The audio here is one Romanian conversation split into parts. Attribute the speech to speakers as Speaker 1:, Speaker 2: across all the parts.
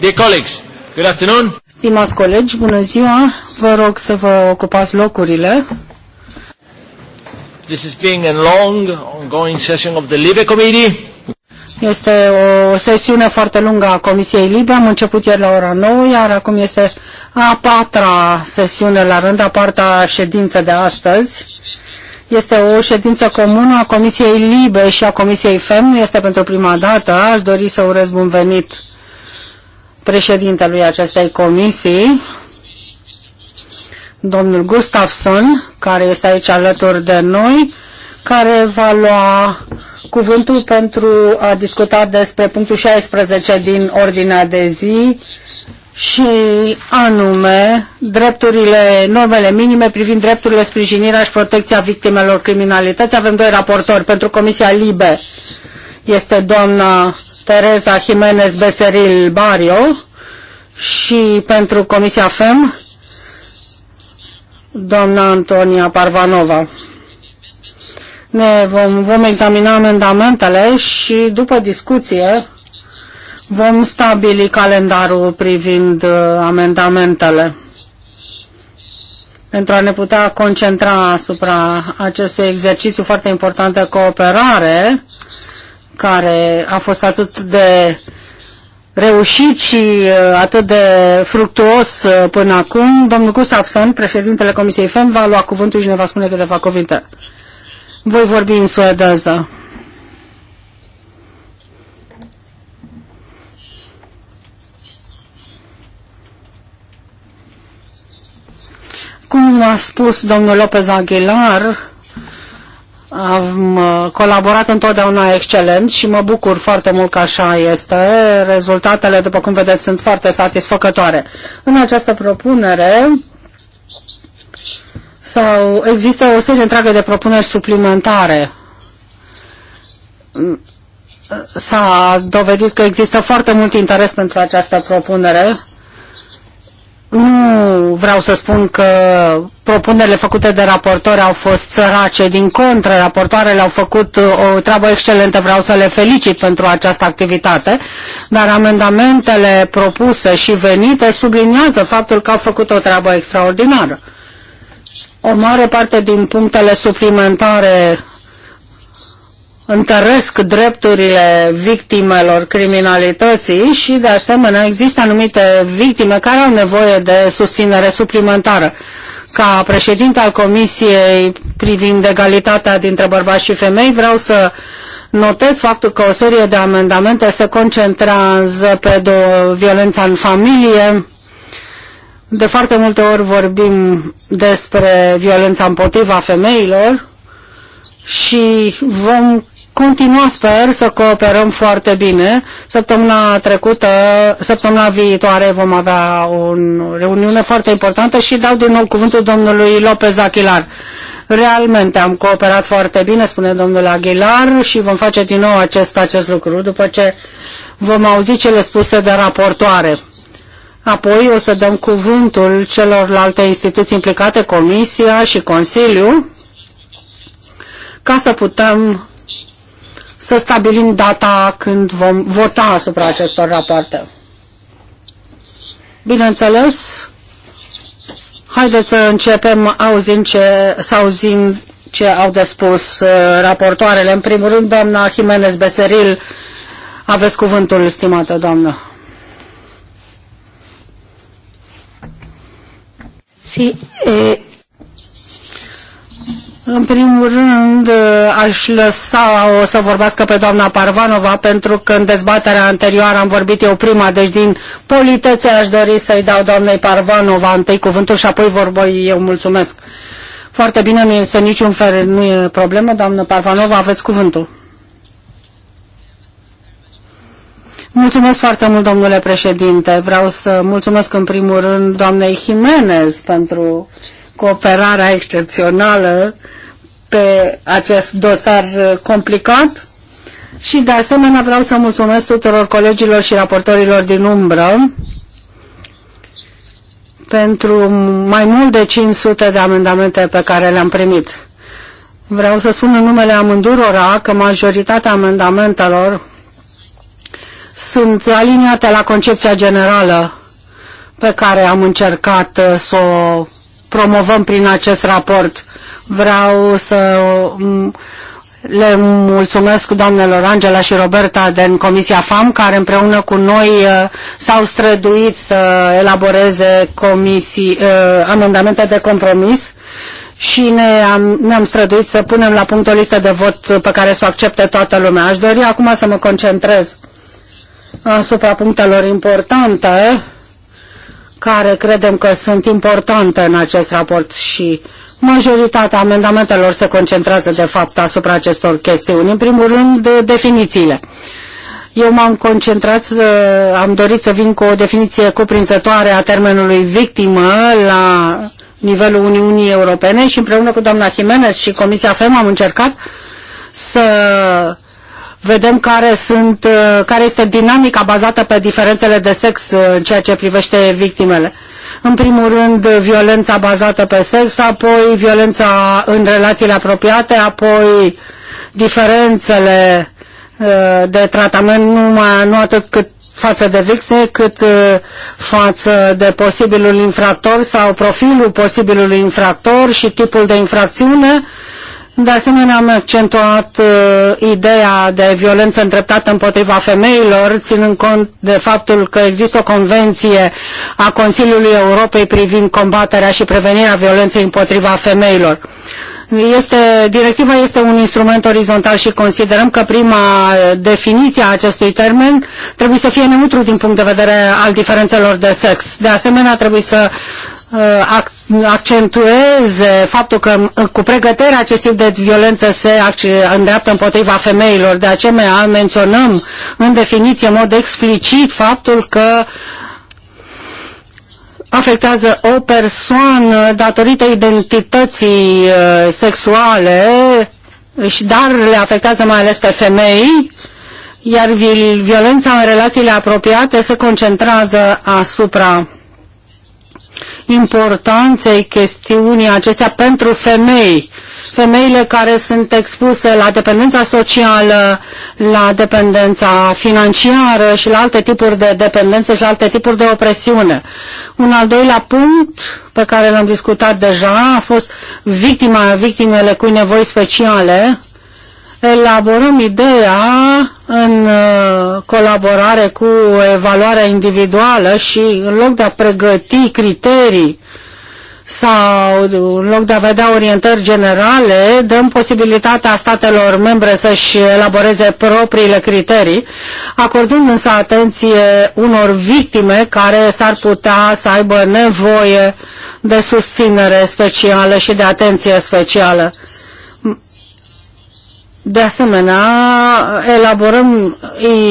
Speaker 1: de colegi.
Speaker 2: Stimați colegi, bună ziua. Vă rog să vă ocupați locurile.
Speaker 3: This is being a long ongoing session of the Libe Committee.
Speaker 2: Este o sesiune foarte lungă a Comisiei Libe. Am început ieri la ora 9, iar acum este a patra sesiune la rând, a patra ședință de astăzi. Este o ședință comună a Comisiei Libe și a Comisiei FEM. Este pentru prima dată. Aș dori să urez bun venit președintelui acestei comisii, domnul Gustafsson, care este aici alături de noi, care va lua cuvântul pentru a discuta despre punctul 16 din ordinea de zi și anume drepturile, normele minime privind drepturile, sprijinirea și protecția victimelor criminalității, Avem doi raportori pentru Comisia Libe este doamna Teresa Jimenez Beseril Barrio și pentru Comisia FEM doamna Antonia Parvanova. Ne vom, vom examina amendamentele și după discuție vom stabili calendarul privind uh, amendamentele pentru a ne putea concentra asupra acestui exercițiu foarte important de cooperare care a fost atât de reușit și uh, atât de fructuos uh, până acum. Domnul Gustafsson, președintele Comisiei FEM, va lua cuvântul și ne va spune câteva cuvinte. Voi vorbi în suedeză. Cum a spus domnul Lopez Aguilar, am uh, colaborat întotdeauna excelent și mă bucur foarte mult că așa este. Rezultatele, după cum vedeți, sunt foarte satisfăcătoare. În această propunere sau există o serie întreagă de propuneri suplimentare. S-a dovedit că există foarte mult interes pentru această propunere nu vreau să spun că propunerile făcute de raportori au fost sărace, din contră, raportoarele au făcut uh, o treabă excelentă, vreau să le felicit pentru această activitate, dar amendamentele propuse și venite subliniază faptul că au făcut o treabă extraordinară. O mare parte din punctele suplimentare întăresc drepturile victimelor criminalității și, de asemenea, există anumite victime care au nevoie de susținere suplimentară. Ca președinte al Comisiei privind egalitatea dintre bărbați și femei, vreau să notez faptul că o serie de amendamente se concentrează pe violența în familie, de foarte multe ori vorbim despre violența împotriva femeilor și vom continua, sper, să cooperăm foarte bine. Săptămâna trecută, săptămâna viitoare vom avea o reuniune foarte importantă și dau din nou cuvântul domnului Lopez Aguilar. Realmente am cooperat foarte bine, spune domnul Aguilar, și vom face din nou acest, acest lucru după ce vom auzi cele spuse de raportoare. Apoi o să dăm cuvântul celorlalte instituții implicate, Comisia și Consiliu, ca să putem să stabilim data când vom vota asupra acestor rapoarte. Bineînțeles, haideți să începem auzind ce, să auzim ce au de spus uh, raportoarele. În primul rând, doamna Jimenez Beseril, aveți cuvântul, stimată doamnă. Sí, eh, în primul rând, eh, aș lăsa o să vorbească pe doamna Parvanova, pentru că în dezbaterea anterioară am vorbit eu prima, deci din politețe aș dori să-i dau doamnei Parvanova întâi cuvântul și apoi vorboi eu. Mulțumesc. Foarte bine, nu este niciun fel, nu e problemă, doamnă Parvanova, aveți cuvântul. Mulțumesc foarte mult, domnule președinte. Vreau să mulțumesc în primul rând doamnei Jimenez pentru cooperarea excepțională pe acest dosar uh, complicat și de asemenea vreau să mulțumesc tuturor colegilor și raportorilor din umbră pentru mai mult de 500 de amendamente pe care le-am primit. Vreau să spun în numele amândurora că majoritatea amendamentelor sunt aliniate la concepția generală pe care am încercat uh, să o promovăm prin acest raport. Vreau să mm, le mulțumesc doamnelor Angela și Roberta din Comisia FAM, care împreună cu noi uh, s-au străduit să elaboreze comisii, uh, amendamente de compromis și ne-am ne -am străduit să punem la punct o listă de vot pe care să o accepte toată lumea. Aș dori acum să mă concentrez asupra punctelor importante care credem că sunt importante în acest raport și majoritatea amendamentelor se concentrează de fapt asupra acestor chestiuni. În primul rând, de definițiile. Eu m-am concentrat, am dorit să vin cu o definiție cuprinzătoare a termenului victimă la nivelul Uniunii Europene și împreună cu doamna Jimenez și Comisia FEM am încercat să vedem care, sunt, uh, care este dinamica bazată pe diferențele de sex uh, în ceea ce privește victimele. În primul rând, violența bazată pe sex, apoi violența în relațiile apropiate, apoi diferențele uh, de tratament numai, nu atât cât față de victime, cât față de posibilul infractor sau profilul posibilului infractor și tipul de infracțiune de asemenea, am accentuat uh, ideea de violență îndreptată împotriva femeilor, ținând cont de faptul că există o convenție a Consiliului Europei privind combaterea și prevenirea violenței împotriva femeilor. Uh, este, directiva este un instrument orizontal și considerăm că prima definiție a acestui termen trebuie să fie neutru din punct de vedere al diferențelor de sex. De asemenea, trebuie să uh, accentueze faptul că uh, cu pregătirea acest tip de violență se îndreaptă împotriva femeilor. De aceea menționăm în definiție în mod explicit faptul că uh, afectează o persoană datorită identității uh, sexuale, și dar le afectează mai ales pe femei, iar violența în relațiile apropiate se concentrează asupra importanței chestiunii acestea pentru femei. Femeile care sunt expuse la dependența socială, la dependența financiară și la alte tipuri de dependență și la alte tipuri de opresiune. Un al doilea punct pe care l-am discutat deja a fost victima, victimele cu nevoi speciale, elaborăm ideea în uh, colaborare cu evaluarea individuală și în loc de a pregăti criterii sau în loc de a vedea orientări generale, dăm posibilitatea statelor membre să-și elaboreze propriile criterii, acordând însă atenție unor victime care s-ar putea să aibă nevoie de susținere specială și de atenție specială. De asemenea, elaborăm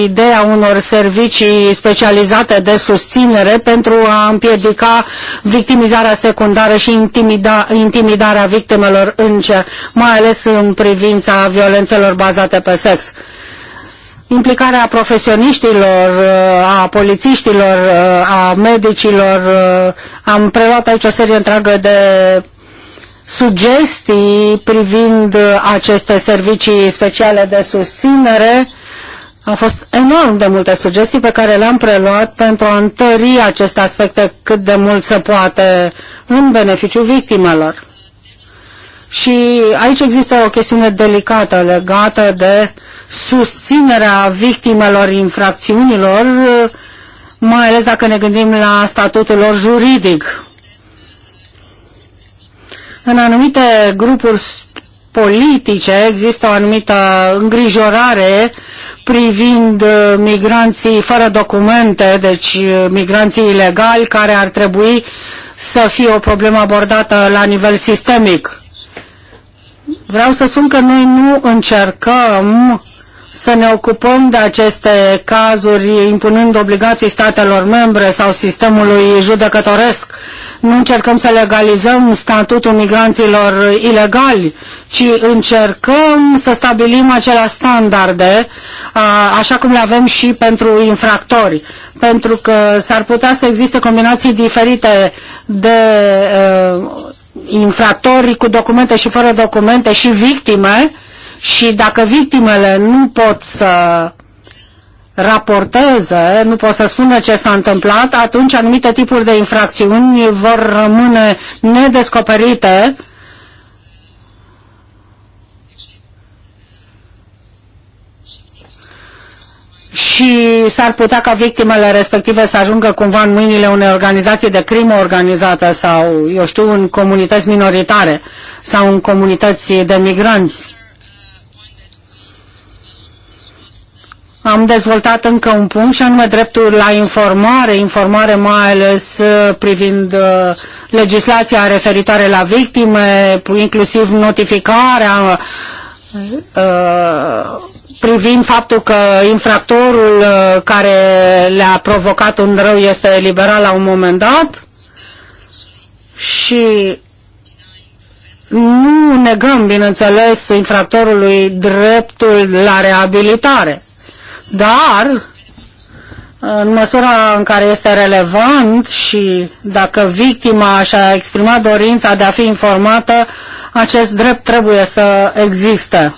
Speaker 2: ideea unor servicii specializate de susținere pentru a împiedica victimizarea secundară și intimida, intimidarea victimelor în ce, mai ales în privința violențelor bazate pe sex implicarea profesioniștilor, a polițiștilor, a medicilor. Am preluat aici o serie întreagă de sugestii privind aceste servicii speciale de susținere. Au fost enorm de multe sugestii pe care le-am preluat pentru a întări aceste aspecte cât de mult se poate în beneficiu victimelor. Și aici există o chestiune delicată legată de susținerea victimelor infracțiunilor, mai ales dacă ne gândim la statutul lor juridic. În anumite grupuri politice există o anumită îngrijorare privind uh, migranții fără documente, deci uh, migranții ilegali, care ar trebui să fie o problemă abordată la nivel sistemic. Vreau să spun că noi nu încercăm să ne ocupăm de aceste cazuri impunând obligații statelor membre sau sistemului judecătoresc. Nu încercăm să legalizăm statutul migranților ilegali, ci încercăm să stabilim acelea standarde, așa cum le avem și pentru infractori, pentru că s-ar putea să existe combinații diferite de uh, infractori cu documente și fără documente și victime, uh, și dacă victimele nu pot să raporteze, nu pot să spună ce s-a întâmplat, atunci anumite tipuri de infracțiuni vor rămâne nedescoperite și s-ar putea ca victimele respective să ajungă cumva în mâinile unei organizații de crimă organizată sau, eu știu, în comunități minoritare sau în comunități de migranți. am dezvoltat încă un punct și anume dreptul la informare, informare mai ales uh, privind uh, legislația referitoare la victime, inclusiv notificarea uh, privind faptul că infractorul care le-a provocat un rău este eliberat la un moment dat și nu negăm, bineînțeles, infractorului dreptul la reabilitare dar în măsura în care este relevant și dacă victima și-a exprimat dorința de a fi informată, acest drept trebuie să existe.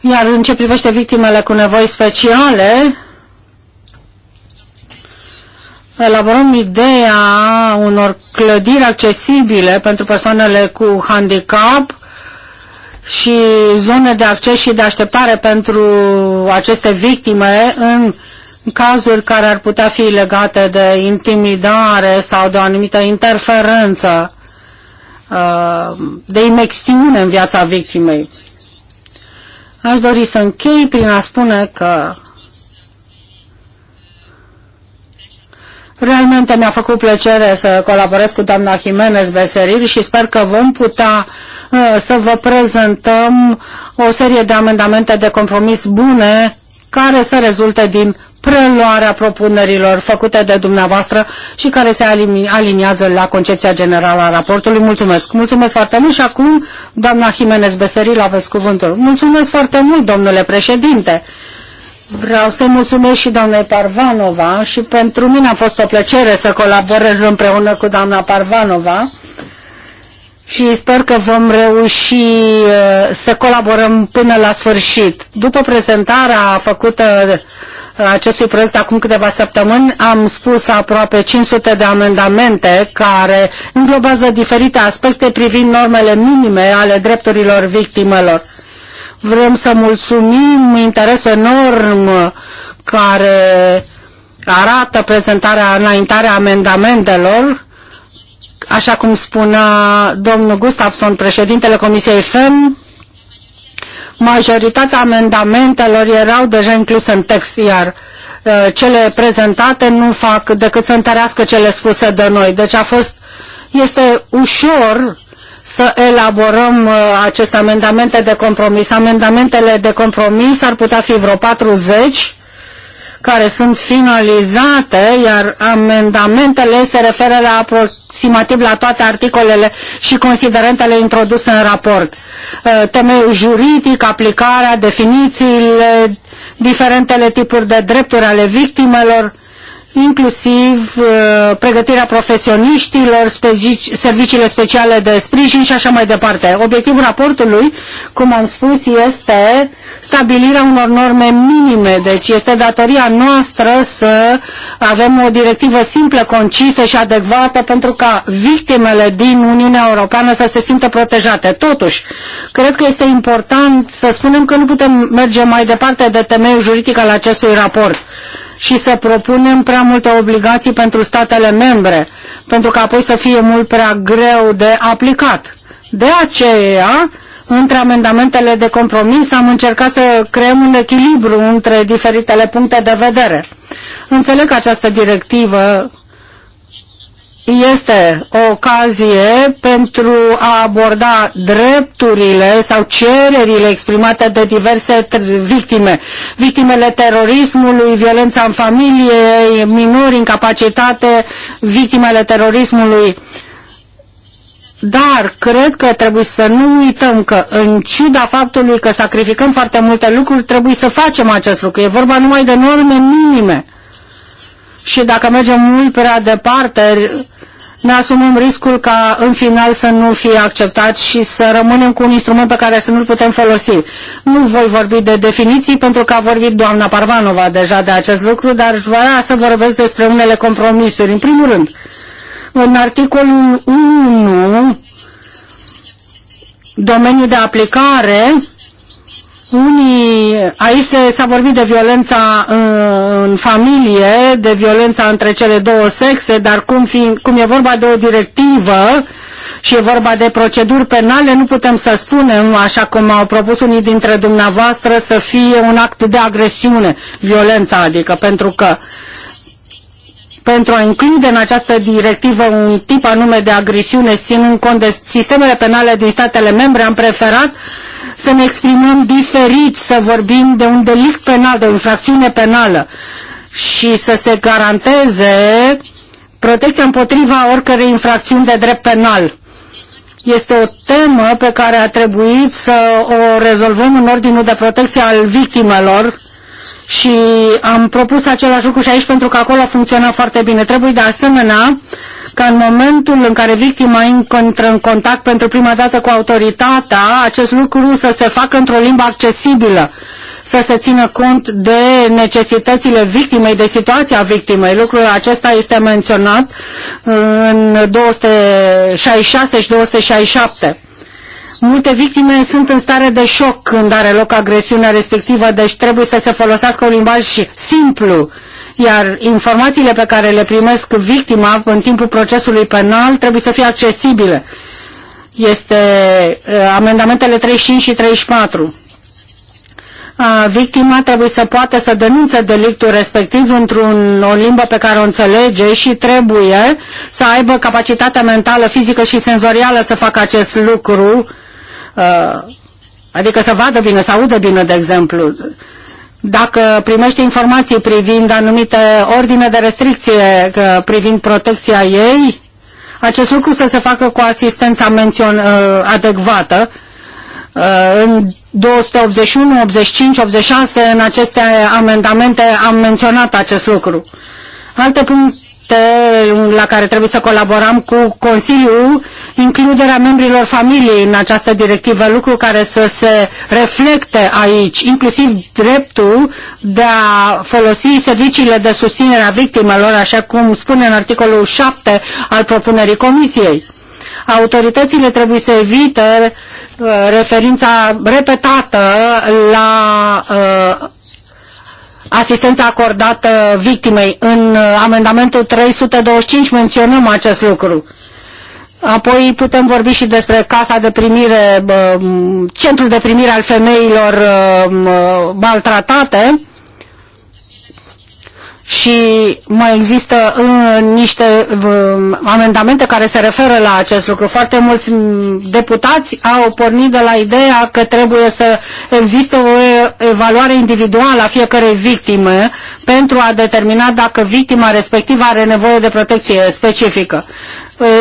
Speaker 2: Iar în ce privește victimele cu nevoi speciale, elaborăm ideea unor clădiri accesibile pentru persoanele cu handicap și zone de acces și de așteptare pentru aceste victime în cazuri care ar putea fi legate de intimidare sau de o anumită interferență uh, de imexiune în viața victimei. Aș dori să închei prin a spune că Realmente mi-a făcut plăcere să colaborez cu doamna Jimenez Veseril și sper că vom putea uh, să vă prezentăm o serie de amendamente de compromis bune care să rezulte din preluarea propunerilor făcute de dumneavoastră și care se aliniază la concepția generală a raportului. Mulțumesc! Mulțumesc foarte mult și acum, doamna Jimenez Beseril, aveți cuvântul. Mulțumesc foarte mult, domnule președinte! Vreau să-i mulțumesc și doamnei Parvanova și pentru mine a fost o plăcere să colaborez împreună cu doamna Parvanova și sper că vom reuși uh, să colaborăm până la sfârșit. După prezentarea făcută uh, acestui proiect acum câteva săptămâni, am spus aproape 500 de amendamente care înglobează diferite aspecte privind normele minime ale drepturilor victimelor. Vrem să mulțumim interes enorm care arată prezentarea, înaintarea amendamentelor. Așa cum spunea domnul Gustafson, președintele Comisiei FEM, majoritatea amendamentelor erau deja incluse în text, iar uh, cele prezentate nu fac decât să întărească cele spuse de noi. Deci a fost, este ușor să elaborăm uh, aceste amendamente de compromis. Amendamentele de compromis ar putea fi vreo 40 care sunt finalizate, iar amendamentele se referă la aproximativ la toate articolele și considerentele introduse în raport. Uh, temeiul juridic, aplicarea, definițiile, diferentele tipuri de drepturi ale victimelor, inclusiv uh, pregătirea profesioniștilor, speci serviciile speciale de sprijin și așa mai departe. Obiectivul raportului, cum am spus, este stabilirea unor norme minime, deci este datoria noastră să avem o directivă simplă, concisă și adecvată pentru ca victimele din Uniunea Europeană să se simtă protejate. Totuși, cred că este important să spunem că nu putem merge mai departe de temeiul juridic al acestui raport și să propunem prea multe obligații pentru statele membre, pentru că apoi să fie mult prea greu de aplicat. De aceea, între amendamentele de compromis am încercat să creăm un echilibru între diferitele puncte de vedere. Înțeleg că această directivă este o ocazie pentru a aborda drepturile sau cererile exprimate de diverse victime. Victimele terorismului, violența în familie, minori, incapacitate, victimele terorismului. Dar cred că trebuie să nu uităm că în ciuda faptului că sacrificăm foarte multe lucruri, trebuie să facem acest lucru. E vorba numai de norme minime și dacă mergem mult prea departe, ne asumăm riscul ca în final să nu fie acceptat și să rămânem cu un instrument pe care să nu-l putem folosi. Nu voi vorbi de definiții pentru că a vorbit doamna Parvanova deja de acest lucru, dar vreau să vorbesc despre unele compromisuri. În primul rând, în articolul 1, domeniul de aplicare, unii, aici s-a vorbit de violența uh, în familie, de violența între cele două sexe, dar cum, fi, cum e vorba de o directivă și e vorba de proceduri penale, nu putem să spunem, așa cum au propus unii dintre dumneavoastră, să fie un act de agresiune, violența, adică pentru că pentru a include în această directivă un tip anume de agresiune, ținând cont de sistemele penale din statele membre, am preferat uh, să ne exprimăm diferit, să vorbim de un delict penal, de o infracțiune penală și să se garanteze protecția împotriva oricărei infracțiuni de drept penal. Este o temă pe care a trebuit să o rezolvăm în ordinul de protecție al victimelor și am propus același lucru și aici pentru că acolo funcționa foarte bine. Trebuie de asemenea ca în momentul în care victima intră în contact pentru prima dată cu autoritatea, acest lucru să se facă într-o limbă accesibilă, să se țină cont de necesitățile victimei, de situația victimei. Lucrul acesta este menționat în 266 și 267. Multe victime sunt în stare de șoc când are loc agresiunea respectivă, deci trebuie să se folosească un limbaj simplu, iar informațiile pe care le primesc victima în timpul procesului penal trebuie să fie accesibile. Este uh, amendamentele 35 și 34. Uh, victima trebuie să poată să denunțe delictul respectiv într-o limbă pe care o înțelege și trebuie să aibă capacitatea mentală, fizică și senzorială să facă acest lucru Uh, adică să vadă bine, să audă bine, de exemplu, dacă primește informații privind anumite ordine de restricție privind protecția ei, acest lucru să se facă cu asistența mențion, uh, adecvată. Uh, în 281, 85, 86, în aceste amendamente am menționat acest lucru. Alte puncte la care trebuie să colaborăm cu Consiliul, includerea membrilor familiei în această directivă, lucru care să se reflecte aici, inclusiv dreptul de a folosi serviciile de susținere a victimelor, așa cum spune în articolul 7 al propunerii Comisiei. Autoritățile trebuie să evite uh, referința repetată la uh, asistența acordată victimei. În uh, amendamentul 325 menționăm acest lucru. Apoi putem vorbi și despre casa de primire, centrul de primire al femeilor uh, maltratate și mai există uh, niște uh, amendamente care se referă la acest lucru. Foarte mulți deputați au pornit de la ideea că trebuie să existe o evaluare individuală a fiecarei victime pentru a determina dacă victima respectivă are nevoie de protecție specifică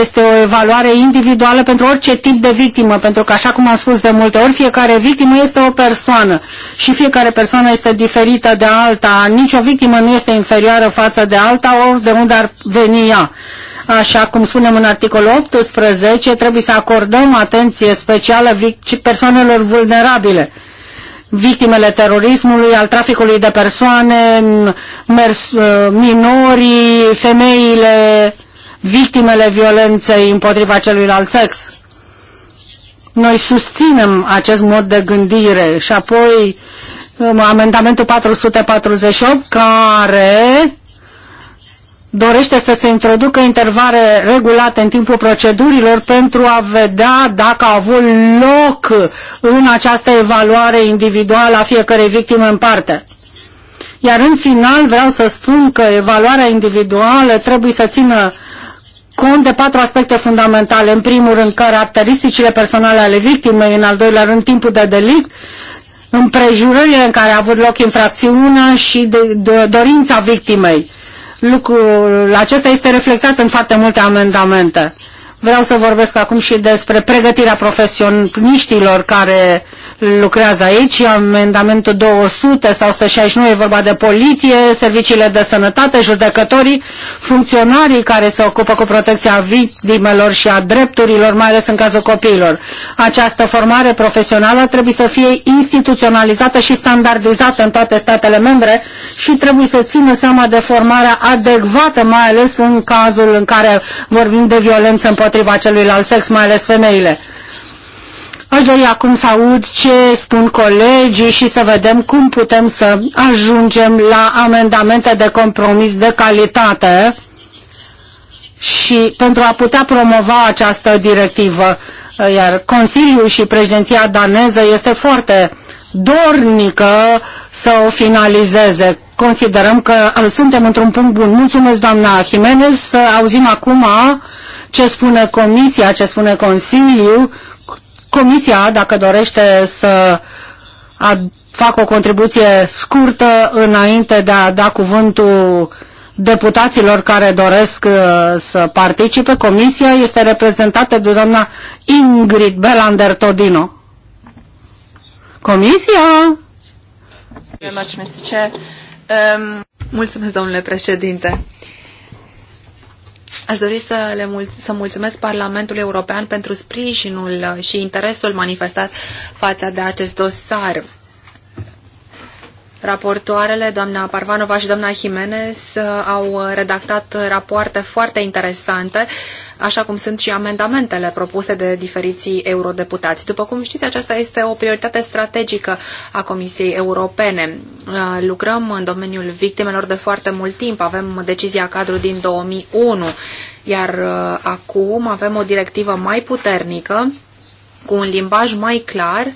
Speaker 2: este o evaluare individuală pentru orice tip de victimă, pentru că, așa cum am spus de multe ori, fiecare victimă este o persoană și fiecare persoană este diferită de alta. Nici o victimă nu este inferioară față de alta, ori de unde ar veni ea. Așa cum spunem în articolul 18, trebuie să acordăm atenție specială persoanelor vulnerabile victimele terorismului, al traficului de persoane, mers, uh, minorii, femeile, victimele violenței împotriva celuilalt sex. Noi susținem acest mod de gândire și apoi um, amendamentul 448 care dorește să se introducă intervale regulate în timpul procedurilor pentru a vedea dacă a avut loc în această evaluare individuală a fiecărei victime în parte. Iar în final vreau să spun că evaluarea individuală trebuie să țină cont de patru aspecte fundamentale. În primul rând, caracteristicile personale ale victimei, în al doilea rând, timpul de delict, împrejurările în care a avut loc infracțiunea și de, de, dorința victimei. Lucrul acesta este reflectat în foarte multe amendamente. Vreau să vorbesc acum și despre pregătirea profesioniștilor care lucrează aici. Amendamentul 200 sau 169 e vorba de poliție, serviciile de sănătate, judecătorii, funcționarii care se ocupă cu protecția victimelor și a drepturilor, mai ales în cazul copiilor. Această formare profesională trebuie să fie instituționalizată și standardizată în toate statele membre și trebuie să țină seama de formarea adecvată, mai ales în cazul în care vorbim de violență împotriva împotriva celuilalt sex, mai ales femeile. Aș dori acum să aud ce spun colegii și să vedem cum putem să ajungem la amendamente de compromis de calitate și pentru a putea promova această directivă. Iar Consiliul și președinția daneză este foarte dornică să o finalizeze considerăm că uh, suntem într-un punct bun. Mulțumesc, doamna Jimenez. Să auzim acum uh, ce spune Comisia, ce spune Consiliul. Comisia, dacă dorește să facă o contribuție scurtă înainte de a da cuvântul deputaților care doresc uh, să participe, Comisia este reprezentată de doamna Ingrid Belander Todino. Comisia!
Speaker 1: Very
Speaker 4: much, Mr. Chair. Um... Mulțumesc, domnule președinte. Aș dori să, le mul- să mulțumesc Parlamentului European pentru sprijinul și interesul manifestat față de acest dosar. Raportoarele, doamna Parvanova și doamna Jimenez, uh, au redactat rapoarte foarte interesante, așa cum sunt și amendamentele propuse de diferiții eurodeputați. După cum știți, aceasta este o prioritate strategică a Comisiei Europene. Uh, lucrăm în domeniul victimelor de foarte mult timp. Avem decizia cadru din 2001, iar uh, acum avem o directivă mai puternică, cu un limbaj mai clar,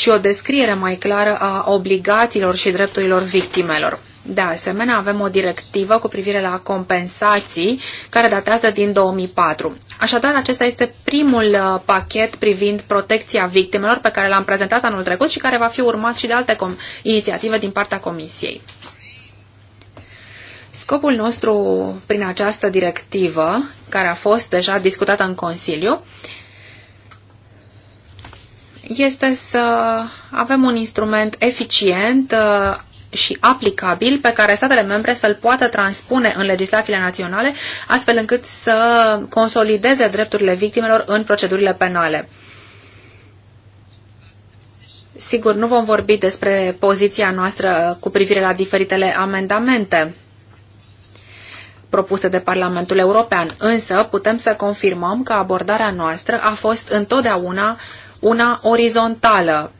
Speaker 4: și o descriere mai clară a obligațiilor și drepturilor victimelor. De asemenea, avem o directivă cu privire la compensații care datează din 2004. Așadar, acesta este primul uh, pachet privind protecția victimelor pe care l-am prezentat anul trecut și care va fi urmat și de alte inițiative din partea Comisiei. Scopul nostru prin această directivă, care a fost deja discutată în Consiliu, este să avem un instrument eficient uh, și aplicabil pe care statele membre să-l poată transpune în legislațiile naționale, astfel încât să consolideze drepturile victimelor în procedurile penale. Sigur, nu vom vorbi despre poziția noastră cu privire la diferitele amendamente propuse de Parlamentul European, însă putem să confirmăm că abordarea noastră a fost întotdeauna uh, una orizontală,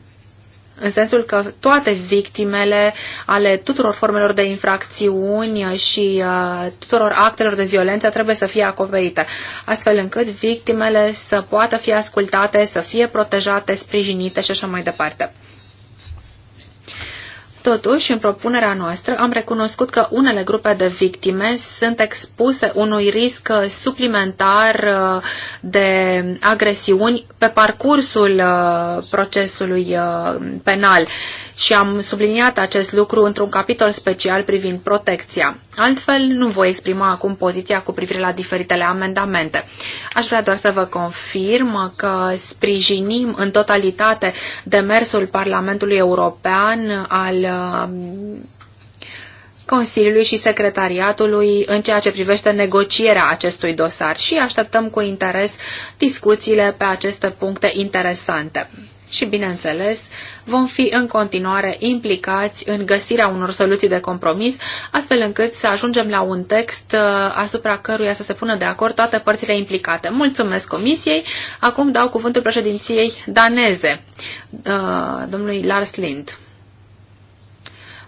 Speaker 4: în sensul că toate victimele ale tuturor formelor de infracțiuni și uh, tuturor actelor de violență trebuie să fie acoperite, astfel încât victimele să poată fi ascultate, să fie protejate, sprijinite și așa mai departe. Totuși, în propunerea noastră, am recunoscut că unele grupe de victime sunt expuse unui risc suplimentar uh, de agresiuni pe parcursul uh, procesului uh, penal și am subliniat acest lucru într-un capitol special privind protecția. Altfel, nu voi exprima acum poziția cu privire la diferitele amendamente. Aș vrea doar să vă confirm că sprijinim în totalitate demersul Parlamentului European al um, Consiliului și Secretariatului în ceea ce privește negocierea acestui dosar și așteptăm cu interes discuțiile pe aceste puncte interesante și, bineînțeles, vom fi în continuare implicați în găsirea unor soluții de compromis, astfel încât să ajungem la un text uh, asupra căruia să se pună de acord toate părțile implicate. Mulțumesc Comisiei. Acum dau cuvântul președinției daneze, uh, domnului Lars Lind.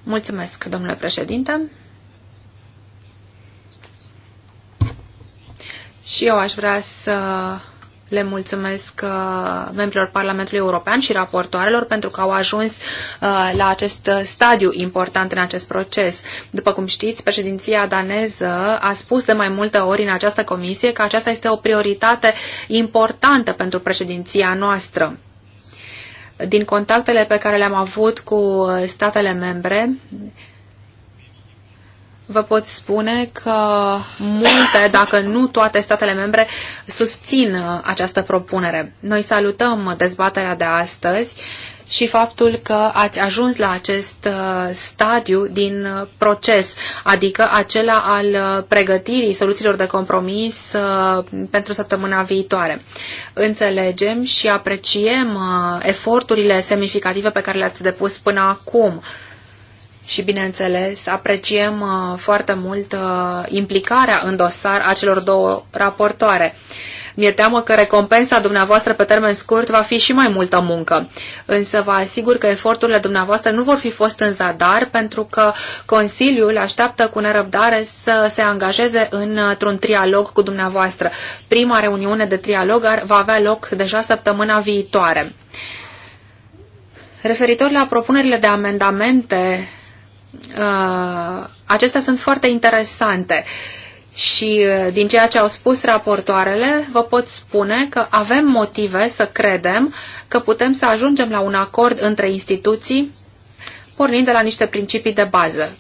Speaker 4: Mulțumesc, domnule președinte. Și eu aș vrea să le mulțumesc uh, membrilor Parlamentului European și raportoarelor pentru că au ajuns uh, la acest stadiu important în acest proces. După cum știți, președinția daneză a spus de mai multe ori în această comisie că aceasta este o prioritate importantă pentru președinția noastră din contactele pe care le-am avut cu statele membre, vă pot spune că multe, dacă nu toate statele membre, susțin uh, această propunere. Noi salutăm dezbaterea de astăzi și faptul că ați ajuns la acest uh, stadiu din uh, proces, adică acela al pregătirii soluțiilor de compromis pentru săptămâna viitoare. Înțelegem și apreciem eforturile semnificative pe care le-ați depus până acum și, bineînțeles, apreciem uh, foarte mult uh, implicarea în dosar a celor două raportoare. Mi-e teamă că recompensa dumneavoastră pe termen scurt va fi și mai multă muncă, însă vă asigur că eforturile dumneavoastră nu vor fi fost în zadar pentru că Consiliul așteaptă cu nerăbdare să se angajeze uh, într-un trialog cu dumneavoastră. Prima reuniune de trialog va avea loc deja săptămâna viitoare. Referitor la propunerile de amendamente Uh, acestea sunt foarte interesante. Și uh, din ceea ce au spus raportoarele, vă pot spune că avem motive să credem că putem să ajungem la un acord între instituții pornind de la niște principii de bază.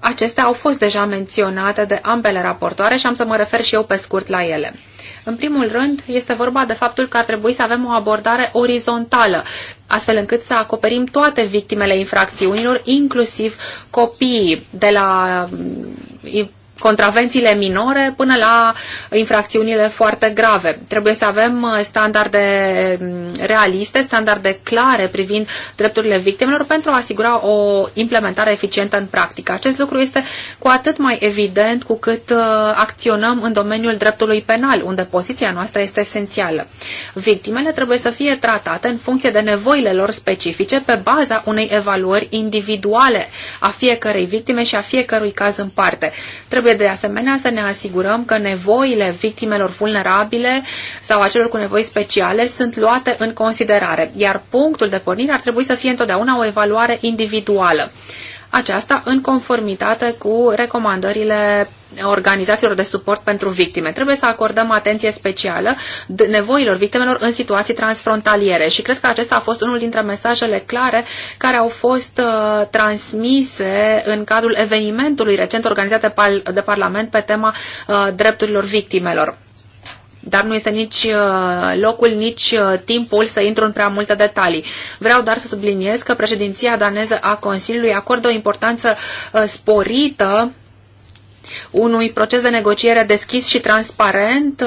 Speaker 4: Acestea au fost deja menționate de ambele raportoare și am să mă refer și eu pe scurt la ele. În primul rând, este vorba de faptul că ar trebui să avem o abordare orizontală, astfel încât să acoperim toate victimele infracțiunilor, inclusiv copiii de la mm, contravențiile minore până la infracțiunile foarte grave. Trebuie să avem uh, standarde mm, realiste, standarde clare privind drepturile victimelor pentru a asigura o implementare eficientă în practică. Acest lucru este cu atât mai evident cu cât uh, acționăm în domeniul dreptului penal, unde poziția noastră este esențială. Victimele trebuie să fie tratate în funcție de nevoile lor specifice pe baza unei evaluări individuale a fiecărei victime și a fiecărui caz în parte. Trebuie Trebuie de asemenea să ne asigurăm că nevoile victimelor vulnerabile sau a celor cu nevoi speciale sunt luate în considerare, iar punctul de pornire ar trebui să fie întotdeauna o evaluare individuală aceasta în conformitate cu recomandările organizațiilor de suport pentru victime. Trebuie să acordăm atenție specială nevoilor victimelor în situații transfrontaliere și cred că acesta a fost unul dintre mesajele clare care au fost uh, transmise în cadrul evenimentului recent organizat de, par de Parlament pe tema uh, drepturilor victimelor dar nu este nici uh, locul, nici uh, timpul să intru în prea multe detalii. Vreau doar să subliniez că președinția daneză a Consiliului acordă o importanță uh, sporită unui proces de negociere deschis și transparent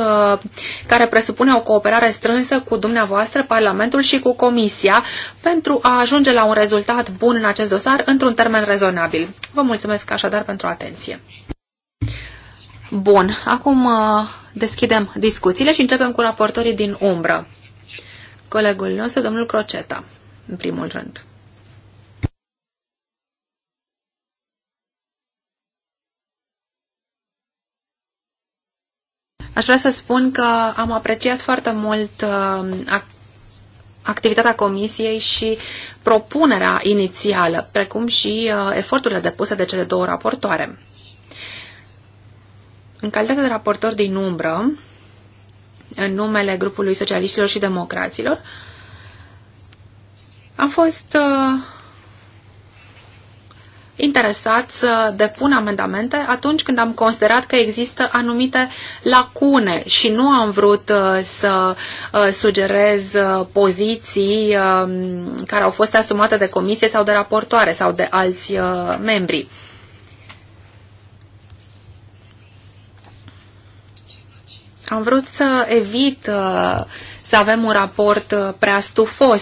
Speaker 4: care presupune o cooperare strânsă cu dumneavoastră, Parlamentul și cu Comisia pentru a ajunge la un rezultat bun în acest dosar într-un termen rezonabil. Vă mulțumesc așadar pentru atenție. Bun, acum deschidem discuțiile și începem cu raportorii din umbră.
Speaker 3: Colegul nostru, domnul Croceta, în primul rând.
Speaker 4: Aș vrea să spun că am apreciat foarte mult uh, activitatea comisiei și propunerea inițială, precum și uh, eforturile depuse de cele două raportoare. În calitate de raportor din umbră, în numele grupului socialiștilor și democraților, am fost uh, interesat să depun amendamente atunci când am considerat că există anumite lacune și nu am vrut uh, să uh, sugerez uh, poziții um, care au fost asumate de comisie sau de raportoare sau de alți membri. Am vrut să evit uh, să avem un raport uh, prea stufos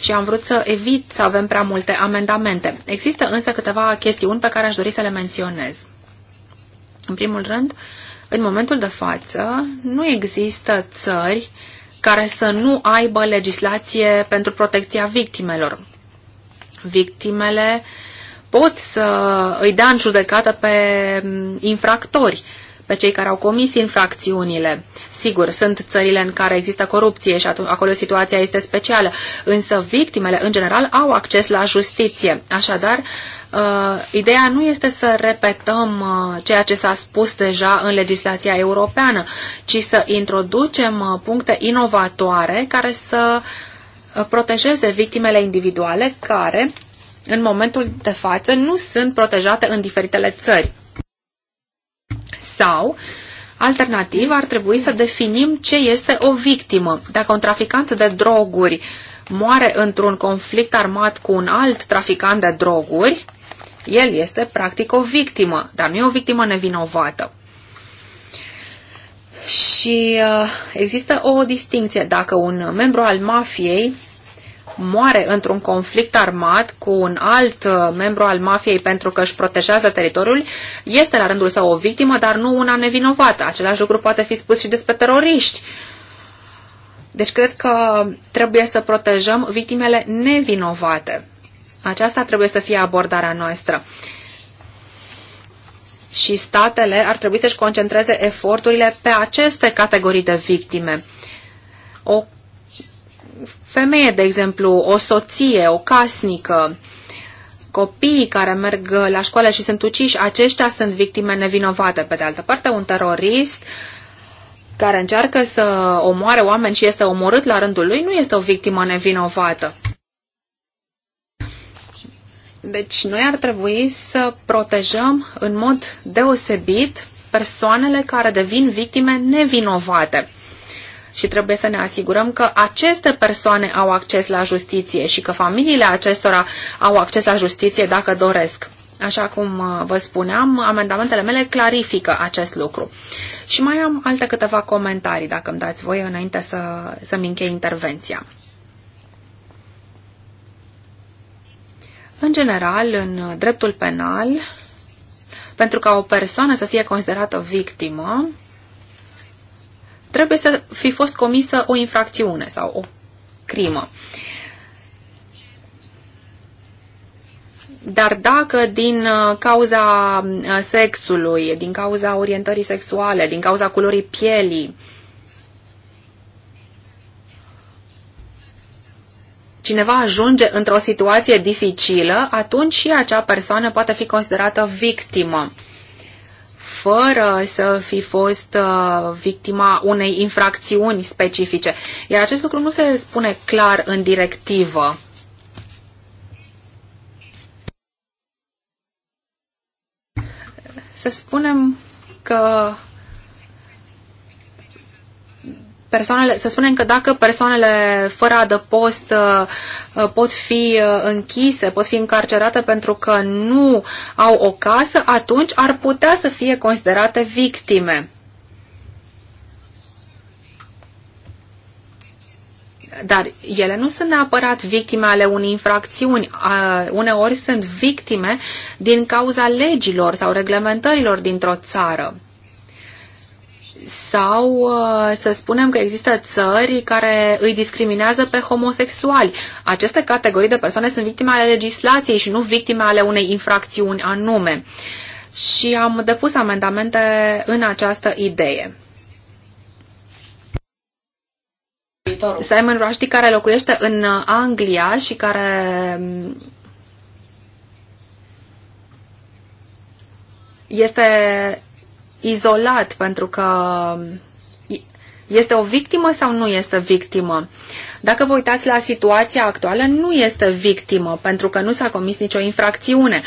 Speaker 4: și am vrut să evit să avem prea multe amendamente. Există însă câteva chestiuni pe care aș dori să le menționez. În primul rând, în momentul de față, nu există țări care să nu aibă legislație pentru protecția victimelor. Victimele pot să îi dea în judecată pe mm, infractori pe cei care au comis infracțiunile. Sigur, sunt țările în care există corupție și acolo situația este specială, însă victimele, în general, au acces la justiție. Așadar, Uh, ideea nu este să repetăm uh, ceea ce s-a spus deja în legislația europeană, ci să introducem uh, puncte inovatoare care să uh, protejeze victimele individuale care, în momentul de față, nu sunt protejate în diferitele țări sau Alternativ, ar trebui să definim ce este o victimă. Dacă un traficant de droguri moare într-un conflict armat cu un alt traficant de droguri, el este practic o victimă, dar nu e o victimă nevinovată. Și uh, există o distinție. Dacă un membru al mafiei moare într-un conflict armat cu un alt uh, membru al mafiei pentru că își protejează teritoriul, este la rândul său o victimă, dar nu una nevinovată. Același lucru poate fi spus și despre teroriști. Deci cred că trebuie să protejăm victimele nevinovate. Aceasta trebuie să fie abordarea noastră. Și statele ar trebui să-și concentreze eforturile pe aceste categorii de victime. O femeie, de exemplu, o soție, o casnică, copiii care merg la școală și sunt uciși, aceștia sunt victime nevinovate. Pe de altă parte, un terorist care încearcă să omoare oameni și este omorât la rândul lui, nu este o victimă nevinovată. Deci noi ar trebui să protejăm în mod deosebit persoanele care devin victime nevinovate și trebuie să ne asigurăm că aceste persoane au acces la justiție și că familiile acestora au acces la justiție dacă doresc. Așa cum uh, vă spuneam, amendamentele mele clarifică acest lucru. Și mai am alte câteva comentarii, dacă îmi dați voi, înainte să, să-mi închei intervenția. În general, în dreptul penal, pentru ca o persoană să fie considerată victimă, trebuie să fi fost comisă o infracțiune sau o crimă. Dar dacă din uh, cauza uh, sexului, din cauza orientării sexuale, din cauza culorii pielii, cineva ajunge într-o situație dificilă, atunci și acea persoană poate fi considerată victimă fără să fi fost uh, victima unei infracțiuni specifice. Iar acest lucru nu se spune clar în directivă. Să spunem că persoanele, să spunem că dacă persoanele fără adăpost uh, uh, pot fi uh, închise, pot fi încarcerate pentru că nu au o casă, atunci ar putea să fie considerate victime. Dar ele nu sunt neapărat victime ale unei infracțiuni. Uneori sunt victime din cauza legilor sau reglementărilor dintr-o țară sau uh, să spunem că există țări care îi discriminează pe homosexuali. Aceste categorii de persoane sunt victime ale legislației și nu victime ale unei infracțiuni anume. Și am depus amendamente în această idee. Simon Rushdie, care locuiește în Anglia și care mm, este izolat pentru că este o victimă sau nu este victimă? Dacă vă uitați la situația actuală, nu este victimă pentru că nu s-a comis nicio infracțiune.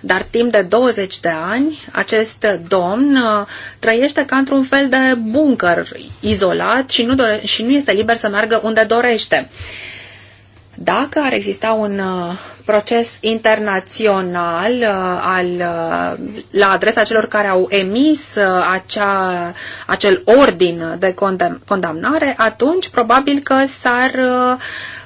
Speaker 4: Dar timp de 20 de ani, acest domn uh, trăiește ca într-un fel de bunker izolat și nu, dore- și nu este liber să meargă unde dorește. Uh, dacă ar exista un uh, proces internațional uh, al, uh, la adresa celor care au emis acea, acel ordin de condamnare, atunci probabil că s-ar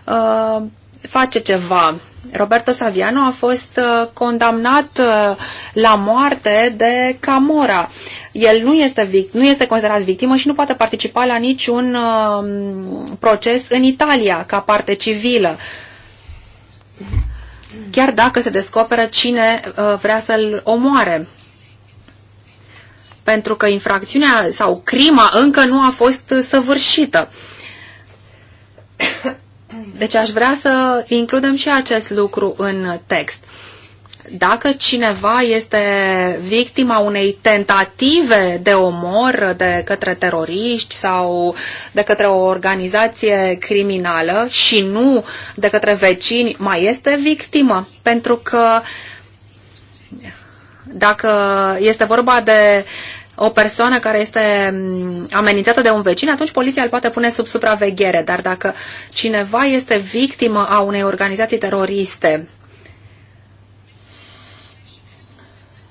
Speaker 4: uh, face ceva Roberto Saviano a fost uh, condamnat uh, la moarte de Camora. El nu este, vict, nu este considerat victimă și nu poate participa la niciun um, proces în Italia ca parte civilă. Chiar dacă se descoperă cine uh, vrea să-l omoare pentru că infracțiunea sau crima încă nu a fost săvârșită. Deci aș vrea să includem și acest lucru în text. Dacă cineva este victima unei tentative de omor de către teroriști sau de către o organizație criminală și nu de către vecini, mai este victimă. Pentru că dacă este vorba de o persoană care este mm, amenințată de un vecin, atunci poliția îl poate pune sub supraveghere. Dar dacă cineva este victimă a unei organizații teroriste,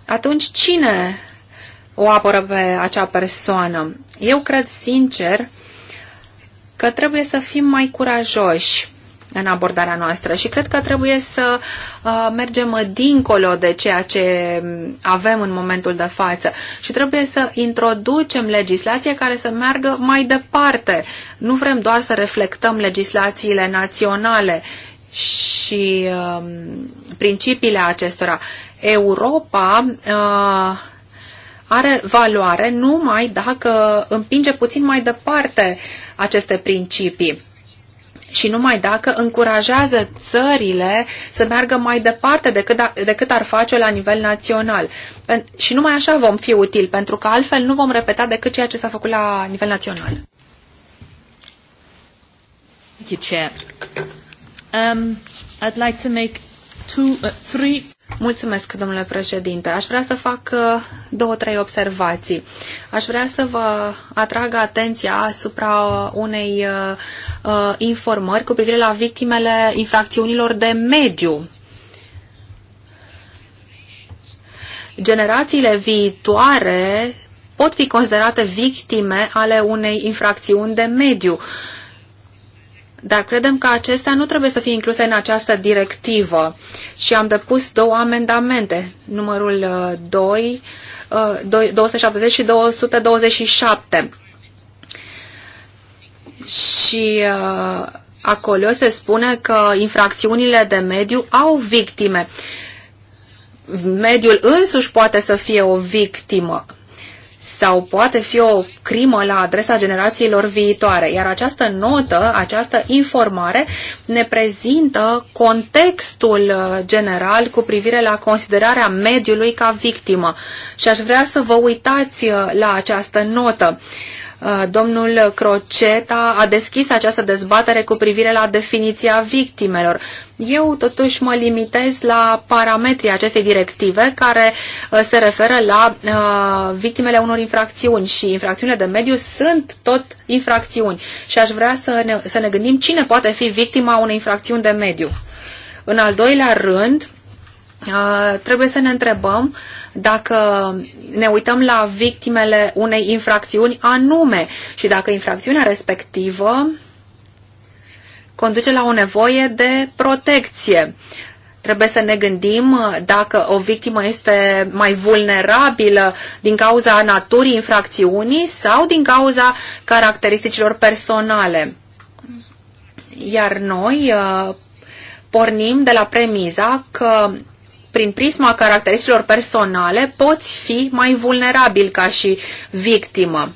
Speaker 4: atunci cine o apără pe acea persoană? Eu cred sincer că trebuie să fim mai curajoși în abordarea noastră și cred că trebuie să uh, mergem dincolo de ceea ce avem în momentul de față și trebuie să introducem legislație care să meargă mai departe. Nu vrem doar să reflectăm legislațiile naționale și um, principiile acestora. Europa uh, are valoare numai dacă împinge puțin mai departe aceste principii și numai dacă încurajează țările să meargă mai departe decât, decât ar face la nivel național. și numai așa vom fi util pentru că altfel nu vom repeta decât ceea ce s-a făcut la nivel național. Thank you, Chair. Um, I'd like to make two, uh, three Mulțumesc, domnule președinte. Aș vrea să fac uh, două, trei observații. Aș vrea să vă atrag atenția asupra uh, unei uh, uh, informări cu privire la victimele infracțiunilor de mediu. Generațiile viitoare pot fi considerate victime ale unei infracțiuni de mediu. Uh, dar credem că acestea nu trebuie să fie incluse în această directivă și am depus două amendamente, numărul 2, uh, 270 uh, și 227. Și uh, acolo se spune că infracțiunile de mediu au victime. Mediul însuși poate să fie o victimă sau poate fi o crimă la adresa generațiilor viitoare. Iar această notă, această informare ne prezintă contextul uh, general cu privire la considerarea mediului ca victimă. Și aș vrea să vă uitați uh, la această notă. Uh, Uh, domnul Croceta a deschis această dezbatere cu privire la definiția victimelor. Eu totuși mă limitez la parametrii acestei directive care uh, se referă la uh, victimele unor infracțiuni și infracțiunile de mediu sunt tot infracțiuni și aș vrea să ne, să ne gândim cine poate fi victima unei infracțiuni de mediu. În al doilea rând, Uh, trebuie să ne întrebăm dacă ne uităm la victimele unei infracțiuni anume și dacă infracțiunea respectivă conduce la o nevoie de protecție. Trebuie să ne gândim dacă o victimă este mai vulnerabilă din cauza naturii infracțiunii sau din cauza caracteristicilor personale. Iar noi uh, pornim de la premiza că prin prisma caracteristicilor personale, poți fi mai vulnerabil ca și victimă.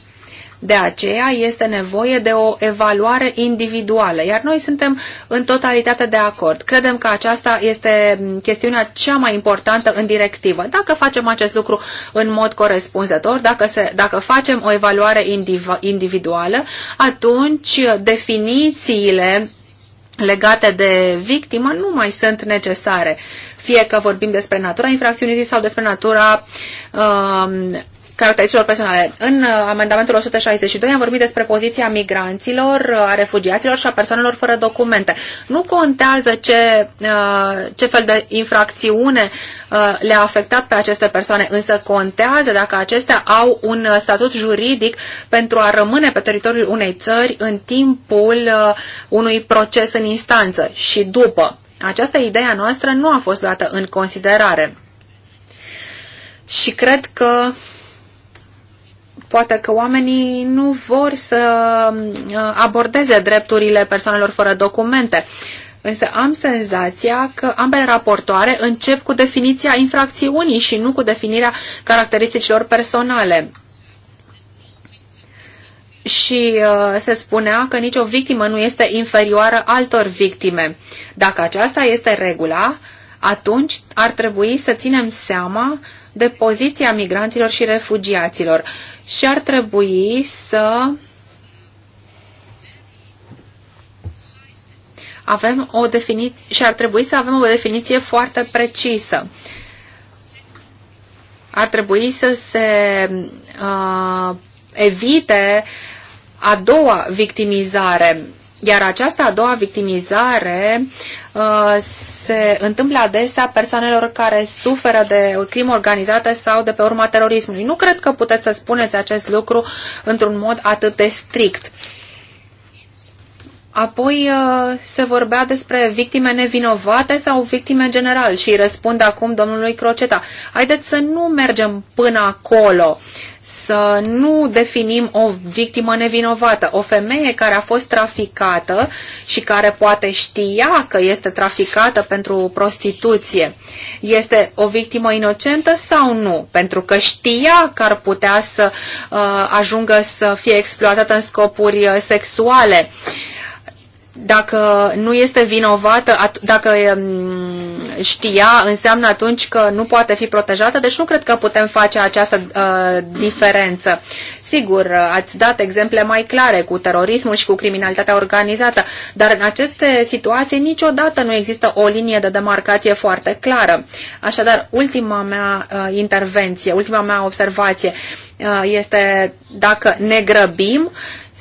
Speaker 4: De aceea este nevoie de o evaluare individuală, iar noi suntem în totalitate de acord. Credem că aceasta este chestiunea cea mai importantă în directivă. Dacă facem acest lucru în mod corespunzător, dacă, se, dacă facem o evaluare indiv, individuală, atunci definițiile legate de victimă nu mai sunt necesare, fie că vorbim despre natura infracțiunii sau despre natura uh, caracteristicilor personale. În uh, amendamentul 162 am vorbit despre poziția migranților, uh, a refugiaților și a persoanelor fără documente. Nu contează ce, uh, ce fel de infracțiune le-a afectat pe aceste persoane, însă contează dacă acestea au un statut juridic pentru a rămâne pe teritoriul unei țări în timpul unui proces în instanță și după. Această idee a noastră nu a fost luată în considerare. Și cred că poate că oamenii nu vor să uh, abordeze drepturile persoanelor fără documente. Însă am senzația că ambele raportoare încep cu definiția infracțiunii și nu cu definirea caracteristicilor personale. Și uh, se spunea că nicio victimă nu este inferioară altor victime. Dacă aceasta este regula, uh, atunci ar trebui să ținem seama de poziția migranților și refugiaților și ar trebui să avem o definiție și ar trebui să avem o definiție foarte precisă. Ar trebui să se uh, evite a doua victimizare, iar această a doua victimizare uh, se întâmplă adesea persoanelor care suferă de crimă organizată sau de pe urma terorismului. Nu cred că puteți să spuneți acest lucru într-un mod atât de strict. Apoi uh, se vorbea despre victime nevinovate sau victime în general și răspund acum domnului Croceta. Haideți să nu mergem până acolo, să nu definim o victimă nevinovată. O femeie care a fost traficată și care poate știa că este traficată pentru prostituție, este o victimă inocentă sau nu? Pentru că știa că ar putea să uh, ajungă să fie exploatată în scopuri uh, sexuale dacă nu este vinovată, dacă um, știa, înseamnă atunci că nu poate fi protejată, deci nu cred că putem face această uh, diferență. Sigur, uh, ați dat exemple mai clare cu terorismul și cu criminalitatea organizată, dar în aceste situații niciodată nu există o linie de demarcație foarte clară. Așadar, ultima mea uh, intervenție, ultima mea observație uh, este dacă ne grăbim,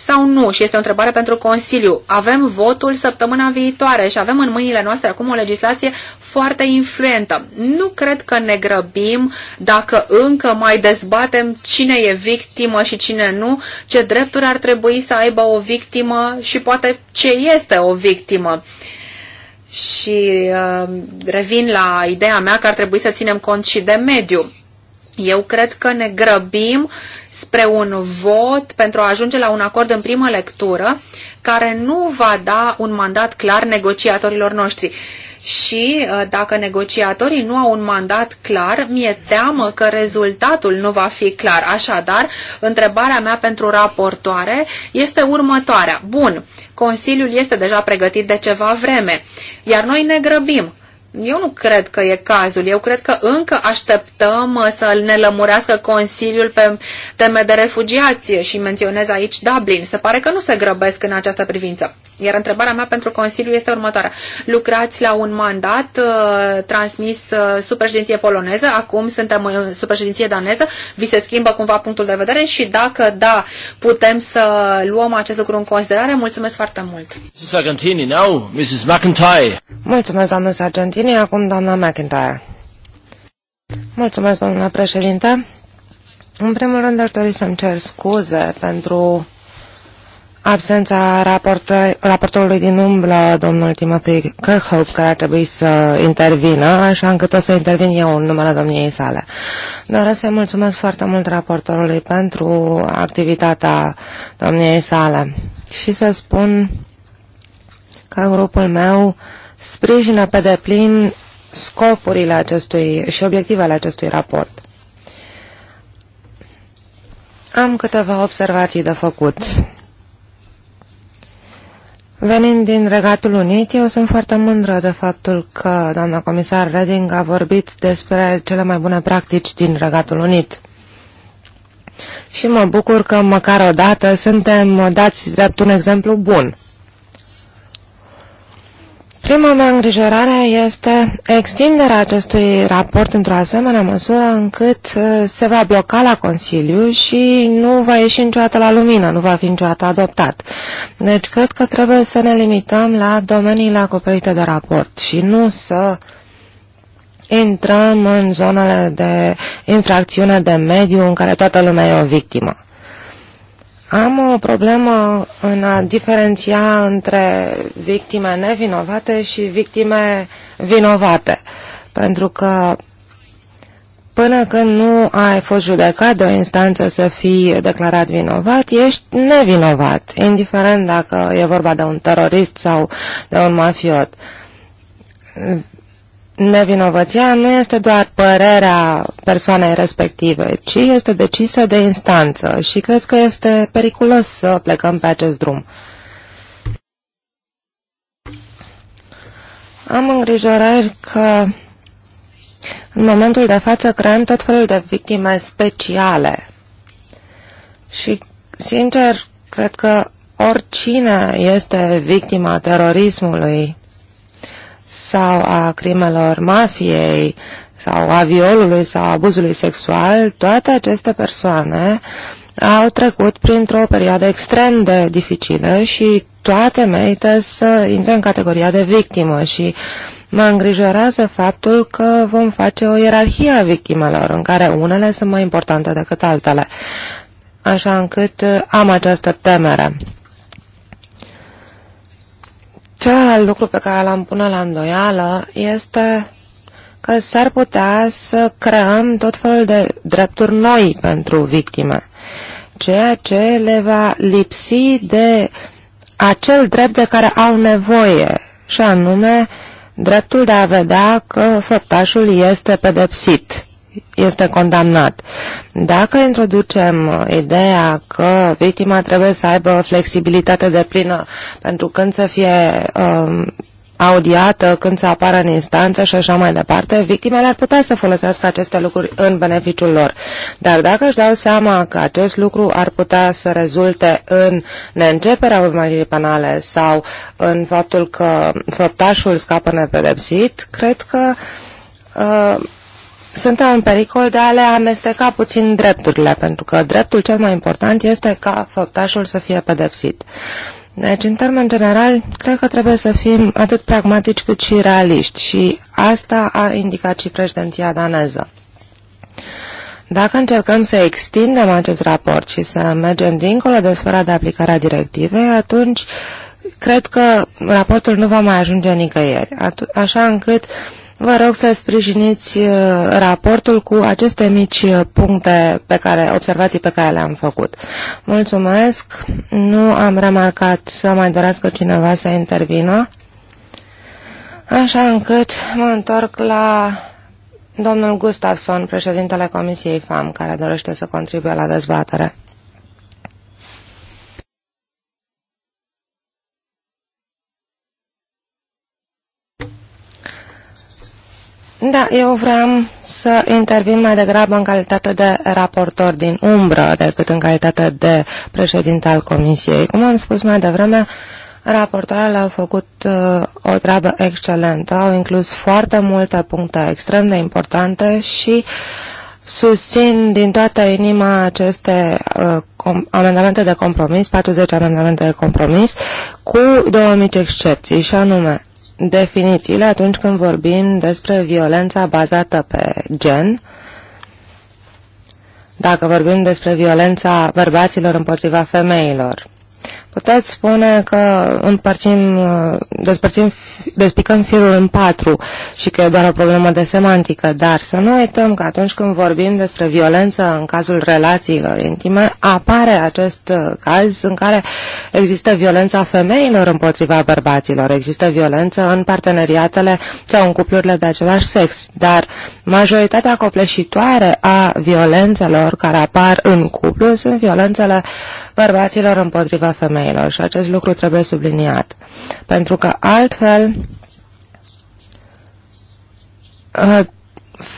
Speaker 4: sau nu? Și este o întrebare pentru Consiliu. Avem votul săptămâna viitoare și avem în mâinile noastre acum o legislație foarte influentă. Nu cred că ne grăbim dacă încă mai dezbatem cine e victimă și cine nu, ce drepturi ar trebui să aibă o victimă și poate ce este o victimă. Și uh, revin la ideea mea că ar trebui să ținem cont și de mediu eu cred că ne grăbim spre un vot pentru a ajunge la un acord în primă lectură care nu va da un mandat clar negociatorilor noștri. Și uh, dacă negociatorii nu au un mandat clar, mi-e teamă că rezultatul nu va fi clar. Așadar, întrebarea mea pentru raportoare este următoarea. Bun, Consiliul este deja pregătit de ceva vreme, iar noi ne grăbim eu nu cred că e cazul. Eu cred că încă așteptăm uh, să ne lămurească Consiliul pe teme de refugiație și menționez aici Dublin. Se pare că nu se grăbesc în această privință. Iar întrebarea mea pentru Consiliu este următoarea. Lucrați la un mandat uh, transmis uh, sub președinție poloneză, acum suntem în uh, sub președinție daneză, vi se schimbă cumva punctul de vedere și dacă da, putem să luăm acest lucru în considerare. Mulțumesc foarte mult!
Speaker 3: Mrs. now, Mrs. McIntyre. Mulțumesc, doamnă Sargentini Sargentini, acum doamna McIntyre. Mulțumesc, domnule președinte. În primul rând, aș dori să-mi cer scuze pentru absența raportorului din umblă, domnul Timothy Kirkhope, care ar trebui să intervină, așa încât o să intervin eu în numele domniei sale. Doresc să-i mulțumesc foarte mult raportorului pentru activitatea domniei sale și să spun că grupul meu uh, sprijină pe deplin scopurile acestui și obiectivele acestui raport. Am câteva observații de făcut. Venind din Regatul Unit, eu sunt foarte mândră de faptul că doamna comisar Reding a vorbit despre cele mai bune practici din Regatul Unit. Și mă bucur că măcar odată suntem dați drept un exemplu bun. Prima mea îngrijorare este extinderea acestui raport într-o asemenea măsură încât uh, se va bloca la Consiliu și nu va ieși niciodată la lumină, nu va fi niciodată adoptat. Deci cred că trebuie să ne limităm la domeniile acoperite de raport și nu să intrăm în zonele de infracțiune de mediu în care toată lumea e o victimă. Am o problemă în a diferenția între victime nevinovate și victime vinovate, pentru că până când nu ai fost judecat de o instanță să fii declarat vinovat, ești nevinovat, indiferent dacă e vorba de un terorist sau de un mafiot nevinovăția nu este doar părerea persoanei respective, ci este decisă de instanță și cred că este periculos să plecăm pe acest drum. Am îngrijorări că în momentul de față creăm tot felul de victime speciale și, sincer, cred că oricine este victima terorismului sau a crimelor mafiei sau a violului sau abuzului sexual, toate aceste persoane au trecut printr-o perioadă extrem de dificilă și toate merită să intre în categoria de victimă și mă îngrijorează faptul că vom face o ierarhie a victimelor, în care unele sunt mai importante decât altele, așa încât am această temere. Celălalt lucru pe care l-am pune la îndoială este că s-ar putea să creăm tot felul de drepturi noi pentru victime, ceea ce le va lipsi de acel drept de care au nevoie, și anume dreptul de a vedea că făptașul este pedepsit este condamnat. Dacă introducem uh, ideea că victima trebuie să aibă flexibilitate de plină pentru când să fie um, audiată, când să apară în instanță și așa mai departe, victimele ar putea să folosească aceste lucruri în beneficiul lor. Dar dacă își dau seama că acest lucru ar putea să rezulte în neînceperea urmăririi penale sau în faptul că făptașul scapă nepedepsit, cred că uh, suntem în pericol de a le amesteca puțin drepturile, pentru că dreptul cel mai important este ca făptașul să fie pedepsit. Deci, în termen general, cred că trebuie să fim atât pragmatici cât și realiști și asta a indicat și președinția daneză. Dacă încercăm să extindem acest raport și să mergem dincolo de sfera de aplicare a directivei, atunci cred că raportul nu va mai ajunge nicăieri, așa încât uh, Vă rog să sprijiniți uh, raportul cu aceste mici uh, puncte pe care, observații pe care le-am făcut. Mulțumesc. Nu am remarcat să mai dorească cineva să intervină. Așa încât mă întorc la domnul Gustafsson, președintele Comisiei FAM, care dorește să contribuie la dezbatere. Da, eu vreau să intervin mai degrabă în calitate de raportor din umbră decât în calitate de președinte al Comisiei. Cum am spus mai devreme, raportoarele au făcut uh, o treabă excelentă, au inclus foarte multe puncte extrem de importante și susțin din toată inima aceste uh, amendamente de compromis, 40 amendamente de compromis, cu două mici excepții, și anume definițiile atunci când vorbim despre violența bazată pe gen, dacă vorbim despre violența bărbaților împotriva femeilor. Puteți spune că împărțim, uh, despărțim, despicăm firul în patru și că e doar o problemă de semantică, dar să nu uităm că atunci când vorbim despre violență în cazul relațiilor intime, apare acest uh, caz în care există violența femeilor împotriva bărbaților, există violență în parteneriatele sau în cuplurile de același sex, dar majoritatea copleșitoare a violențelor care apar în cuplu sunt violențele bărbaților împotriva femeilor femeilor și acest lucru trebuie subliniat. Pentru că altfel uh,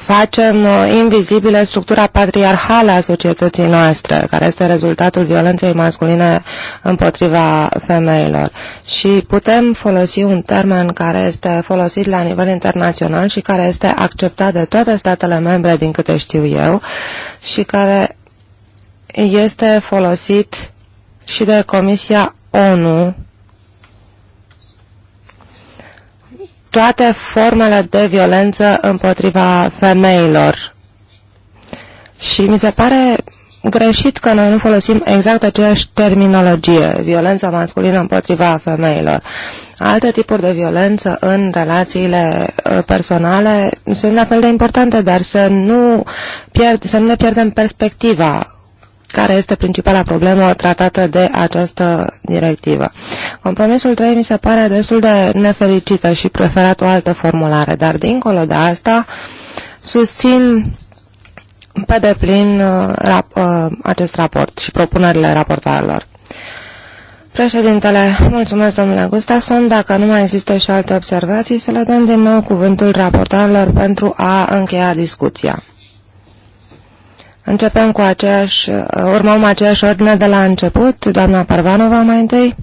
Speaker 3: facem uh, invizibile structura patriarhală a societății noastre, care este rezultatul violenței masculine împotriva femeilor. Și putem folosi un termen care este folosit la nivel internațional și care este acceptat de toate statele membre, din câte știu eu, și care este folosit și de Comisia ONU toate formele de violență împotriva femeilor. Și mi se pare greșit că noi nu folosim exact aceeași terminologie, violența masculină împotriva femeilor. Alte tipuri de violență în relațiile uh, personale sunt la fel de importante, dar să nu, pierd, să nu ne pierdem perspectiva care este principala problemă tratată de această directivă. Compromisul 3 mi se pare destul de nefericită și preferat o altă formulare, dar dincolo de asta susțin pe deplin uh, rap, uh, acest raport și propunerile raportoarelor. Președintele, mulțumesc domnule Gustafson. Dacă nu mai există și alte observații, să le dăm din nou cuvântul raportarilor pentru a încheia discuția. Începem cu aceeași, urmăm aceeași ordine de la început. Doamna Parvanova mai întâi.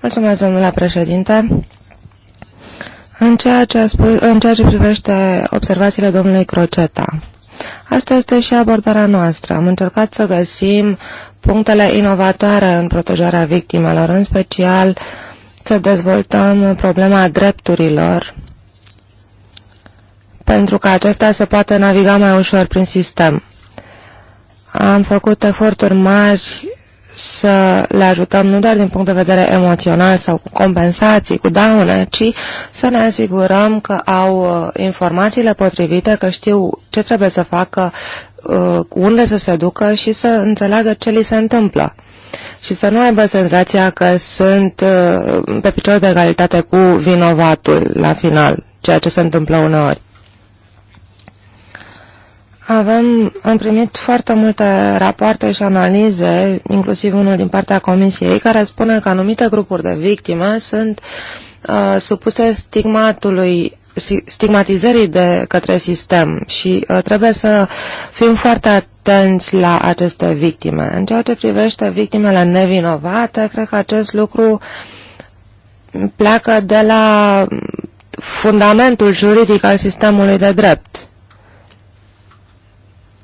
Speaker 3: Mulțumesc, domnule președinte. În ceea, ce a spus, în ceea ce privește observațiile domnului Croceta, asta este și abordarea noastră. Am încercat să găsim punctele inovatoare în protejarea victimelor, în special să dezvoltăm problema drepturilor pentru ca acesta să poată naviga mai ușor prin sistem. Am făcut eforturi mari să le ajutăm nu doar din punct de vedere emoțional sau cu compensații, cu daune, ci să ne asigurăm că au uh, informațiile potrivite, că știu ce trebuie să facă, uh, unde să se ducă și să înțeleagă ce li se întâmplă și să nu aibă senzația că sunt uh, pe picior de egalitate cu vinovatul la final, ceea ce se întâmplă uneori. Avem, am primit foarte multe rapoarte și analize, inclusiv unul din partea Comisiei, care spune că anumite grupuri de victime sunt uh, supuse stigmatului stigmatizării de către sistem și uh, trebuie să fim foarte atenți la aceste victime. În ceea ce privește victimele nevinovate, cred că acest lucru pleacă de la fundamentul juridic al sistemului de drept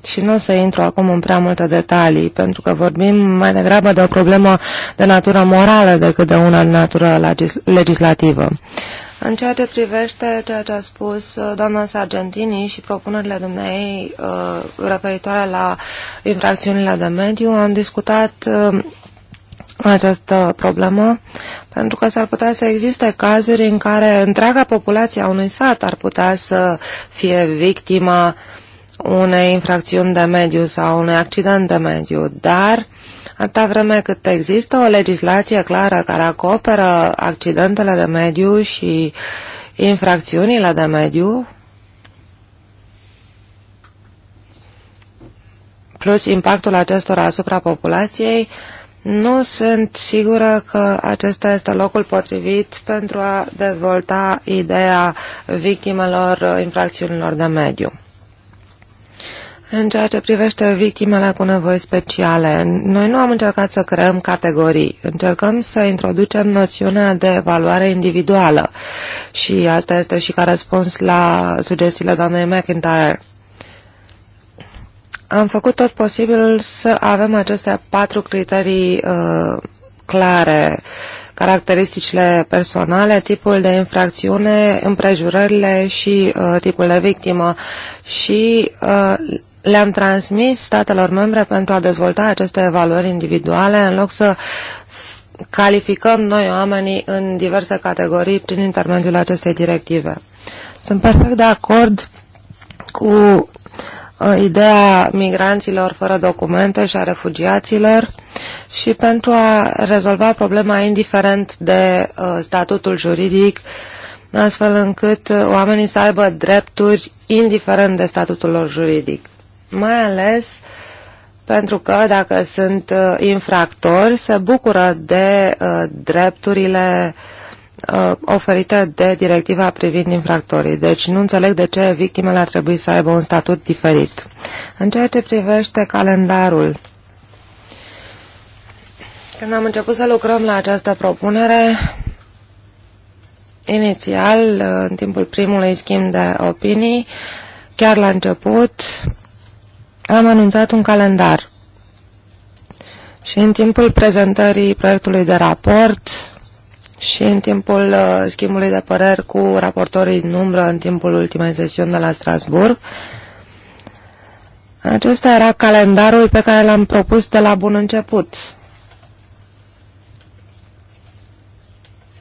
Speaker 3: și nu o să intru acum în prea multe detalii, pentru că vorbim mai degrabă de o problemă de natură morală decât de una de natură legislativă. În ceea ce privește ceea ce a spus uh, doamna Sargentini și propunerile dumneei uh, referitoare la infracțiunile de mediu, am discutat uh, această problemă, pentru că s-ar putea să existe cazuri în care întreaga populație a unui sat ar putea să fie victima uh, unei infracțiuni de mediu sau unui accident de mediu, dar atâta vreme cât există o legislație clară care acoperă accidentele de mediu și infracțiunile de mediu, plus impactul acestora asupra populației, nu sunt sigură că acesta este locul potrivit pentru a dezvolta ideea victimelor infracțiunilor de mediu. În ceea ce privește victimele cu nevoi speciale, noi nu am încercat să creăm categorii, încercăm să introducem noțiunea de evaluare individuală și asta este și ca răspuns la sugestiile doamnei McIntyre. Am făcut tot posibilul să avem aceste patru criterii uh, clare, caracteristicile personale, tipul de infracțiune, împrejurările și uh, tipul de victimă și uh, le-am transmis statelor membre pentru a dezvolta aceste evaluări individuale în loc să calificăm noi oamenii în diverse categorii prin intermediul acestei directive. Sunt perfect de acord cu uh, ideea migranților fără documente și a refugiaților și pentru a rezolva problema indiferent de uh, statutul juridic, astfel încât uh, oamenii să aibă drepturi indiferent de statutul lor juridic mai ales pentru că dacă sunt uh, infractori, se bucură de uh, drepturile uh, oferite de directiva privind infractorii. Deci nu înțeleg de ce victimele ar trebui să aibă un statut diferit. În ceea ce privește calendarul, când am început să lucrăm la această propunere, inițial, uh, în timpul primului schimb de opinii, chiar la început, am anunțat un calendar și în timpul prezentării proiectului de raport și în timpul uh, schimbului de păreri cu raportorii din umbră în timpul ultimei sesiuni de la Strasburg, acesta era calendarul pe care l-am propus de la bun început.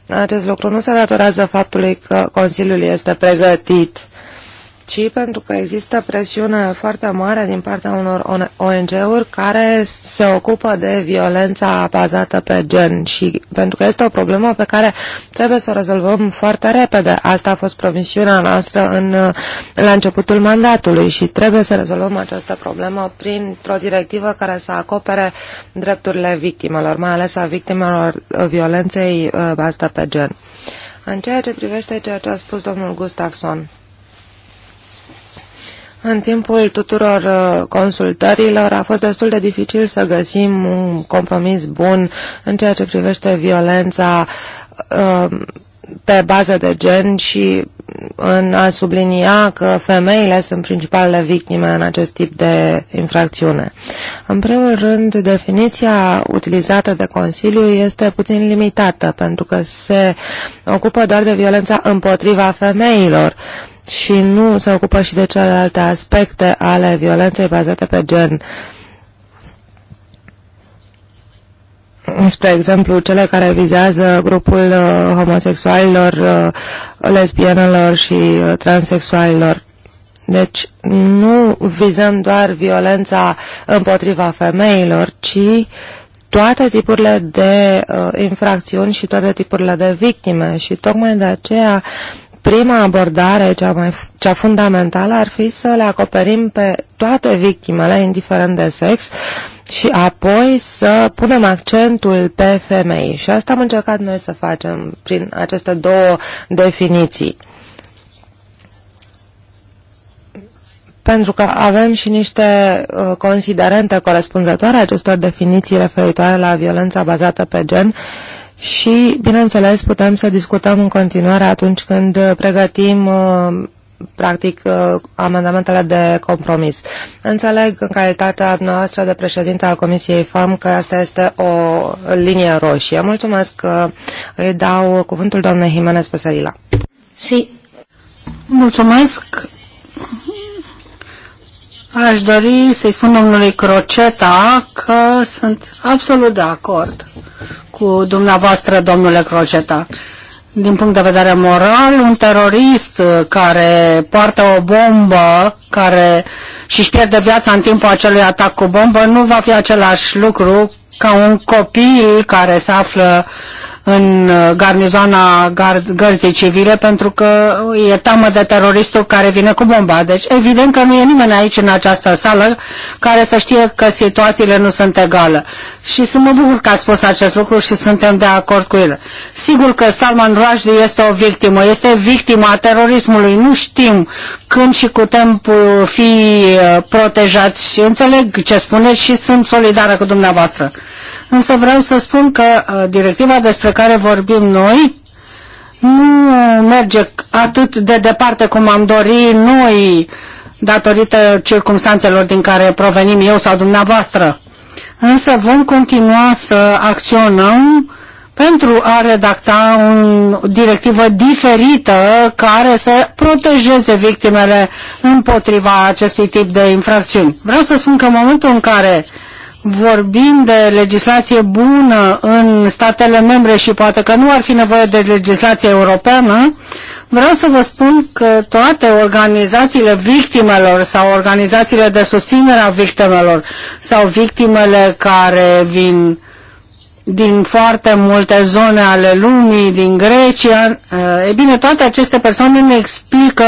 Speaker 3: Acest lucru nu se datorează faptului că Consiliul este pregătit uh, ci pentru că există presiune foarte mare din partea unor ONG-uri care se ocupă de violența bazată pe gen și pentru că este o problemă pe care trebuie să o rezolvăm foarte repede. Asta a fost promisiunea noastră în, la începutul mandatului și trebuie să rezolvăm această problemă printr-o directivă care să acopere drepturile victimelor, mai ales a victimelor violenței ă, bazată pe gen. În ceea ce privește ceea ce a spus domnul Gustafson, în timpul tuturor uh, consultărilor a fost destul de dificil să găsim un compromis bun în ceea ce privește violența uh, pe bază de gen și în a sublinia că femeile sunt principalele victime în acest tip de infracțiune. În primul rând, definiția utilizată de Consiliu este puțin limitată, pentru că se ocupă doar de violența împotriva femeilor, și nu se ocupă și de celelalte aspecte ale violenței bazate pe gen. Spre exemplu, cele care vizează grupul uh, homosexualilor, uh, lesbienelor și uh, transexualilor. Deci nu vizăm doar violența împotriva femeilor, ci toate tipurile de uh, infracțiuni și toate tipurile de victime și tocmai de aceea prima abordare, cea, mai, cea fundamentală, ar fi să le acoperim pe toate victimele, indiferent de sex, și apoi să punem accentul pe femei. Și asta am încercat noi să facem prin aceste două definiții. Pentru că avem și niște uh, considerente corespunzătoare acestor definiții referitoare la violența bazată pe gen, uh, și, bineînțeles, putem să discutăm în continuare atunci când uh, pregătim uh, practic uh, amendamentele de compromis. Înțeleg în calitatea noastră de președinte al Comisiei FAM că asta este o linie roșie. Mulțumesc că îi dau cuvântul doamnei Jimenez Păsărila. Si. Mulțumesc.
Speaker 2: Aș dori să-i spun domnului Croceta că sunt absolut de acord cu dumneavoastră, domnule Croceta. Din punct de vedere moral, un terorist care poartă o bombă care și-și pierde viața în timpul acelui atac cu bombă nu va fi același lucru ca un copil care se află în uh, garnizoana gard, gărzii civile pentru că e teamă de teroristul care vine cu bomba. Deci evident că nu e nimeni aici în această sală care să știe că situațiile nu sunt egale. Și sunt mă bucur că ați spus acest lucru și suntem de acord cu el. Sigur că Salman Rushdie este o victimă, este victima terorismului. Nu știm când și cu timpul fi uh, protejați. Înțeleg ce spuneți și sunt solidară cu dumneavoastră. Însă vreau să spun că uh, directiva despre care vorbim noi nu uh, merge atât de departe cum am dorit noi datorită circumstanțelor din care provenim eu sau dumneavoastră. Însă vom continua să acționăm pentru a redacta o directivă diferită care să protejeze victimele împotriva acestui tip de infracțiuni. Vreau să spun că în momentul în care vorbim de legislație bună în statele membre și poate că nu ar fi nevoie de legislație europeană, vreau să vă spun că toate organizațiile victimelor sau organizațiile de susținere a victimelor sau victimele care vin din foarte multe zone ale lumii, din Grecia. Eh, e bine, toate aceste persoane ne explică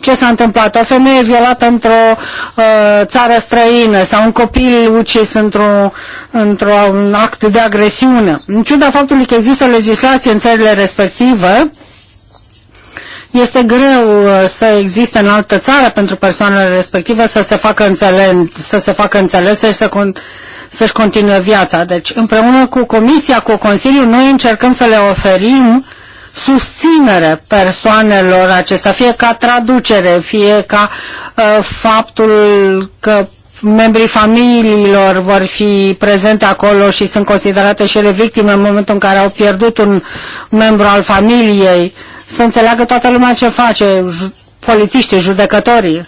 Speaker 2: ce s-a întâmplat. O femeie violată într-o eh, țară străină sau un copil ucis într-un într, într act de agresiune. În ciuda faptului că există legislație în țările respective, este greu uh, să existe în altă țară pentru persoanele respective să se facă, înțelen, să se facă înțelese și să con, să-și continue viața. Deci, împreună cu Comisia, cu Consiliul, noi încercăm să le oferim susținere persoanelor acestea, fie ca traducere, fie ca uh, faptul că membrii familiilor vor fi prezente acolo și sunt considerate și ele victime în momentul în care au pierdut un membru al familiei. Uh, să înțeleagă toată lumea ce face, polițiștii, judecătorii.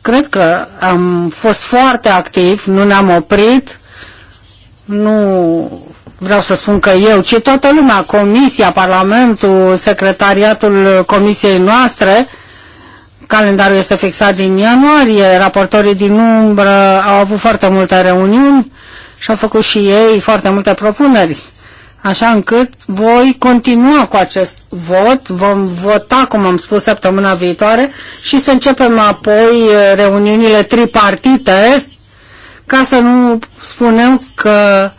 Speaker 2: Cred că am fost foarte activ, nu ne-am oprit, nu vreau să spun că eu, ci toată lumea, Comisia, Parlamentul, Secretariatul Comisiei noastre, calendarul este fixat din ianuarie, raportorii din umbră au avut foarte multe reuniuni și au făcut și ei foarte multe propuneri așa încât voi continua cu acest vot, vom vota, cum am spus, săptămâna viitoare și să începem apoi uh, reuniunile tripartite, ca să nu spunem că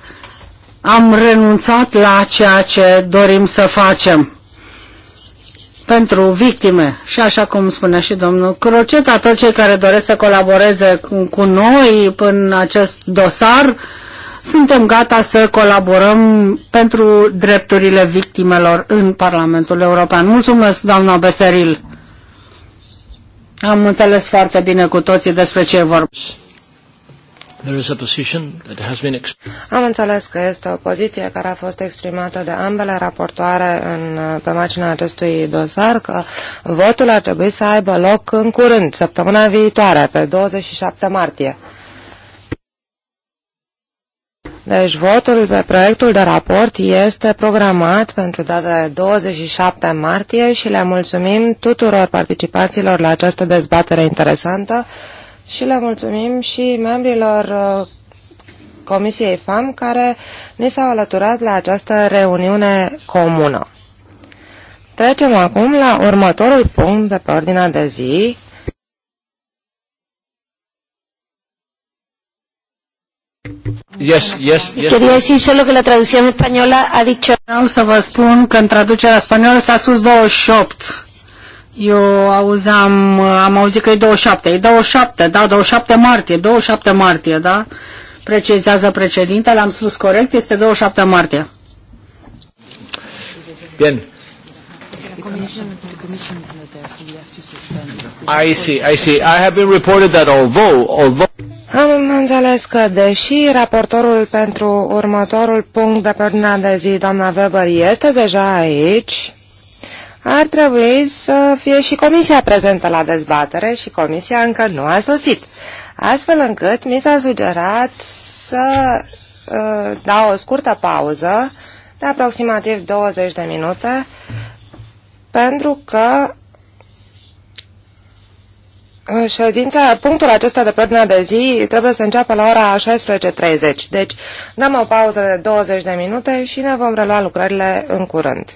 Speaker 2: am renunțat la ceea ce dorim să facem pentru victime. Și așa cum spunea și domnul Croceta, toți cei care doresc să colaboreze cu, cu noi în acest dosar, suntem gata să colaborăm pentru drepturile victimelor în Parlamentul European. Mulțumesc, doamna Beseril. Am înțeles foarte bine cu toții
Speaker 1: despre ce vorbim. Been... Am înțeles că
Speaker 3: este o poziție care a fost exprimată de ambele raportoare în, pe marginea acestui dosar, că votul ar trebui să aibă loc în curând, săptămâna viitoare, pe 27 martie. Deci votul pe proiectul de raport este programat pentru data de 27 martie și le mulțumim tuturor participaților la această dezbatere interesantă și le mulțumim și membrilor uh, Comisiei FAM care ni s-au alăturat la această reuniune comună. Trecem acum la următorul punct de pe ordinea de zi,
Speaker 1: Yes, yes, yes. Quería decir
Speaker 2: solo que la traducción española ha dicho... Vreau să vă spun că în traducerea spaniolă s-a spus 28. Eu auzam, am auzit că e 27. E 27, da, 27 martie, 27 martie, da? Precizează președintele, am spus corect, este 27 martie.
Speaker 1: Bien. I see, I see. I have been reported that although, although
Speaker 3: am înțeles că, deși raportorul pentru următorul punct de pe ordinea de zi, doamna Weber, este deja aici, ar trebui să fie și comisia prezentă la dezbatere și comisia încă nu a sosit. Astfel încât mi s-a sugerat să uh, dau o scurtă pauză de aproximativ 20 de minute, pentru că Ședința, punctul acesta de pe de zi trebuie să înceapă la ora 16.30, deci dăm o pauză de 20 de minute și ne vom relua lucrările în curând.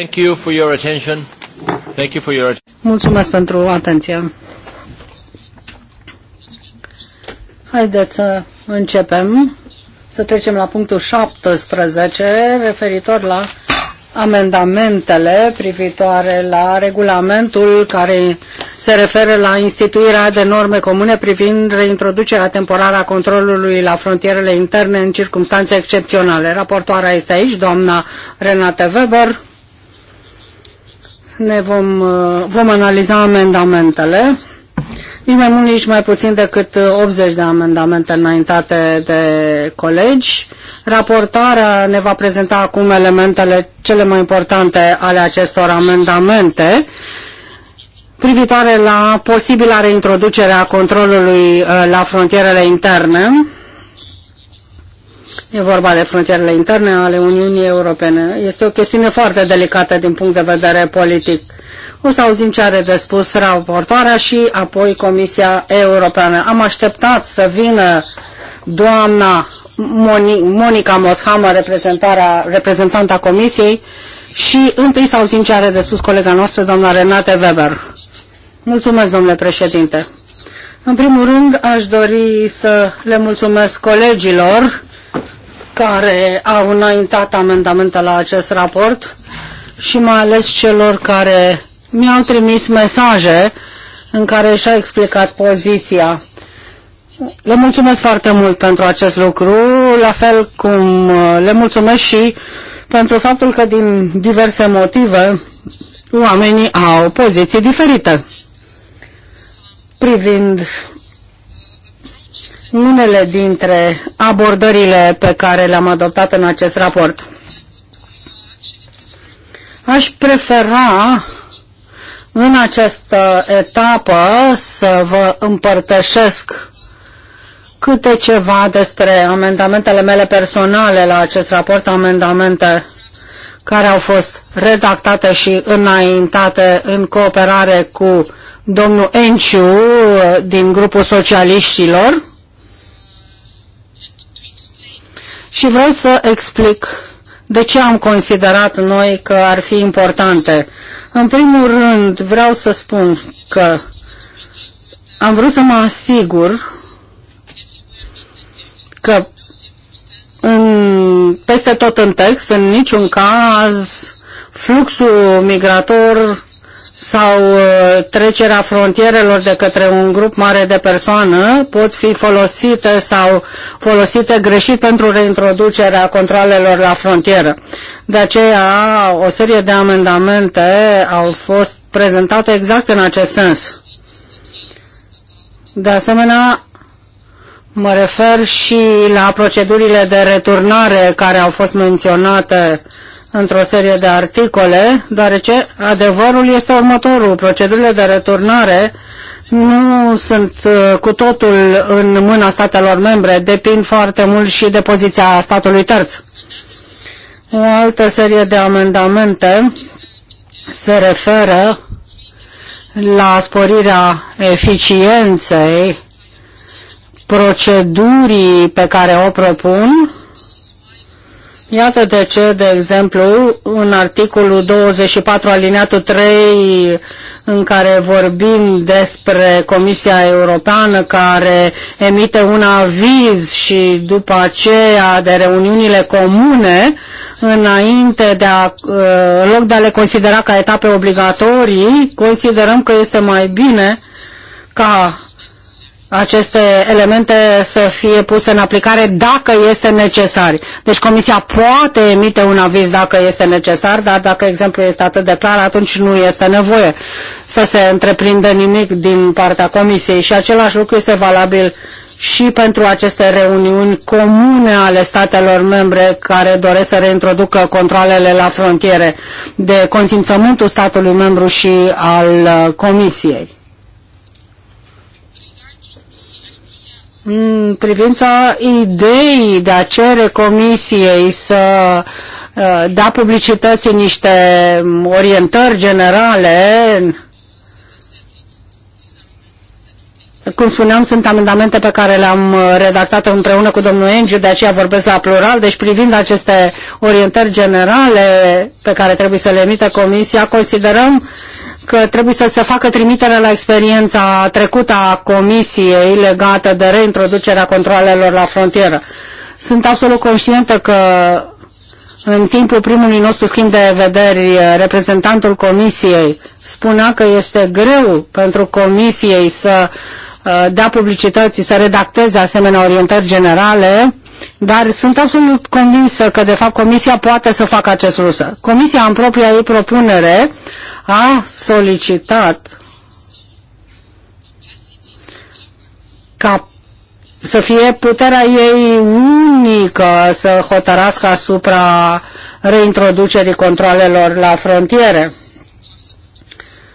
Speaker 1: Thank you for your attention. Thank you for your
Speaker 2: Mulțumesc pentru atenție. Haideți să începem. Să trecem la punctul 17 referitor la amendamentele privitoare la regulamentul care se referă la instituirea de norme comune privind reintroducerea temporară a controlului la frontierele interne în circunstanțe excepționale. Raportoarea este aici, doamna Renate Weber ne vom, uh, vom analiza amendamentele, nici mai mult, nici mai puțin decât 80 uh, de amendamente înaintate de colegi. Raportarea ne va prezenta acum elementele cele mai importante ale acestor amendamente privitoare la posibila reintroducere a controlului uh, la frontierele interne E vorba de frontierele interne ale Uniunii Europene. Este o chestiune foarte delicată din punct de vedere politic. O să auzim ce are de spus raportoarea și apoi Comisia Europeană. Am așteptat să vină doamna Moni, Monica Moshamă, reprezentanta Comisiei, și întâi să auzim ce are de spus colega noastră, doamna Renate Weber. Mulțumesc, domnule președinte. În primul rând, aș dori să le mulțumesc colegilor care au înaintat amendamente la acest raport și mai ales celor care mi-au trimis mesaje în care și-a explicat poziția. Le mulțumesc foarte mult pentru acest lucru, la fel cum uh, le mulțumesc și pentru faptul că din diverse motive oamenii au poziții diferite privind unele dintre abordările pe care le-am adoptat în acest raport. Aș prefera în această etapă să vă împărtășesc câte ceva despre amendamentele mele personale la acest raport, amendamente care au fost redactate și înaintate în cooperare cu domnul Enciu uh, din grupul socialiștilor. Și vreau să explic de ce am considerat noi că ar fi importante. În primul rând, vreau să spun că am vrut să mă asigur că în, peste tot în text, în niciun caz, fluxul migrator sau uh, trecerea frontierelor de către un grup mare de persoană pot fi folosite sau folosite greșit pentru reintroducerea controlelor la frontieră. De aceea, o serie de amendamente au fost prezentate exact în acest sens. De asemenea, mă refer și la procedurile de returnare care au fost menționate uh, într-o serie de articole, deoarece adevărul este următorul. Procedurile de returnare nu sunt uh, cu totul în mâna statelor membre, depind foarte mult și de poziția statului terț. O altă serie de amendamente se referă la sporirea eficienței procedurii pe care o propun Iată de ce, de exemplu, în articolul 24 aliniatul 3, în care vorbim despre Comisia Europeană care emite un aviz și după aceea de reuniunile comune, înainte de a, în loc de a le considera ca etape obligatorii, considerăm că este mai bine ca aceste elemente să fie puse în aplicare dacă este necesar. Deci Comisia poate emite un aviz dacă este necesar, dar dacă exemplu este atât de clar, atunci nu este nevoie să se întreprindă nimic din partea Comisiei. Și același lucru este valabil și pentru aceste reuniuni comune ale statelor membre care doresc să reintroducă controlele la frontiere de consimțământul statului membru și al uh, Comisiei. în privința ideii de a cere comisiei să da publicității niște orientări generale Cum spuneam, sunt amendamente pe care le-am uh, redactat împreună cu domnul Engiu, de aceea vorbesc la plural, deci privind aceste orientări generale pe care trebuie să le emite Comisia, considerăm că trebuie să se facă trimitere la experiența trecută a Comisiei legată de reintroducerea controalelor la frontieră. Sunt absolut conștientă că în timpul primului nostru schimb de vederi, uh, reprezentantul Comisiei spunea că este greu pentru Comisiei să da publicității să redacteze asemenea orientări generale, dar sunt absolut convinsă că, de fapt, Comisia poate să facă acest lucru. Comisia, în propria ei propunere, a solicitat ca să fie puterea ei unică să hotărască asupra reintroducerii controlelor la frontiere.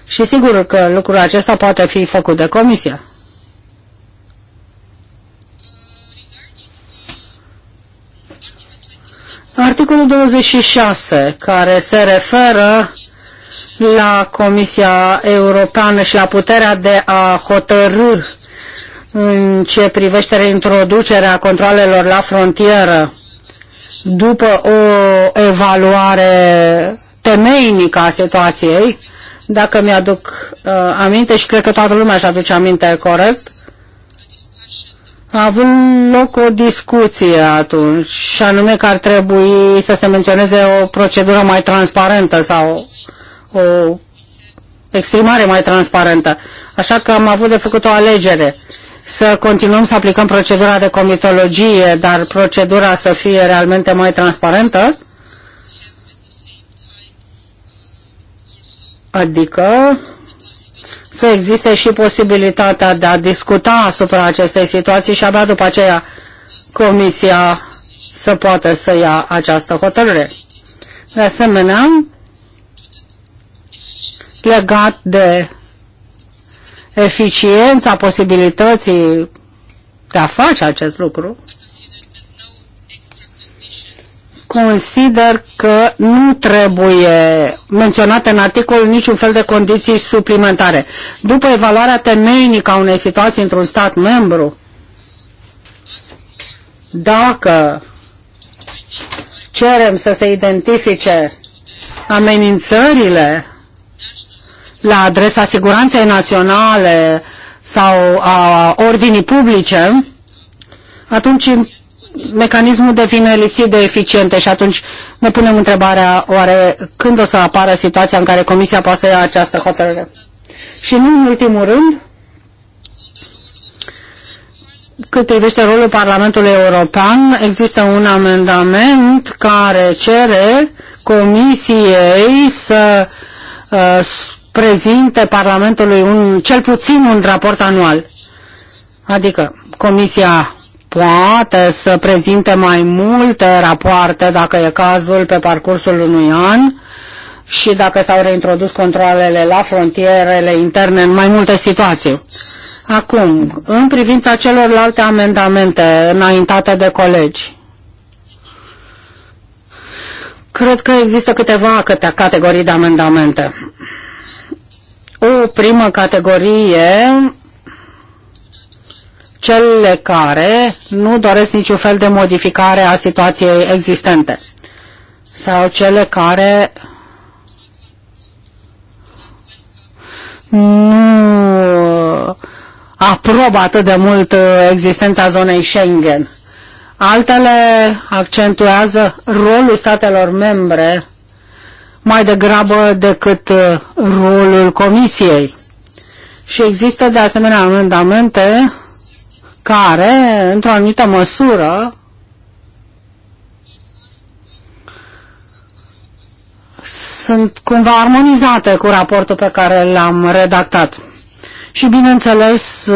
Speaker 2: Și sigur că lucrul acesta poate fi făcut de comisia Articolul 26, care se referă la Comisia Europeană și la puterea de a hotărâ în ce privește reintroducerea controlelor la frontieră după o evaluare temeinică a situației, dacă mi-aduc uh, aminte și cred că toată lumea își aduce aminte corect, a avut loc o discuție atunci și anume că ar trebui să se menționeze o procedură mai transparentă sau o exprimare mai transparentă. Așa că am avut de făcut o alegere să continuăm să aplicăm procedura de comitologie, dar procedura să fie realmente mai transparentă, adică să existe și posibilitatea de a discuta asupra acestei situații și abia după aceea Comisia să poată să ia această hotărâre. De asemenea, legat de eficiența posibilității de a face acest lucru, consider că nu trebuie menționate în articol niciun fel de condiții suplimentare. După evaluarea temeinică a unei situații într-un stat membru, dacă cerem să se identifice amenințările la adresa siguranței naționale sau a ordinii publice, atunci mecanismul devine lipsit de eficiente și atunci ne punem întrebarea oare când o să apară situația în care Comisia poate să ia această hotărâre. Și nu în ultimul rând, cât privește rolul Parlamentului European, există un amendament care cere Comisiei să uh, prezinte Parlamentului un, cel puțin un raport anual. Adică Comisia poate să prezinte mai multe rapoarte, dacă e cazul, pe parcursul unui an și dacă s-au reintrodus controlele la frontierele interne în mai multe situații. Acum, în privința celorlalte amendamente înaintate de colegi, cred că există câteva câte categorii de amendamente. O primă categorie cele care nu doresc niciun fel de modificare a situației existente sau cele care nu aprobă atât de mult uh, existența zonei Schengen. Altele accentuează rolul statelor membre mai degrabă decât uh, rolul Comisiei. Și există de asemenea amendamente care, într-o anumită măsură, sunt cumva armonizate cu raportul pe care l-am redactat. Și bineînțeles,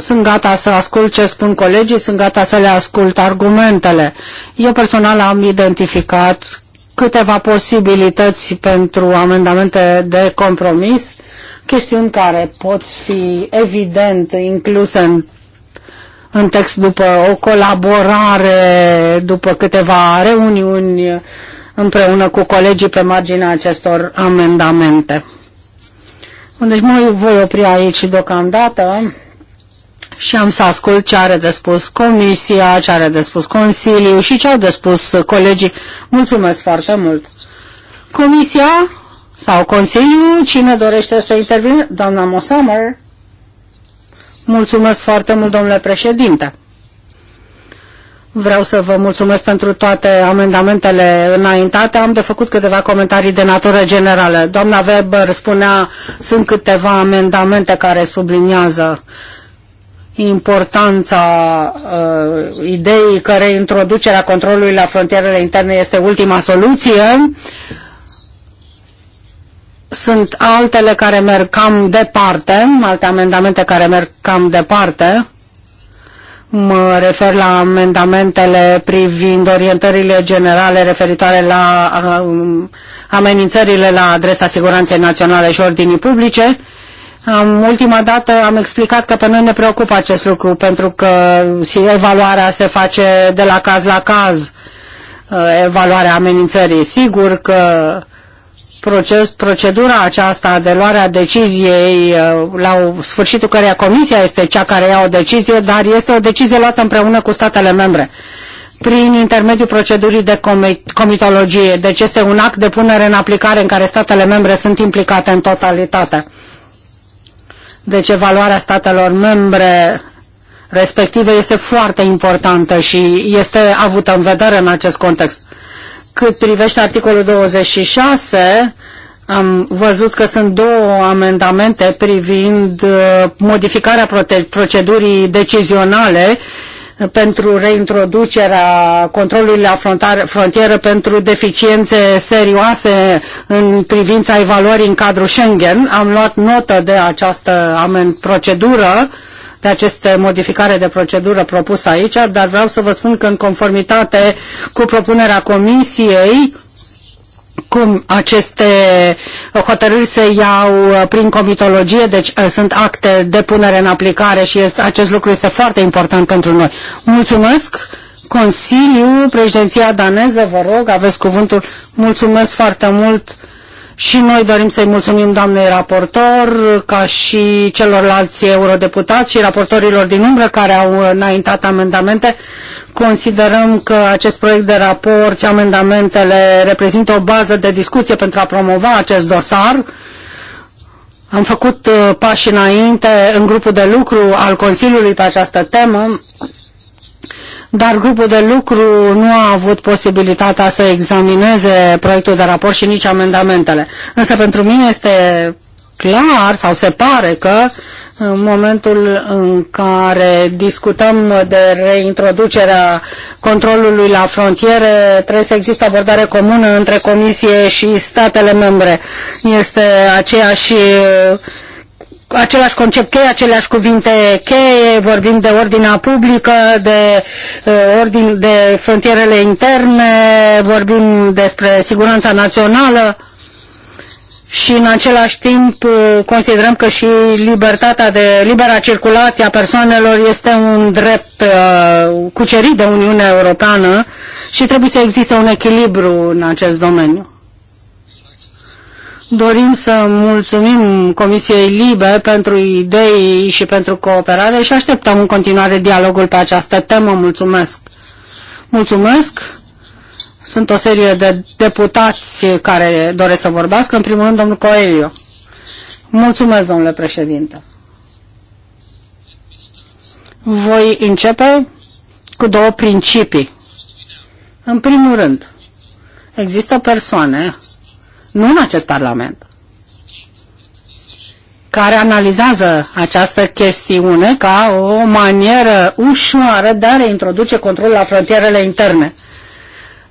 Speaker 2: sunt gata să ascult ce spun colegii, sunt gata să le ascult argumentele. Eu personal am identificat câteva posibilități pentru amendamente de compromis, chestiuni care pot fi evident incluse în în text după o colaborare, după câteva reuniuni împreună cu colegii pe marginea acestor amendamente. Deci mă voi opri aici deocamdată și am să ascult ce are de spus Comisia, ce are de spus Consiliu și ce au de spus colegii. Mulțumesc foarte mult! Comisia sau Consiliu, cine dorește să intervine? Doamna Mosamer? Mulțumesc foarte mult, domnule președinte. Vreau să vă mulțumesc pentru toate amendamentele înaintate. Am de făcut câteva comentarii de natură generală. Doamna Weber spunea, sunt câteva amendamente care subliniază importanța uh, ideii că reintroducerea controlului la frontierele interne este ultima soluție. Sunt altele care merg cam departe, alte amendamente care merg cam departe. Mă refer la amendamentele privind orientările generale referitoare la um, amenințările la adresa siguranței naționale și ordinii publice. Am, ultima dată am explicat că pe noi ne preocupă acest lucru pentru că evaluarea se face de la caz la caz, uh, evaluarea amenințării. Sigur că proces, procedura aceasta de luare a deciziei, uh, la sfârșitul căreia comisia este cea care ia o decizie, dar este o decizie luată împreună cu statele membre prin intermediul procedurii de comitologie. Deci este un act de punere în aplicare în care statele membre sunt implicate în totalitate. Deci evaluarea statelor membre respective este foarte importantă și este avută în vedere în acest context. Cât privește articolul 26, am văzut că sunt două amendamente privind uh, modificarea procedurii decizionale pentru reintroducerea controlului la frontieră pentru deficiențe serioase în privința evaluării în cadrul Schengen. Am luat notă de această procedură de aceste modificare de procedură propusă aici, dar vreau să vă spun că în conformitate cu propunerea Comisiei, cum aceste hotărâri se iau prin comitologie, deci eh, sunt acte de punere în aplicare și este, acest lucru este foarte important pentru noi. Mulțumesc! Consiliu, președinția daneză, vă rog, aveți cuvântul. Mulțumesc foarte mult! Și noi dorim să-i mulțumim doamnei raportor, ca și celorlalți eurodeputați și raportorilor din umbră care au înaintat amendamente. Considerăm că acest proiect de raport și amendamentele reprezintă o bază de discuție pentru a promova acest dosar. Am făcut uh, pași înainte în grupul de lucru al Consiliului pe această temă dar grupul de lucru nu a avut posibilitatea să examineze proiectul de raport și nici amendamentele. Însă pentru mine este clar sau se pare că în momentul în care discutăm de reintroducerea controlului la frontiere, trebuie să există abordare comună între Comisie și statele membre. Este aceeași același concept cheie, aceleași cuvinte cheie, vorbim de ordinea publică, de, uh, ordin, de frontierele interne, vorbim despre siguranța națională și în același timp uh, considerăm că și libertatea de libera circulație a persoanelor este un drept uh, cucerit de Uniunea Europeană și trebuie să existe un echilibru în acest domeniu. Dorim să mulțumim Comisiei Libe pentru idei și pentru cooperare și așteptăm în continuare dialogul pe această temă. Mulțumesc! Mulțumesc! Sunt o serie de deputați care doresc să vorbească. În primul rând, domnul Coelio. Mulțumesc, domnule președinte. Voi începe cu două principii. În primul rând, există persoane nu în acest Parlament, care analizează această chestiune ca o manieră ușoară de a reintroduce controlul la frontierele interne.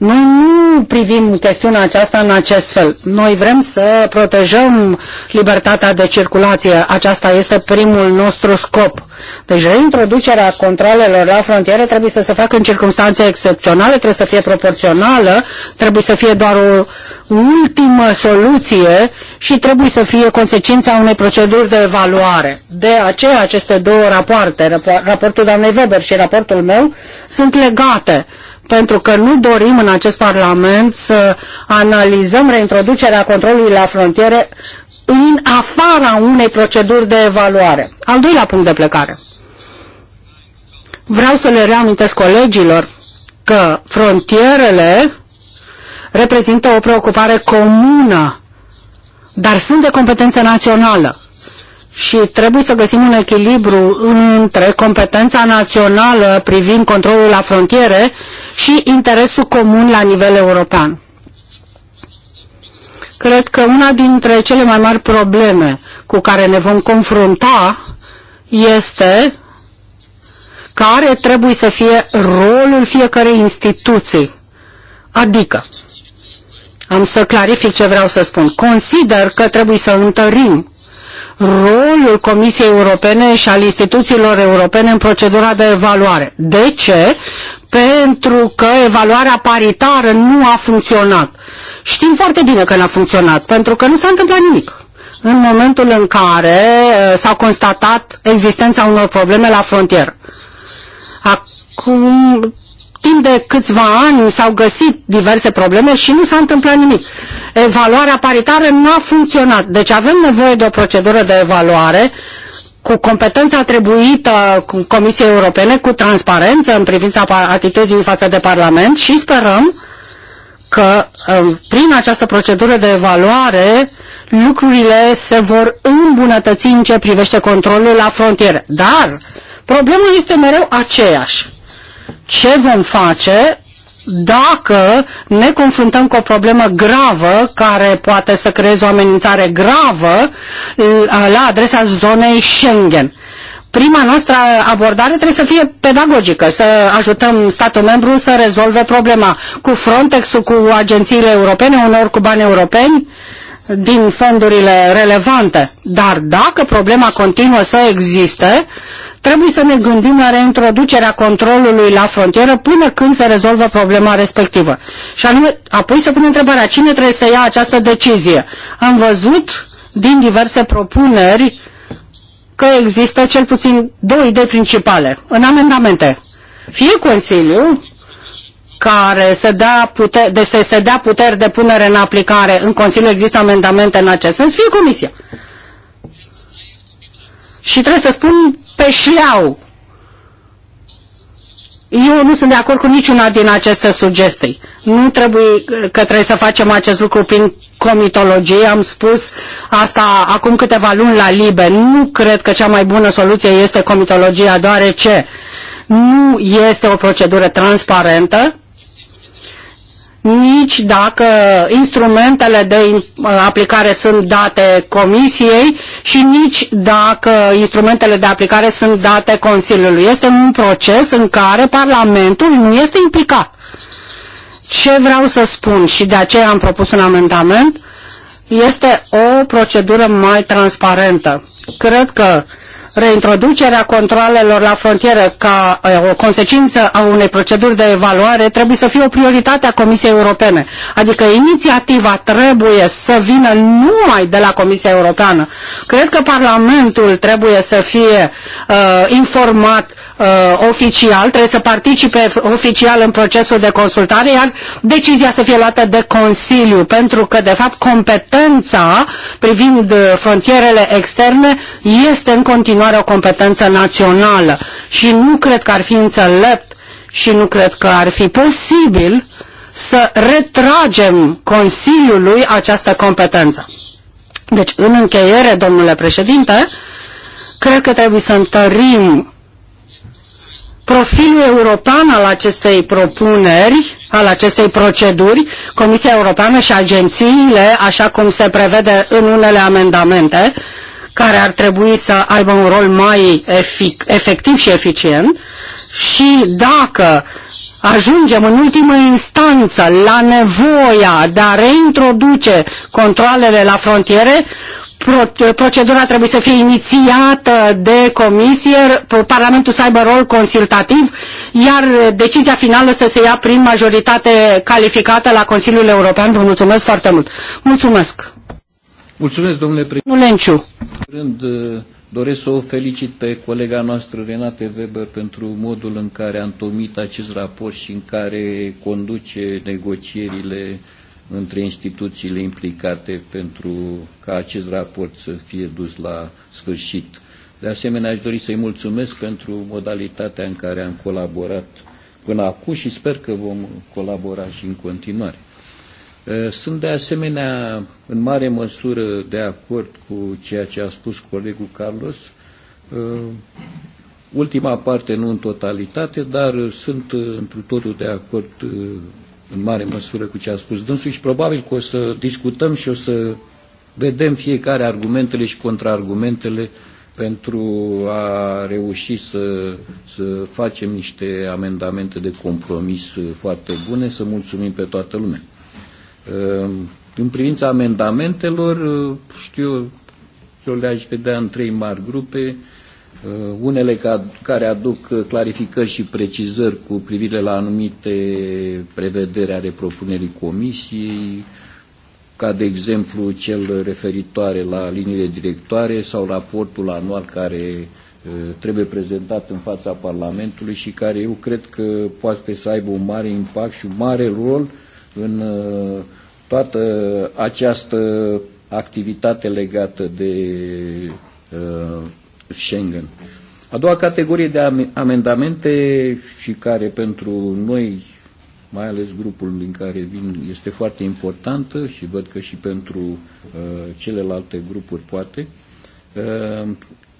Speaker 2: Noi nu privim chestiunea aceasta în acest fel. Noi vrem să protejăm libertatea de circulație. Aceasta este primul nostru scop. Deci reintroducerea controlelor la frontiere trebuie să se facă în circunstanțe excepționale, trebuie să fie proporțională, trebuie să fie doar o ultimă soluție și trebuie să fie consecința unei proceduri de evaluare. De aceea aceste două rapoarte, raportul doamnei Weber și raportul meu, sunt legate pentru că nu dorim în acest Parlament să analizăm reintroducerea controlului la frontiere în afara unei proceduri de evaluare. Al doilea punct de plecare. Vreau să le reamintesc colegilor că frontierele reprezintă o preocupare comună, dar sunt de competență națională și trebuie să găsim un echilibru între competența națională privind controlul la frontiere și interesul comun la nivel european. Cred că una dintre cele mai mari probleme cu care ne vom confrunta este care trebuie să fie rolul fiecărei instituții. Adică, am să clarific ce vreau să spun. Consider că trebuie să întărim rolul Comisiei Europene și al instituțiilor europene în procedura de evaluare. De ce? Pentru că evaluarea paritară nu a funcționat. Știm foarte bine că n-a funcționat, pentru că nu s-a întâmplat nimic în momentul în care uh, s-a constatat existența unor probleme la frontieră. Acum timp de câțiva ani s-au găsit diverse probleme și nu s-a întâmplat nimic. Evaluarea paritară nu a funcționat. Deci avem nevoie de o procedură de evaluare cu competența atribuită Comisiei Europene, cu transparență în privința atitudinii față de Parlament și sperăm că um, prin această procedură de evaluare lucrurile se vor îmbunătăți în ce privește controlul la frontieră. Dar problema este mereu aceeași ce vom face dacă ne confruntăm cu o problemă gravă care poate să creeze o amenințare gravă la adresa zonei Schengen. Prima noastră abordare trebuie să fie pedagogică, să ajutăm statul membru să rezolve problema cu frontex cu agențiile europene, unor cu bani europeni, din fondurile relevante. Dar dacă problema continuă să existe, trebuie să ne gândim la reintroducerea controlului la frontieră până când se rezolvă problema respectivă. Și anume, apoi să punem întrebarea, cine trebuie să ia această decizie? Am văzut din diverse propuneri că există cel puțin două idei principale în amendamente. Fie Consiliul, care se dea puter, de, se, se dea puteri de punere în aplicare, în Consiliu există amendamente în acest sens, fie Comisia. Și trebuie să spun pe șleau. Eu nu sunt de acord cu niciuna din aceste sugestii. Nu trebuie că trebuie să facem acest lucru prin comitologie. Am spus asta acum câteva luni la Libe. Nu cred că cea mai bună soluție este comitologia, deoarece nu este o procedură transparentă nici dacă instrumentele de uh, aplicare sunt date Comisiei și nici dacă instrumentele de aplicare sunt date Consiliului. Este un proces în care Parlamentul nu este implicat. Ce vreau să spun și de aceea am propus un amendament, este o procedură mai transparentă. Cred că reintroducerea controlelor la frontieră ca eh, o consecință a unei proceduri de evaluare trebuie să fie o prioritate a Comisiei Europene. Adică inițiativa trebuie să vină numai de la Comisia Europeană. Cred că Parlamentul trebuie să fie uh, informat uh, oficial, trebuie să participe oficial în procesul de consultare, iar decizia să fie luată de Consiliu, pentru că, de fapt, competența privind uh, frontierele externe este în continuare o competență națională și nu cred că ar fi înțelept și nu cred că ar fi posibil să retragem Consiliului această competență. Deci, în încheiere, domnule președinte, cred că trebuie să întărim profilul european al acestei propuneri, al acestei proceduri, Comisia Europeană și agențiile, așa cum se prevede în unele amendamente, care ar trebui să aibă un rol mai efic, efectiv și eficient și dacă ajungem în ultimă instanță la nevoia de a reintroduce controlele la frontiere, procedura trebuie să fie inițiată de comisie, Parlamentul să aibă rol consultativ, iar decizia finală să se ia prin majoritate calificată la Consiliul European. Vă mulțumesc foarte mult. Mulțumesc.
Speaker 1: Mulțumesc, domnule președinte. Rând, uh, doresc să o felicit pe colega noastră, Renate Weber, pentru modul în care a întomit acest raport și în care conduce negocierile între instituțiile implicate pentru ca acest raport să fie dus la sfârșit. De asemenea, aș dori să-i mulțumesc pentru modalitatea în care am colaborat până acum și sper că vom colabora și în continuare. Sunt de asemenea în mare măsură de acord cu ceea ce a spus colegul Carlos. Ultima parte nu în totalitate, dar sunt întru totul de acord în mare măsură cu ce a spus dânsul și probabil că o să discutăm și o să vedem fiecare argumentele și contraargumentele pentru a reuși să, să facem niște amendamente de compromis foarte bune, să mulțumim pe toată lumea. În ehm, privința amendamentelor, știu, eu le-aș vedea în trei mari grupe, Uh, unele ca, care aduc uh, clarificări și precizări cu privire la anumite prevederi ale propunerii comisiei, ca de exemplu cel referitoare la liniile directoare sau raportul anual care uh, trebuie prezentat în fața Parlamentului și care eu cred că poate să aibă un mare impact și un mare rol în toată această activitate legată de Schengen. A doua categorie de amendamente și care pentru noi, mai ales grupul din care vin, este foarte importantă și văd că și pentru uh, celelalte grupuri poate, uh,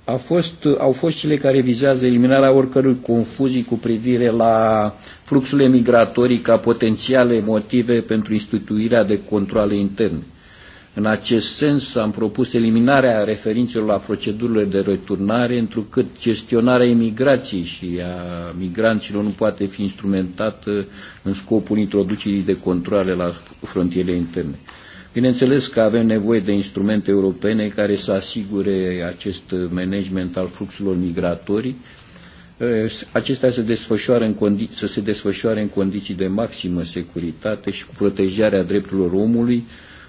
Speaker 1: a fost, au fost cele care vizează eliminarea oricărui confuzii cu privire la fluxurile migratorii ca potențiale motive pentru instituirea de controle interne. Uh, în acest sens am propus eliminarea referințelor la procedurile de returnare, întrucât gestionarea imigrației și a migranților nu poate fi instrumentată în scopul introducerii de controle la frontierele interne. Bineînțeles că avem nevoie de instrumente europene care să asigure acest management al fluxurilor migratorii, acestea se desfășoară în condi- să se desfășoare în condiții de maximă securitate și cu protejarea drepturilor omului,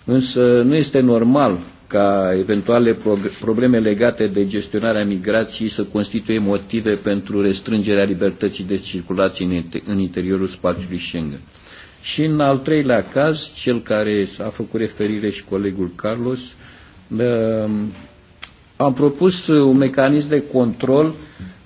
Speaker 1: Însă nu este normal ca eventuale probleme legate de gestionarea migrației să constituie motive pentru restrângerea libertății de circulație în interiorul spațiului Schengen. Și în al treilea caz, cel care a făcut referire și colegul Carlos, um, am propus un mecanism de control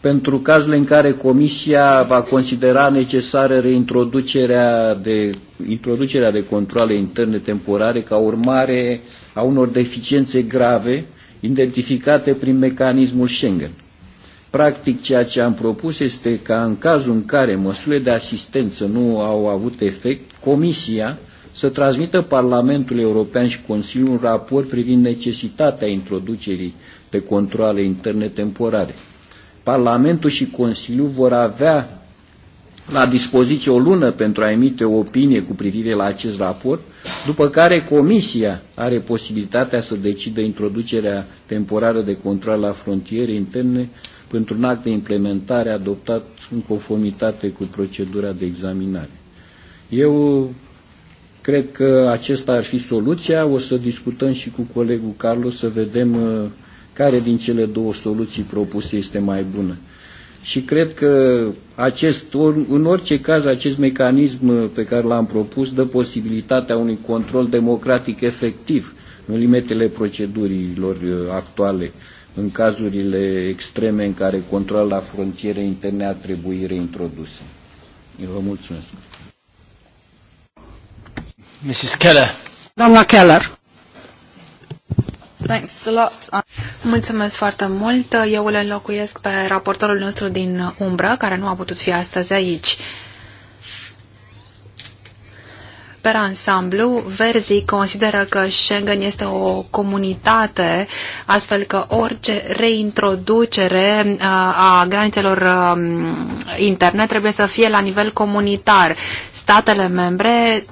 Speaker 1: pentru cazurile în care Comisia va considera necesară reintroducerea de introducerea de controle interne temporare ca urmare a unor deficiențe grave identificate prin mecanismul Schengen. Practic, ceea ce am propus este ca în cazul în care măsurile de asistență nu au avut efect, Comisia să transmită Parlamentului European și Consiliul un raport privind necesitatea introducerii de controle interne temporare. Parlamentul și Consiliul vor avea la dispoziție o lună pentru a emite o opinie cu privire la acest raport, după care Comisia are posibilitatea să decidă introducerea temporară de control la frontiere interne pentru un act de implementare adoptat în conformitate cu procedura de examinare. Eu cred că acesta ar fi soluția. O să discutăm și cu colegul Carlos să vedem uh, care din cele două soluții propuse este mai bună și cred că acest, în orice caz acest mecanism uh, pe care l-am propus dă posibilitatea unui control democratic efectiv în limitele procedurilor uh, actuale în cazurile extreme în care controlul la frontiere interne ar trebui reintrodus. Eu vă mulțumesc.
Speaker 2: Mrs. Keller. Doamna Keller.
Speaker 4: Thanks a lot. Mulțumesc foarte mult. Eu îl înlocuiesc pe raportorul nostru din umbră, care nu a putut fi astăzi aici. Per ansamblu, Verzi consideră că Schengen este o comunitate, astfel că orice reintroducere uh, a granițelor um, interne trebuie să fie la nivel comunitar. Statele membre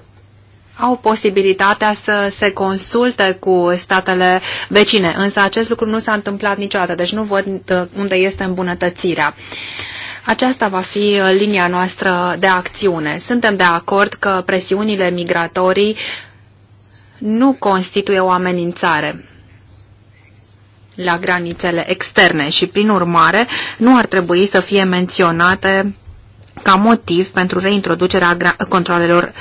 Speaker 4: au posibilitatea să se consulte cu statele vecine, însă acest lucru nu s-a întâmplat niciodată, deci nu văd uh, unde este îmbunătățirea. Aceasta va fi uh, linia noastră de acțiune. Suntem de acord că presiunile migratorii nu constituie o amenințare la granițele externe și, prin urmare, nu ar trebui să fie menționate ca motiv pentru reintroducerea controlelor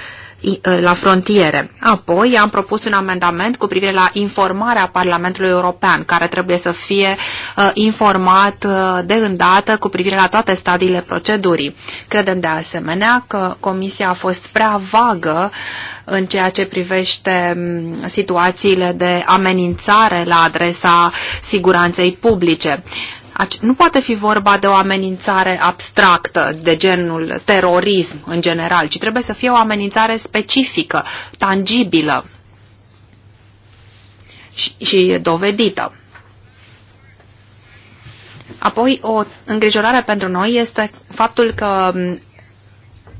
Speaker 4: la frontiere. Apoi am propus un amendament cu privire la informarea Parlamentului European, care trebuie să fie uh, informat uh, de îndată cu privire la toate stadiile procedurii. Credem de asemenea că Comisia a fost prea vagă în ceea ce privește situațiile de amenințare la adresa siguranței publice. Nu poate fi vorba de o amenințare abstractă, de genul terorism în general, ci trebuie să fie o amenințare specifică, tangibilă și, și dovedită. Apoi, o îngrijorare pentru noi este faptul că mm,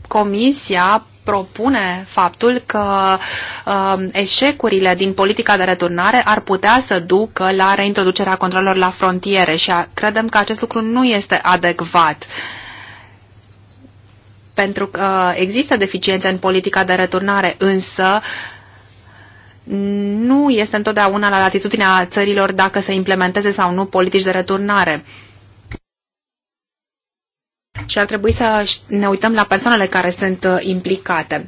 Speaker 4: Comisia propune faptul că uh, eșecurile din politica de returnare ar putea să ducă la reintroducerea controlelor la frontiere și a, credem că acest lucru nu este adecvat. Pentru că uh, există deficiențe în politica de returnare, însă nu este întotdeauna la latitudinea țărilor dacă se implementeze sau nu politici de returnare. Uh, și ar trebui să ne uităm la persoanele care sunt uh, implicate.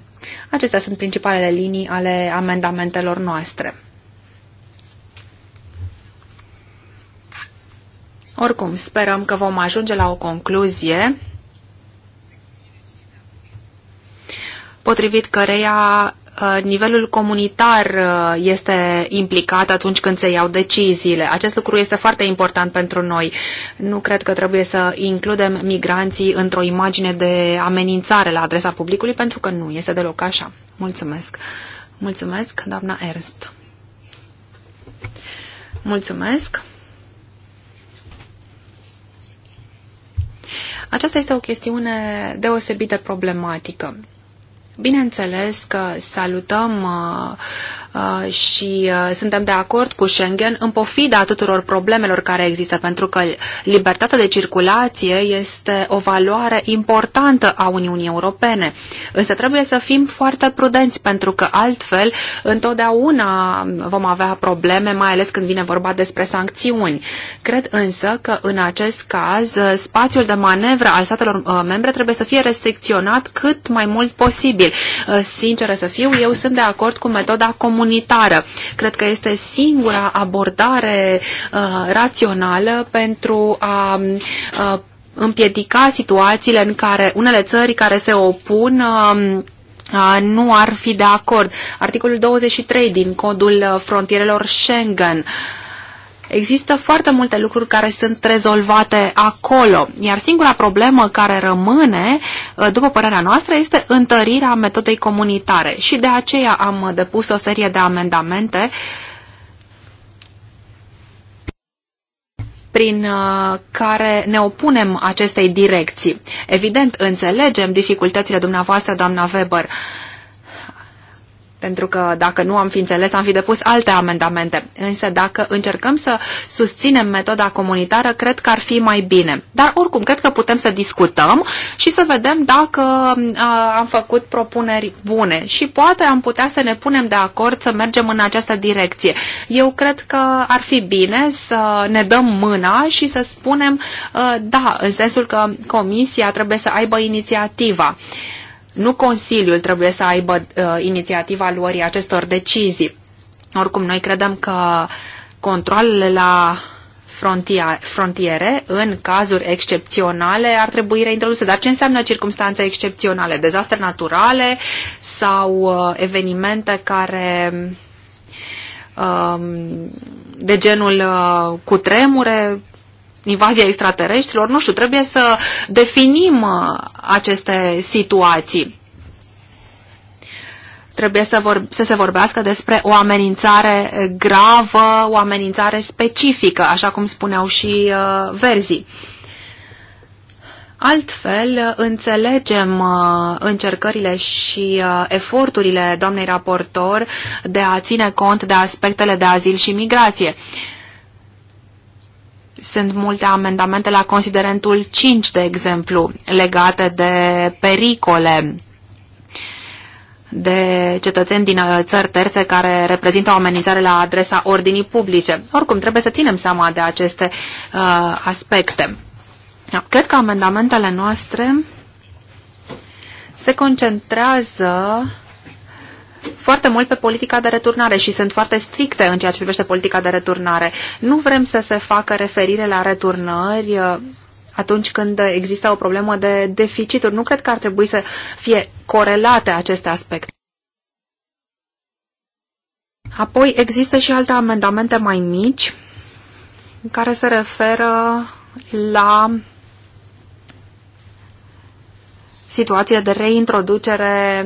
Speaker 4: Acestea sunt principalele linii ale amendamentelor noastre. Oricum, sperăm că vom ajunge la o concluzie potrivit căreia Uh, nivelul comunitar uh, este implicat atunci când se iau deciziile. Acest lucru este foarte important pentru noi. Nu cred că trebuie să includem migranții într-o imagine de amenințare la adresa publicului, pentru că nu este deloc așa. Mulțumesc. Mulțumesc, doamna Ernst. Mulțumesc. Aceasta este o chestiune deosebit de problematică. Bineînțeles că salutăm uh, uh, și uh, suntem de acord cu Schengen în pofida tuturor problemelor care există, pentru că libertatea de circulație este o valoare importantă a Uniunii Europene. Însă trebuie să fim foarte prudenți, pentru că altfel întotdeauna vom avea probleme, mai ales când vine vorba despre sancțiuni. Cred însă că în acest caz spațiul de manevră al statelor uh, membre trebuie să fie restricționat cât mai mult posibil posibil. Uh, sinceră să fiu, eu sunt de acord cu metoda comunitară. Cred că este singura abordare uh, rațională pentru a uh, împiedica situațiile în care unele țări care se opun um, nu ar fi de acord. Articolul 23 din codul frontierelor Schengen Există foarte multe lucruri care sunt rezolvate acolo, iar singura problemă care rămâne, uh, după părerea noastră, este întărirea metodei comunitare și de aceea am depus o serie de amendamente prin uh, care ne opunem acestei direcții. Evident, înțelegem dificultățile dumneavoastră, doamna Weber, pentru că dacă nu am fi înțeles, am fi depus alte amendamente. Însă dacă încercăm să susținem metoda comunitară, cred că ar fi mai bine. Dar oricum, cred că putem să discutăm și să vedem dacă am făcut propuneri bune și poate am putea să ne punem de acord să mergem în această direcție. Eu cred că ar fi bine să ne dăm mâna și să spunem da, în sensul că comisia trebuie să aibă inițiativa. Nu Consiliul trebuie să aibă uh, inițiativa luării acestor decizii. Oricum, noi credem că controlele la frontiere, în cazuri excepționale, ar trebui reintroduse. Dar ce înseamnă circunstanțe excepționale? Dezastre naturale sau uh, evenimente care um, de genul uh, cutremure invazia extraterestrilor, nu știu, trebuie să definim uh, aceste situații. Trebuie să, vor, să se vorbească despre o amenințare gravă, o amenințare specifică, așa cum spuneau și uh, verzii. Altfel, înțelegem uh, încercările și uh, eforturile doamnei raportor de a ține cont de aspectele de azil și migrație. Sunt multe amendamente la considerentul 5, de exemplu, legate de pericole de cetățeni din uh, țări terțe care reprezintă o amenințare la adresa ordinii publice. Oricum, trebuie să ținem seama de aceste uh, aspecte. Da, cred că amendamentele noastre se concentrează foarte mult pe politica de returnare și sunt foarte stricte în ceea ce privește politica de returnare. Nu vrem să se facă referire la returnări uh, atunci când există o problemă de deficituri. Nu cred că ar trebui să fie corelate aceste aspecte. Apoi există și alte amendamente mai mici care se referă la situația de reintroducere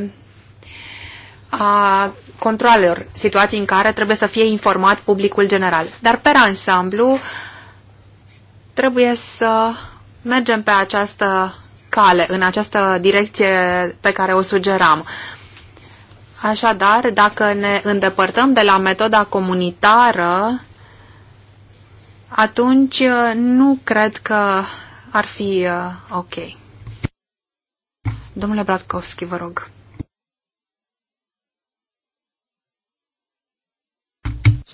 Speaker 4: a controlelor, situații în care trebuie să fie informat publicul general. Dar, pe ansamblu, trebuie să mergem pe această cale, în această direcție pe care o sugeram. Așadar, dacă ne îndepărtăm de la metoda comunitară, atunci uh, nu cred că ar fi uh, ok. Domnule Bratkovski, vă rog.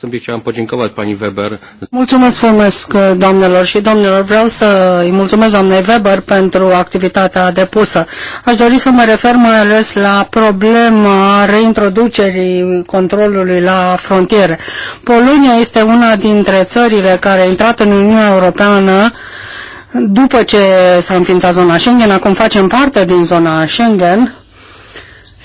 Speaker 1: Sâmbie am păcincăvat, pani Weber.
Speaker 2: Mulțumesc frumos, uh, doamnelor și domnilor. Vreau să îi mulțumesc doamnei Weber pentru activitatea depusă. Aș dori să mă refer mai ales la problema reintroducerii controlului la frontiere. Polonia este una dintre țările care a intrat în Uniunea Europeană după ce s-a înființat zona Schengen, acum facem parte din zona Schengen,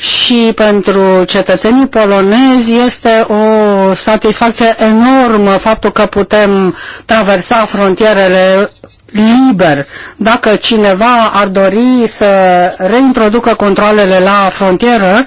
Speaker 2: și pentru cetățenii polonezi este o satisfacție enormă faptul că putem traversa frontierele liber. Dacă cineva ar dori să reintroducă controlele la frontieră,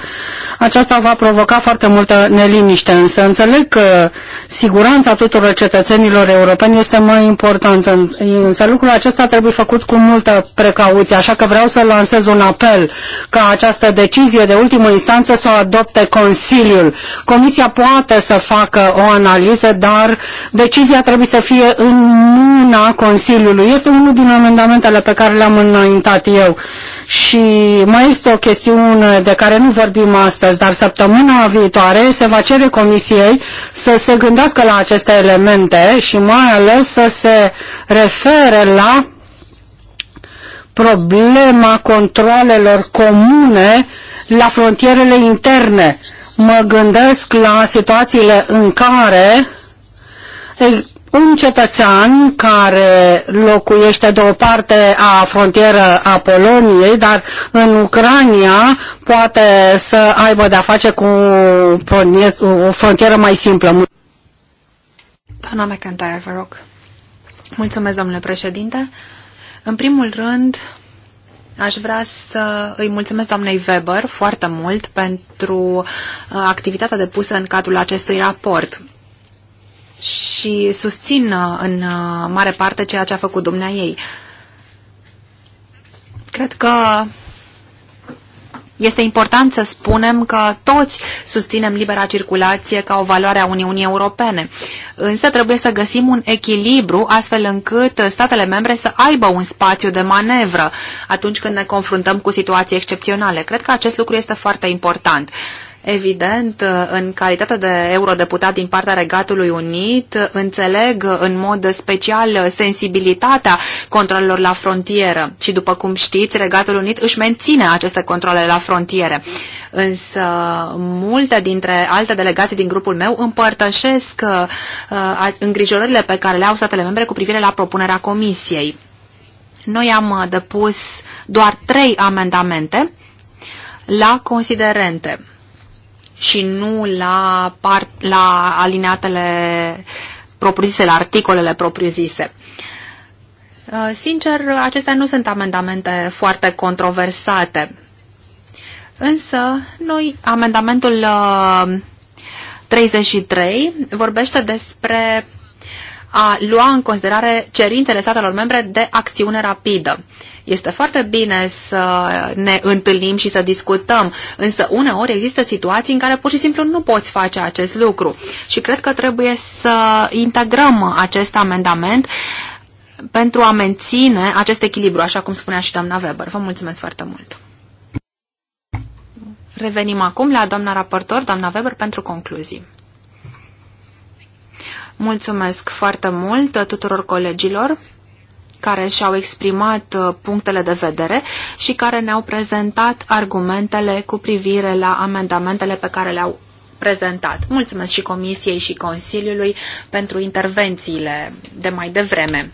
Speaker 2: aceasta va provoca foarte multă neliniște. Însă înțeleg că siguranța tuturor cetățenilor europeni este mai importantă. Însă lucrul acesta trebuie făcut cu multă precauție, așa că vreau să lansez un apel ca această decizie de ultimă instanță să o adopte Consiliul. Comisia poate să facă o analiză, dar decizia trebuie să fie în mâna Consiliului este unul din amendamentele pe care le-am înaintat eu. Și mai este o chestiune de care nu vorbim astăzi, dar săptămâna viitoare se va cere Comisiei să se gândească la aceste elemente și mai ales să se refere la problema controlelor comune la frontierele interne. Mă gândesc la situațiile în care un cetățean care locuiește de o parte a frontieră a Poloniei, dar în Ucraina poate să aibă de-a face cu o frontieră mai simplă.
Speaker 4: Doamna McIntyre, vă rog. Mulțumesc, domnule președinte. În primul rând, Aș vrea să îi mulțumesc doamnei Weber foarte mult pentru uh, activitatea depusă în cadrul acestui raport și susțin uh, în uh, mare parte ceea ce a făcut dumnea ei. Cred că este important să spunem că toți susținem libera circulație ca o valoare a Uniunii Europene, însă trebuie să găsim un echilibru astfel încât statele membre să aibă un spațiu de manevră atunci când ne confruntăm cu situații excepționale. Cred că acest lucru este foarte important. Evident, în calitate de eurodeputat din partea Regatului Unit, înțeleg în mod special sensibilitatea controlelor la frontieră și, după cum știți, Regatul Unit își menține aceste controle la frontiere. Însă, multe dintre alte delegații din grupul meu împărtășesc uh, îngrijorările pe care le au statele membre cu privire la propunerea Comisiei. Noi am depus doar trei amendamente la considerente și nu la, part, la alineatele propriu-zise, la articolele propriu-zise. Uh, sincer, acestea nu sunt amendamente foarte controversate. Însă, noi, amendamentul 33 uh, vorbește despre a lua în considerare cerințele statelor membre de acțiune rapidă. Este foarte bine să ne întâlnim și să discutăm, însă uneori există situații în care pur și simplu nu poți face acest lucru și cred că trebuie să integrăm acest amendament pentru a menține acest echilibru, așa cum spunea și doamna Weber. Vă mulțumesc foarte mult! Revenim acum la doamna raportor, doamna Weber, pentru concluzii. Mulțumesc foarte mult tuturor colegilor care și-au exprimat uh, punctele de vedere și care ne-au prezentat argumentele cu privire la amendamentele pe care le-au prezentat. Mulțumesc și Comisiei și Consiliului pentru intervențiile de mai devreme.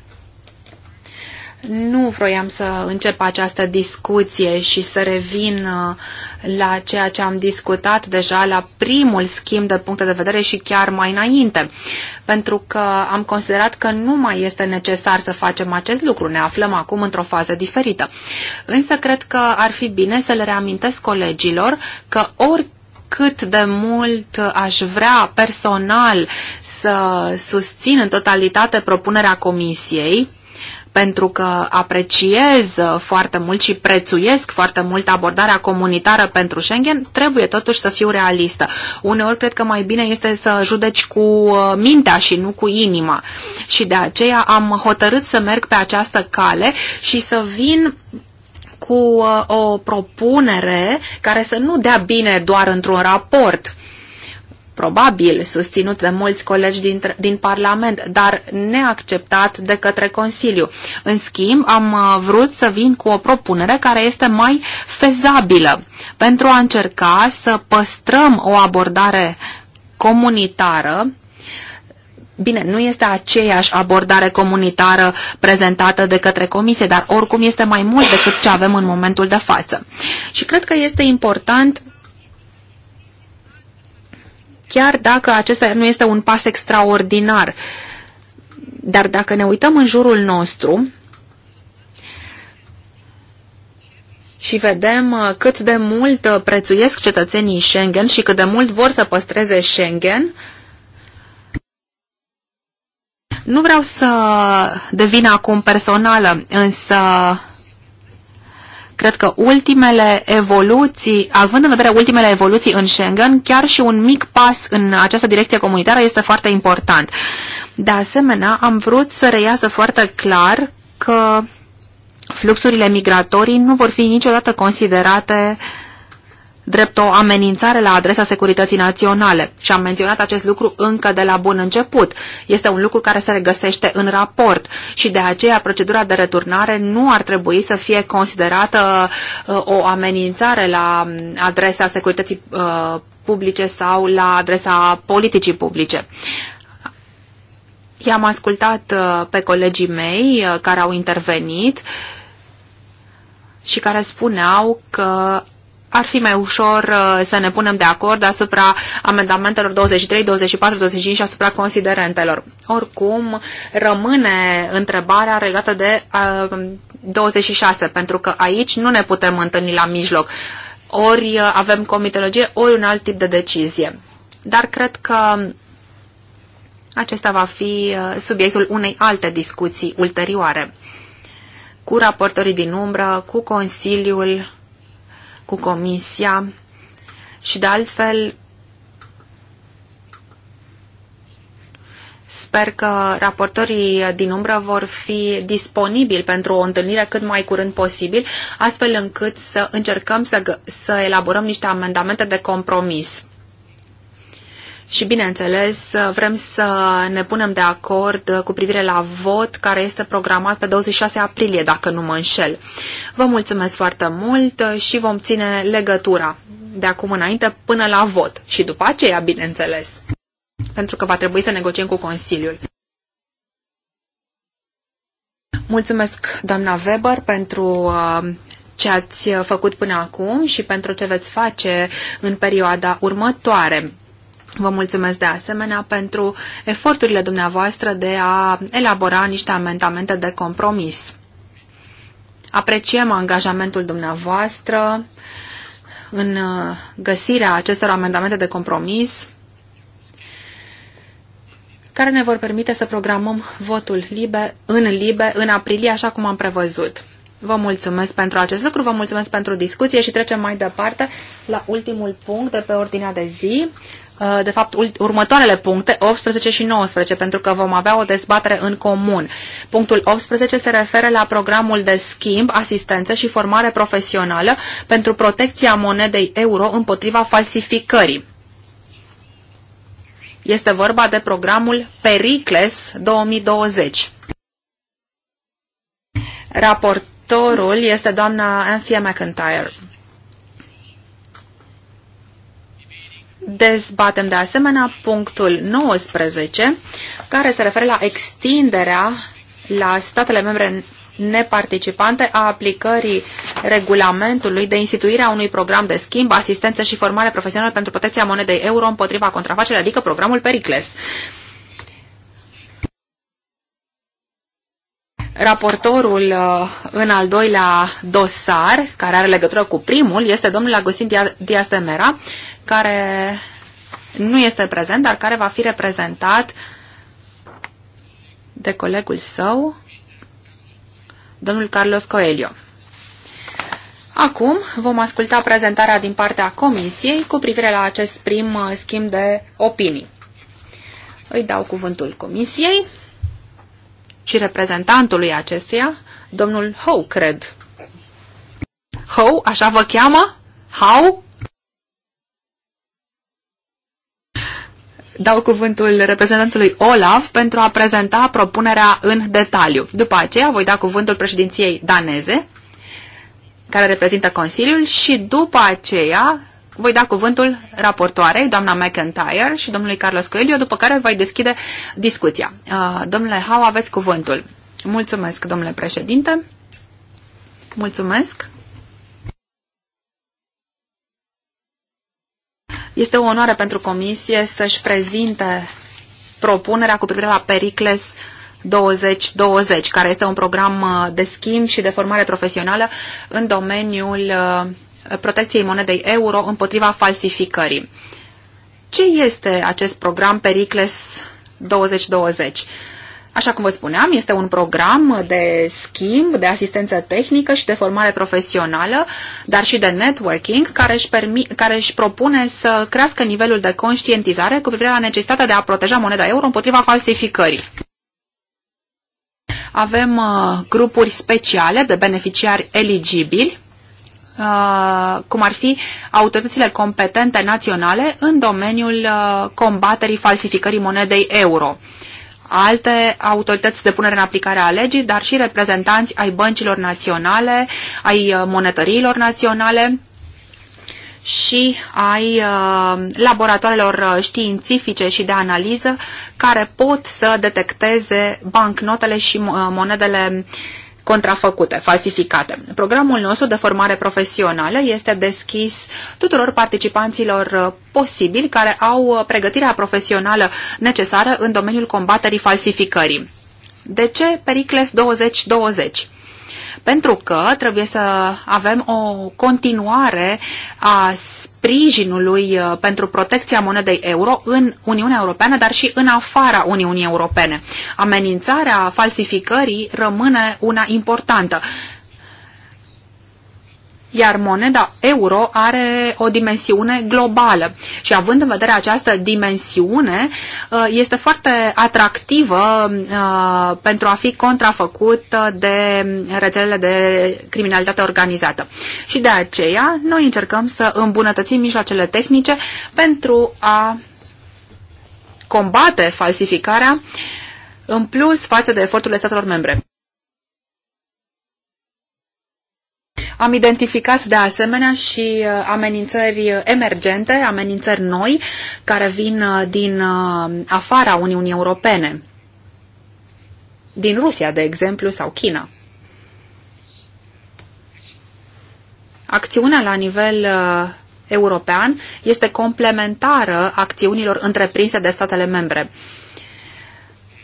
Speaker 4: Nu vroiam să încep această discuție și să revin uh, la ceea ce am discutat deja la primul schimb de puncte de vedere și chiar mai înainte, pentru că am considerat că nu mai este necesar să facem acest lucru. Ne aflăm acum într-o fază diferită. Însă cred că ar fi bine să le reamintesc colegilor că ori cât de mult aș vrea personal să susțin în totalitate propunerea comisiei, pentru că apreciez foarte mult și prețuiesc foarte mult abordarea comunitară pentru Schengen, trebuie totuși să fiu realistă. Uneori cred că mai bine este să judeci cu uh, mintea și nu cu inima. Și de aceea am hotărât să merg pe această cale și să vin cu uh, o propunere care să nu dea bine doar într-un raport, probabil susținut de mulți colegi din, din Parlament, dar neacceptat de către Consiliu. În schimb, am uh, vrut să vin cu o propunere care este mai fezabilă pentru a încerca să păstrăm o abordare comunitară Bine, nu este aceeași abordare comunitară prezentată de către comisie, dar oricum este mai mult decât ce avem în momentul de față. Și cred că este important chiar dacă acesta nu este un pas extraordinar. Dar dacă ne uităm în jurul nostru și vedem uh, cât de mult uh, prețuiesc cetățenii Schengen și cât de mult vor să păstreze Schengen, nu vreau să devin acum personală, însă Cred că ultimele evoluții, având în vedere ultimele evoluții în Schengen, chiar și un mic pas în această direcție comunitară este foarte important. De asemenea, am vrut să reiasă foarte clar că fluxurile migratorii nu vor fi niciodată considerate uh, drept o amenințare la adresa securității naționale. Și am menționat acest lucru încă de la bun început. Este un lucru care se regăsește în raport și de aceea procedura de returnare nu ar trebui să fie considerată uh, o amenințare la mm, adresa securității uh, publice sau la adresa politicii publice. I-am ascultat uh, pe colegii mei care au intervenit și care spuneau că ar fi mai ușor uh, să ne punem de acord asupra amendamentelor 23, 24, 25 și asupra considerentelor. Oricum, rămâne întrebarea regată de uh, 26, pentru că aici nu ne putem întâlni la mijloc. Ori uh, avem comitologie, ori un alt tip de decizie. Dar cred că acesta va fi uh, subiectul unei alte discuții ulterioare cu raportorii din umbră, cu Consiliul cu Comisia și de altfel Sper că raportorii din umbră vor fi disponibili pentru o întâlnire cât mai curând posibil, astfel încât să încercăm să, să elaborăm niște amendamente de compromis. Și, bineînțeles, vrem să ne punem de acord cu privire la vot care este programat pe 26 aprilie, dacă nu mă înșel. Vă mulțumesc foarte mult și vom ține legătura de acum înainte până la vot și după aceea, bineînțeles, pentru că va trebui să negociem cu Consiliul. Mulțumesc, doamna Weber, pentru uh, ce ați făcut până acum și pentru ce veți face în perioada următoare. Vă mulțumesc de asemenea pentru eforturile dumneavoastră de a elabora niște amendamente de compromis. Apreciem angajamentul dumneavoastră în uh, găsirea acestor amendamente de compromis care ne vor permite să programăm votul liber în libe în aprilie, așa cum am prevăzut. Vă mulțumesc pentru acest lucru, vă mulțumesc pentru discuție și trecem mai departe la ultimul punct de pe ordinea de zi, Uh, de fapt, următoarele puncte, 18 și 19, pentru că vom avea o dezbatere în comun. Punctul 18 se referă la programul de schimb, asistență și formare profesională pentru protecția monedei euro împotriva falsificării. Este vorba de programul Pericles 2020. Raportorul este doamna Anthea McIntyre. Dezbatem de asemenea punctul 19, care se referă la extinderea la statele membre neparticipante a aplicării regulamentului de instituire a unui program de schimb, asistență și formare profesională pentru protecția monedei euro împotriva contrafacerii, adică programul Pericles. Raportorul uh, în al doilea dosar, care are legătură cu primul, este domnul Agustin Diastemera care nu este prezent, dar care va fi reprezentat de colegul său, domnul Carlos Coelho. Acum vom asculta prezentarea din partea Comisiei cu privire la acest prim uh, schimb de opinii. Îi dau cuvântul Comisiei și reprezentantului acestuia, domnul Hou, cred. Hou, așa vă cheamă? How? dau cuvântul reprezentantului Olaf pentru a prezenta propunerea în detaliu. După aceea voi da cuvântul președinției daneze, care reprezintă Consiliul, și după aceea voi da cuvântul raportoarei, doamna McIntyre și domnului Carlos Coelho, după care voi deschide discuția. Uh, domnule Hau, aveți cuvântul. Mulțumesc, domnule președinte. Mulțumesc. Este o onoare pentru comisie să-și prezinte propunerea cu privire la Pericles 2020, care este un program uh, de schimb și de formare profesională în domeniul uh, protecției monedei euro împotriva falsificării. Ce este acest program Pericles 2020? Așa cum vă spuneam, este un program de schimb, de asistență tehnică și de formare profesională, dar și de networking, care își, permi, care își propune să crească nivelul de conștientizare cu privire la necesitatea de a proteja moneda euro împotriva falsificării. Avem uh, grupuri speciale de beneficiari eligibili, uh, cum ar fi autoritățile competente naționale în domeniul uh, combaterii falsificării monedei euro alte autorități de punere în aplicare a legii, dar și reprezentanți ai băncilor naționale, ai uh, monetăriilor naționale și ai uh, laboratoarelor uh, științifice și de analiză care pot să detecteze bancnotele și uh, monedele uh, contrafăcute, falsificate. Programul nostru de formare profesională este deschis tuturor participanților uh, posibili care au uh, pregătirea profesională necesară în domeniul combaterii falsificării. De ce Pericles 2020? pentru că trebuie să avem o continuare a sprijinului uh, pentru protecția monedei euro în Uniunea Europeană, dar și în afara Uniunii Europene. Amenințarea falsificării rămâne una importantă iar moneda euro are o dimensiune globală. Și având în vedere această dimensiune, uh, este foarte atractivă uh, pentru a fi contrafăcută uh, de rețelele de criminalitate organizată. Și de aceea, noi încercăm să îmbunătățim mijloacele tehnice pentru a combate falsificarea în plus față de eforturile statelor membre. Am identificat de asemenea și uh, amenințări emergente, amenințări noi, care vin uh, din uh, afara Uniunii Europene, din Rusia, de exemplu, sau China. Acțiunea la nivel european este complementară acțiunilor întreprinse de statele membre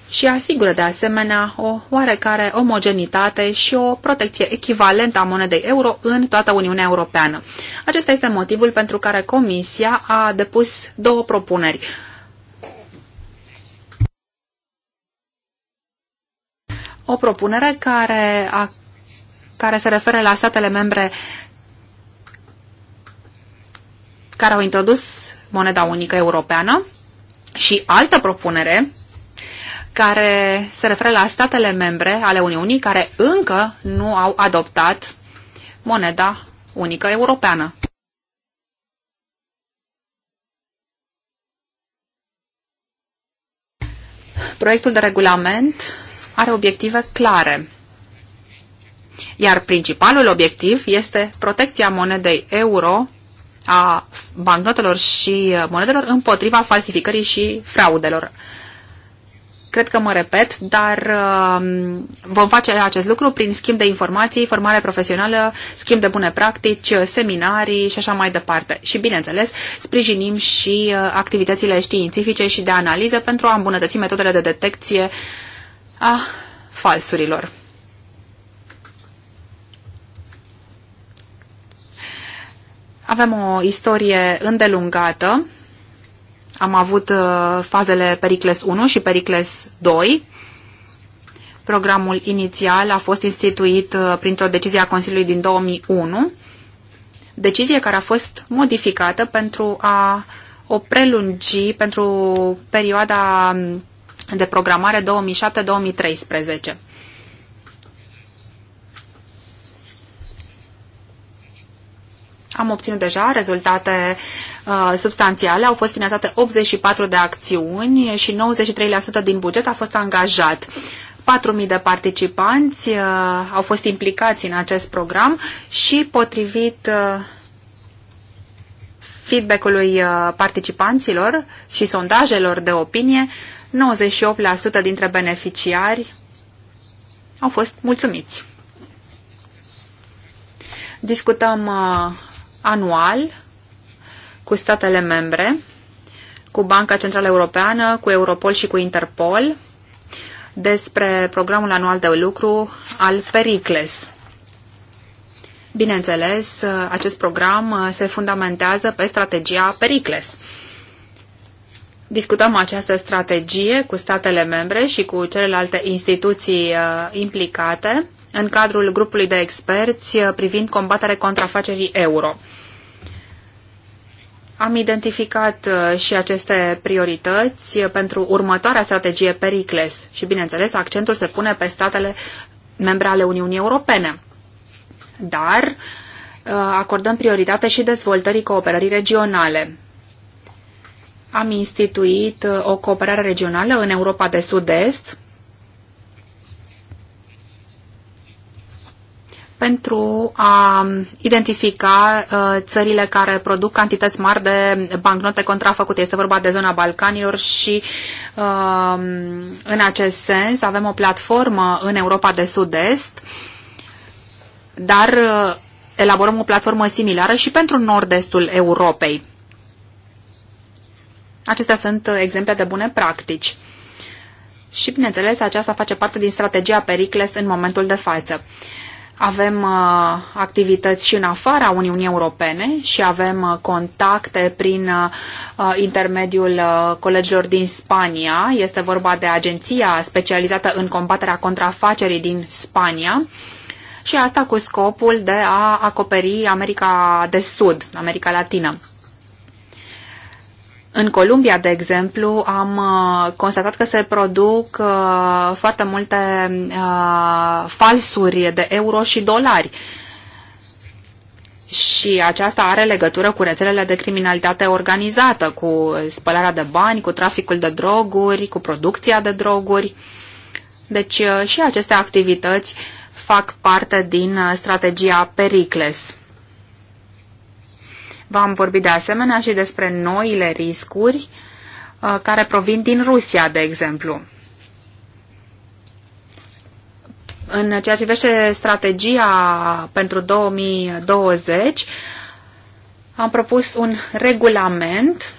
Speaker 4: și asigură de asemenea o oarecare omogenitate și o protecție echivalentă a monedei euro în toată Uniunea Europeană. Acesta este motivul pentru care Comisia a depus două propuneri. O propunere care, a, care se referă la statele membre care au introdus moneda unică europeană și altă propunere care se referă la statele membre ale Uniunii care încă nu au adoptat moneda unică europeană. Proiectul de regulament are obiective clare, iar principalul obiectiv este protecția monedei euro a bancnotelor și monedelor împotriva falsificării și fraudelor. Cred că mă repet, dar um, vom face acest lucru prin schimb de informații, formare profesională, schimb de bune practici, seminarii și așa mai departe. Și, bineînțeles, sprijinim și uh, activitățile științifice și de analiză pentru a îmbunătăți metodele de detecție a falsurilor. Avem o istorie îndelungată am avut uh, fazele Pericles 1 și Pericles 2. Programul inițial a fost instituit uh, printr-o decizie a Consiliului din 2001, decizie care a fost modificată pentru a o prelungi pentru perioada mm, de programare 2007-2013. Am obținut deja rezultate uh, substanțiale, au fost finanțate 84 de acțiuni și 93% din buget a fost angajat. 4.000 de participanți uh, au fost implicați în acest program și potrivit uh, feedback-ului uh, participanților și sondajelor de opinie, 98% dintre beneficiari au fost mulțumiți. Discutăm uh, anual cu statele membre, cu Banca Centrală Europeană, cu Europol și cu Interpol despre programul anual de lucru al Pericles. Bineînțeles, acest program se fundamentează pe strategia Pericles. Discutăm această strategie cu statele membre și cu celelalte instituții uh, implicate în cadrul grupului de experți uh, privind combaterea contrafacerii euro. Am identificat uh, și aceste priorități uh, pentru următoarea strategie Pericles și, bineînțeles, accentul se pune pe statele membre ale Uniunii Europene. Dar uh, acordăm prioritate și dezvoltării cooperării regionale. Am instituit o cooperare regională în Europa de Sud-Est, pentru a identifica uh, țările care produc cantități mari de bancnote contrafăcute. Este vorba de zona Balcanilor și uh, în acest sens avem o platformă în Europa de Sud-Est, dar uh, elaborăm o platformă similară și pentru nord-estul Europei. Acestea sunt exemple de bune practici. Și, bineînțeles, aceasta face parte din strategia Pericles în momentul de față. Uh, avem uh, activități și în afara Uniunii Europene și avem uh, contacte prin uh, uh, intermediul uh, colegilor din Spania. Este vorba de agenția specializată în combaterea contrafacerii din Spania și asta cu scopul de a acoperi America de Sud, America Latină. În Columbia, de exemplu, am uh, constatat că se produc uh, foarte multe uh, falsuri de euro și dolari. Și aceasta are legătură cu rețelele de criminalitate organizată, cu spălarea de bani, cu traficul de droguri, cu producția de droguri. Deci și aceste activități fac parte din strategia Pericles. V-am vorbit de asemenea și despre noile riscuri uh, care provin din Rusia, de exemplu. În ceea ce privește strategia pentru 2020, am propus un regulament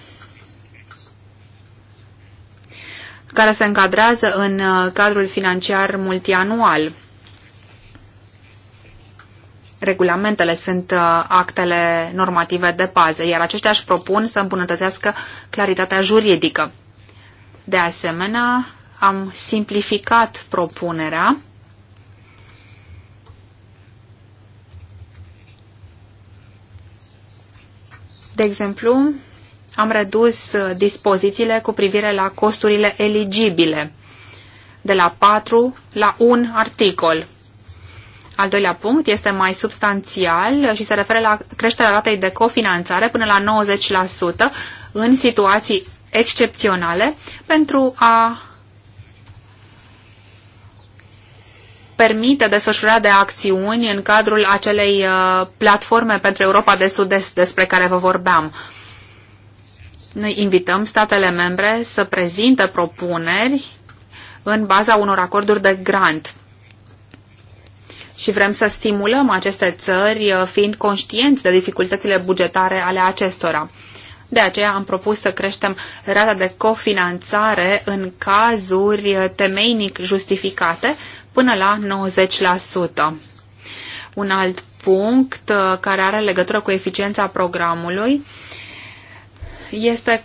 Speaker 4: care se încadrează în uh, cadrul financiar multianual regulamentele sunt uh, actele normative de bază, iar aceștia își propun să îmbunătățească claritatea juridică. De asemenea, am simplificat propunerea De exemplu, am redus uh, dispozițiile cu privire la costurile eligibile de la 4 la un articol al doilea punct este mai substanțial și se referă la creșterea ratei de cofinanțare până la 90% în situații excepționale pentru a permite desfășurarea de acțiuni în cadrul acelei uh, platforme pentru Europa de Sud-Est despre care vă vorbeam. Noi invităm statele membre să prezinte propuneri în baza unor acorduri de grant și vrem să stimulăm aceste țări uh, fiind conștienți de dificultățile bugetare ale acestora. De aceea am propus să creștem rata de cofinanțare în cazuri uh, temeinic justificate până la 90%. Un alt punct uh, care are legătură cu eficiența programului este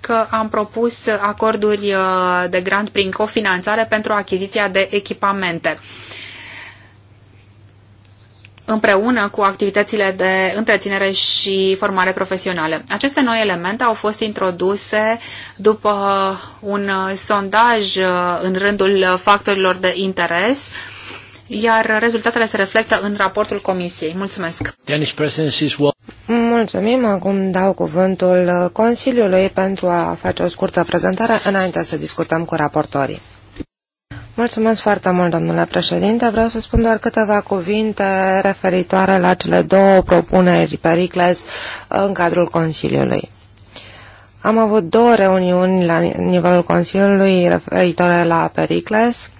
Speaker 4: că am propus acorduri uh, de grant prin cofinanțare pentru achiziția de echipamente împreună cu activitățile de întreținere și formare profesională. Aceste noi elemente au fost introduse după un sondaj uh, în rândul factorilor de interes iar rezultatele se reflectă în raportul comisiei. Mulțumesc!
Speaker 3: Mulțumim! Acum dau cuvântul Consiliului pentru a face o scurtă prezentare înainte să discutăm cu raportorii. Mulțumesc foarte mult, domnule președinte. Vreau să spun doar câteva cuvinte referitoare la cele două propuneri Pericles în cadrul Consiliului. Am avut două reuniuni la nivelul Consiliului referitoare la Pericles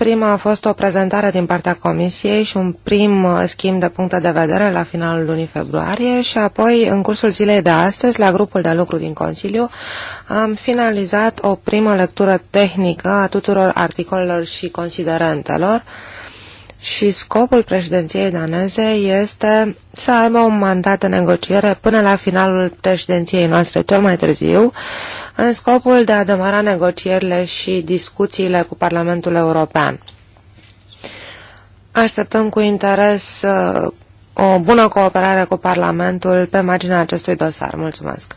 Speaker 3: Prima a fost o prezentare din partea Comisiei și un prim uh, schimb de puncte de vedere la finalul lunii februarie și apoi, în cursul zilei de astăzi, la grupul de lucru din Consiliu, am finalizat o primă lectură tehnică a tuturor articolelor și considerentelor, și scopul președinției daneze este să aibă un mandat de negociere până la finalul președinției noastre cel mai târziu, în scopul de a demara negocierile și discuțiile cu Parlamentul European. Așteptăm cu interes uh, o bună cooperare cu Parlamentul pe marginea acestui dosar. Mulțumesc!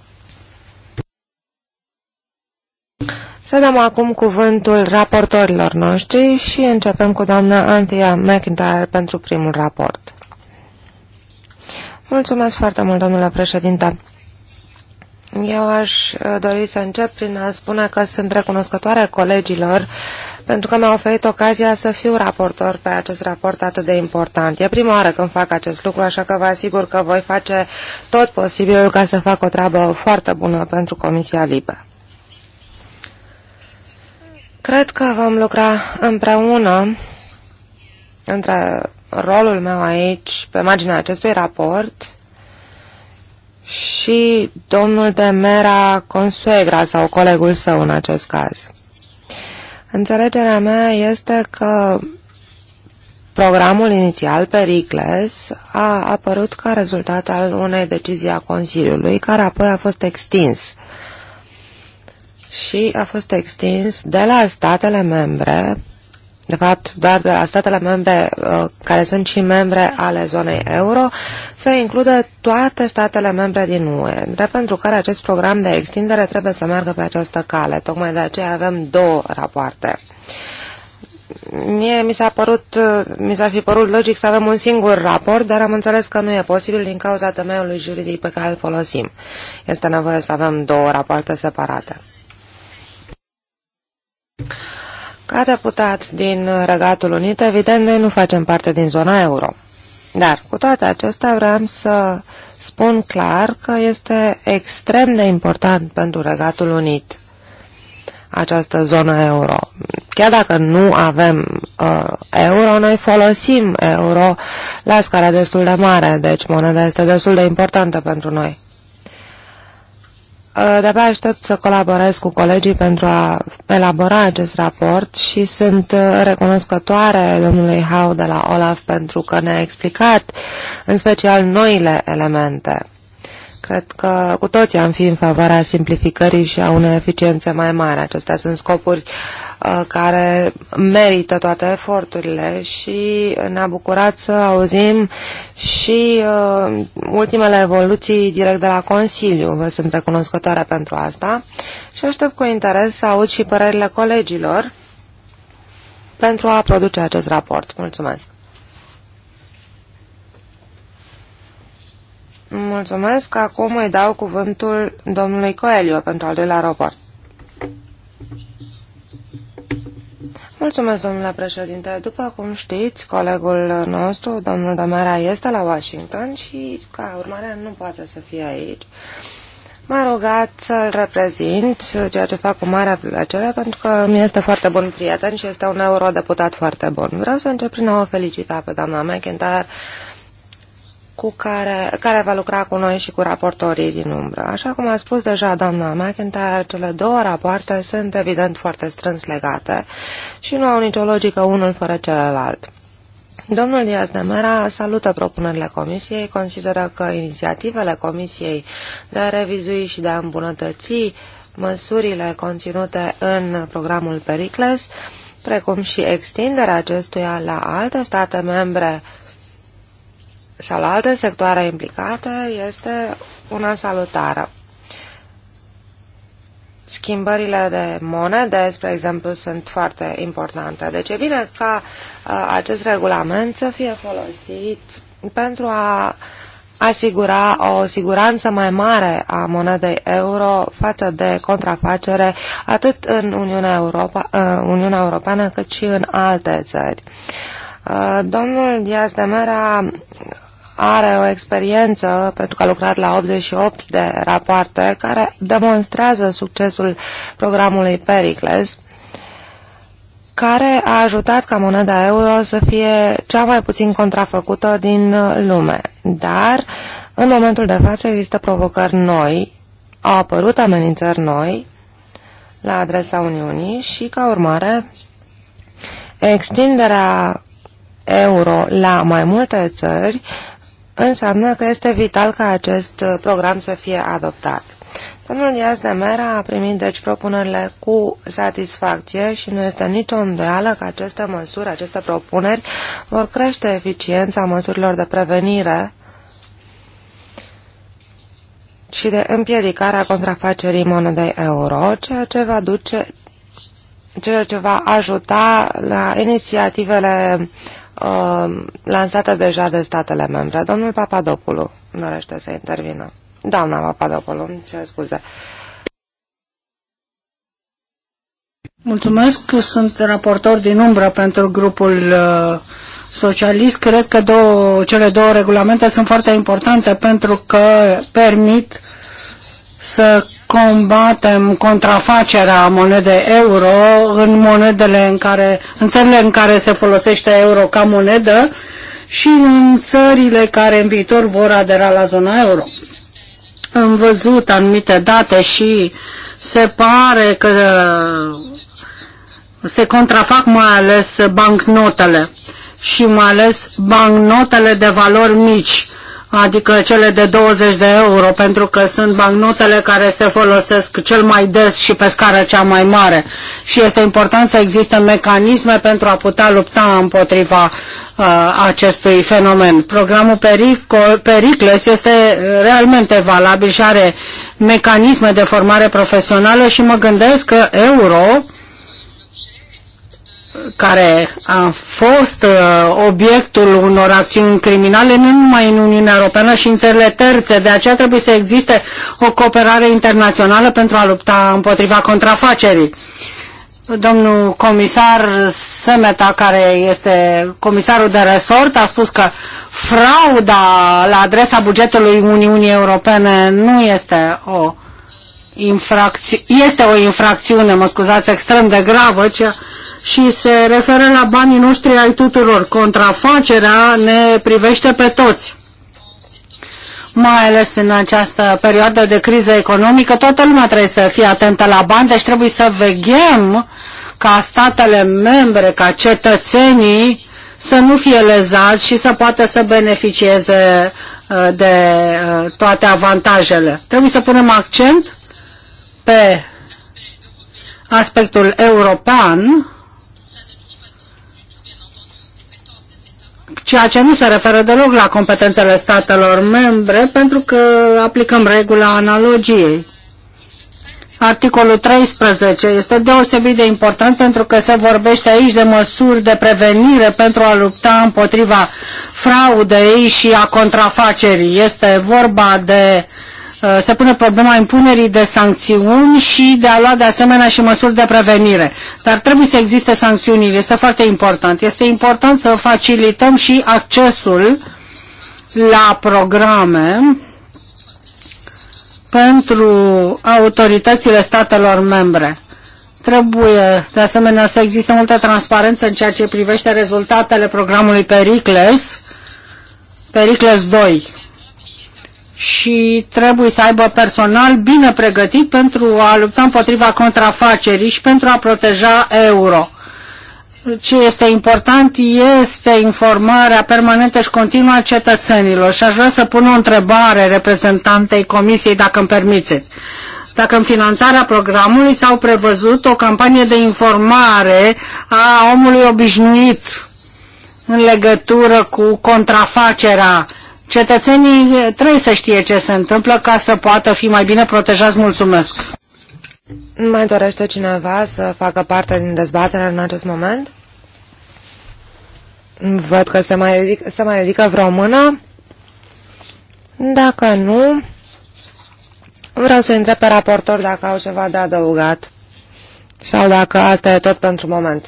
Speaker 3: Să dăm acum cuvântul raportorilor noștri și începem cu doamna Antia McIntyre pentru primul raport. Mulțumesc foarte mult, domnule președinte. Eu aș uh, dori să încep prin a spune că sunt recunoscătoare colegilor pentru că mi-a oferit ocazia să fiu raportor pe acest raport atât de important. E prima oară când fac acest lucru, așa că vă asigur că voi face tot posibilul ca să fac o treabă foarte bună pentru Comisia Libe. Cred că vom lucra împreună între rolul meu aici, pe marginea acestui raport, și domnul de Mera Consuegra sau colegul său în acest caz. Înțelegerea mea este că programul inițial, Pericles, a apărut ca rezultat al unei decizii a Consiliului, care apoi a fost extins și a fost extins de la statele membre, de fapt doar de la statele membre uh, care sunt și membre ale zonei euro, să includă toate statele membre din UE, drept pentru care acest program de extindere trebuie să meargă pe această cale. Tocmai de aceea avem două rapoarte mie mi s-a părut, uh, mi s-ar fi părut logic să avem un singur raport, dar am înțeles că nu e posibil din cauza temeiului juridic pe care îl folosim. Este nevoie să avem două rapoarte separate. Ca deputat din Regatul Unit, evident, noi nu facem parte din zona euro. Dar, cu toate acestea, vreau să spun clar că este extrem de important pentru Regatul Unit această zonă euro. Chiar dacă nu avem uh, euro, noi folosim euro la scara destul de mare, deci moneda este destul de importantă pentru noi. Uh, de-abia aștept să colaborez cu colegii pentru a elabora acest raport și sunt uh, recunoscătoare domnului Hau de la Olaf pentru că ne-a explicat în special noile elemente Cred că cu toții am fi în favoarea simplificării și a unei eficiențe mai mari. Acestea sunt scopuri uh, care merită toate eforturile și ne-a bucurat să auzim și uh, ultimele evoluții direct de la Consiliu. Vă sunt recunoscătoare pentru asta și aștept cu interes să aud și părerile colegilor pentru a produce acest raport. Mulțumesc! Mulțumesc. Acum îi dau cuvântul domnului Coelio pentru al doilea raport. Mulțumesc, domnule președinte. După cum știți, colegul nostru, domnul Damara este la Washington și, ca urmare, nu poate să fie aici. M-a rugat să-l reprezint, ceea ce fac cu mare plăcere, pentru că mi este foarte bun prieten și este un eurodeputat foarte bun. Vreau să încep prin a o felicita pe doamna McIntyre cu care, care va lucra cu noi și cu raportorii din umbră. Așa cum a spus deja doamna McIntyre, cele două rapoarte sunt evident foarte strâns legate și nu au nicio logică unul fără celălalt. Domnul Diaz de Mera salută propunerile Comisiei, consideră că inițiativele Comisiei de a revizui și de a îmbunătăți măsurile conținute în programul Pericles, precum și extinderea acestuia la alte state membre sau la alte sectoare implicate este una salutară. Schimbările de monede, spre exemplu, sunt foarte importante. Deci e bine ca uh, acest regulament să fie folosit pentru a asigura o siguranță mai mare a monedei euro față de contrafacere atât în Uniunea, Europa, uh, Uniunea Europeană cât și în alte țări. Uh, domnul Diaz de Mera are o experiență pentru că a lucrat la 88 de rapoarte care demonstrează succesul programului Pericles care a ajutat ca moneda euro să fie cea mai puțin contrafăcută din lume. Dar, în momentul de față, există provocări noi, au apărut amenințări noi la adresa Uniunii și, ca urmare, extinderea euro la mai multe țări înseamnă că este vital ca acest uh, program să fie adoptat. Domnul Diaz de Mera a primit deci propunerile cu satisfacție și nu este nicio îndoială că aceste măsuri, aceste propuneri vor crește eficiența măsurilor de prevenire și de împiedicare a contrafacerii monedei euro, ceea ce va duce ceea ce va ajuta la inițiativele Uh, lansată deja de statele membre. Domnul Papadopoulou dorește să intervină. Doamna Papadopoulou, ce scuze.
Speaker 2: Mulțumesc, sunt raportor din umbră pentru grupul uh, socialist. Cred că două, cele două regulamente sunt foarte importante pentru că permit uh, să combatem contrafacerea monedei euro în monedele în care, în țările în care se folosește euro ca monedă și în țările care în viitor vor adera la zona euro. Am văzut anumite date și se pare că se contrafac mai ales bancnotele și mai ales bancnotele de valori mici adică cele de 20 de euro, pentru că sunt bancnotele care se folosesc cel mai des și pe scară cea mai mare. Și este important să există mecanisme pentru a putea lupta împotriva uh, acestui fenomen. Programul Perico Pericles este uh, realmente valabil și are mecanisme de formare profesională și mă gândesc că euro care a fost uh, obiectul unor acțiuni criminale nu numai în Uniunea Europeană și în țările terțe. De aceea trebuie să existe o cooperare internațională pentru a lupta împotriva contrafacerii. Domnul comisar Semeta, care este comisarul de resort, a spus că frauda la adresa bugetului Uniunii Europene nu este o infracțiune, este o infracțiune, mă scuzați, extrem de gravă, ci și se referă la banii noștri ai tuturor. Contrafacerea ne privește pe toți mai ales în această perioadă de criză economică, toată lumea trebuie să fie atentă la bani, deci trebuie să veghem ca statele membre, ca cetățenii să nu fie lezați și să poată să beneficieze uh, de uh, toate avantajele. Trebuie să punem accent pe aspectul european ceea ce nu se referă deloc la competențele statelor membre, pentru că aplicăm regula analogiei. Articolul 13 este deosebit de important pentru că se vorbește aici de măsuri de prevenire pentru a lupta împotriva fraudei și a contrafacerii. Este vorba de uh, Uh, se pune problema impunerii de sancțiuni și de a lua de asemenea și măsuri de prevenire. Dar trebuie să existe sancțiuni. este foarte important. Este important să facilităm și accesul la programe pentru autoritățile statelor membre. Trebuie, de asemenea, să existe multă transparență în ceea ce privește rezultatele programului Pericles, Pericles 2 și trebuie să aibă personal bine pregătit pentru a lupta împotriva contrafacerii și pentru a proteja euro. Ce este important este informarea permanentă și continuă a cetățenilor și aș vrea să pun o întrebare reprezentantei Comisiei, dacă îmi permiteți. Dacă în finanțarea programului s-au prevăzut o campanie de informare a omului obișnuit în legătură cu contrafacerea Cetățenii eh, trebuie să știe ce se întâmplă ca să poată fi mai bine protejați. Mulțumesc!
Speaker 3: Mai dorește cineva să facă parte din dezbatere în acest moment? Văd că se mai, ridică, se mai ridică vreo mână. Dacă nu, vreau să întreb pe raportor dacă au ceva de adăugat sau dacă asta e tot pentru moment.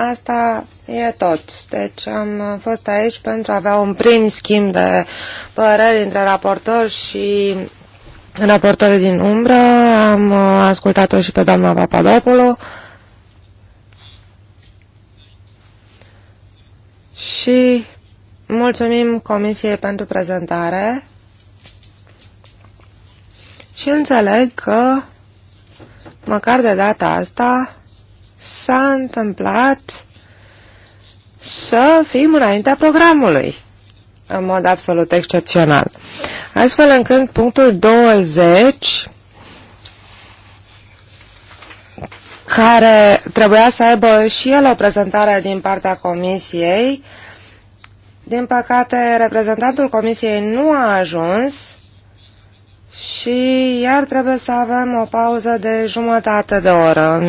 Speaker 3: asta e tot. Deci am fost aici pentru a avea un prim schimb de păreri între raportor și raportorul din umbră. Am uh, ascultat-o și pe doamna Papadopoulou. Și mulțumim Comisiei pentru prezentare și înțeleg că, măcar de data asta, s-a întâmplat să fim înaintea programului în mod absolut excepțional. Astfel încât punctul 20 care trebuia să aibă și el o prezentare din partea comisiei. Din păcate, reprezentantul comisiei nu a ajuns și iar trebuie să avem o pauză de jumătate de oră,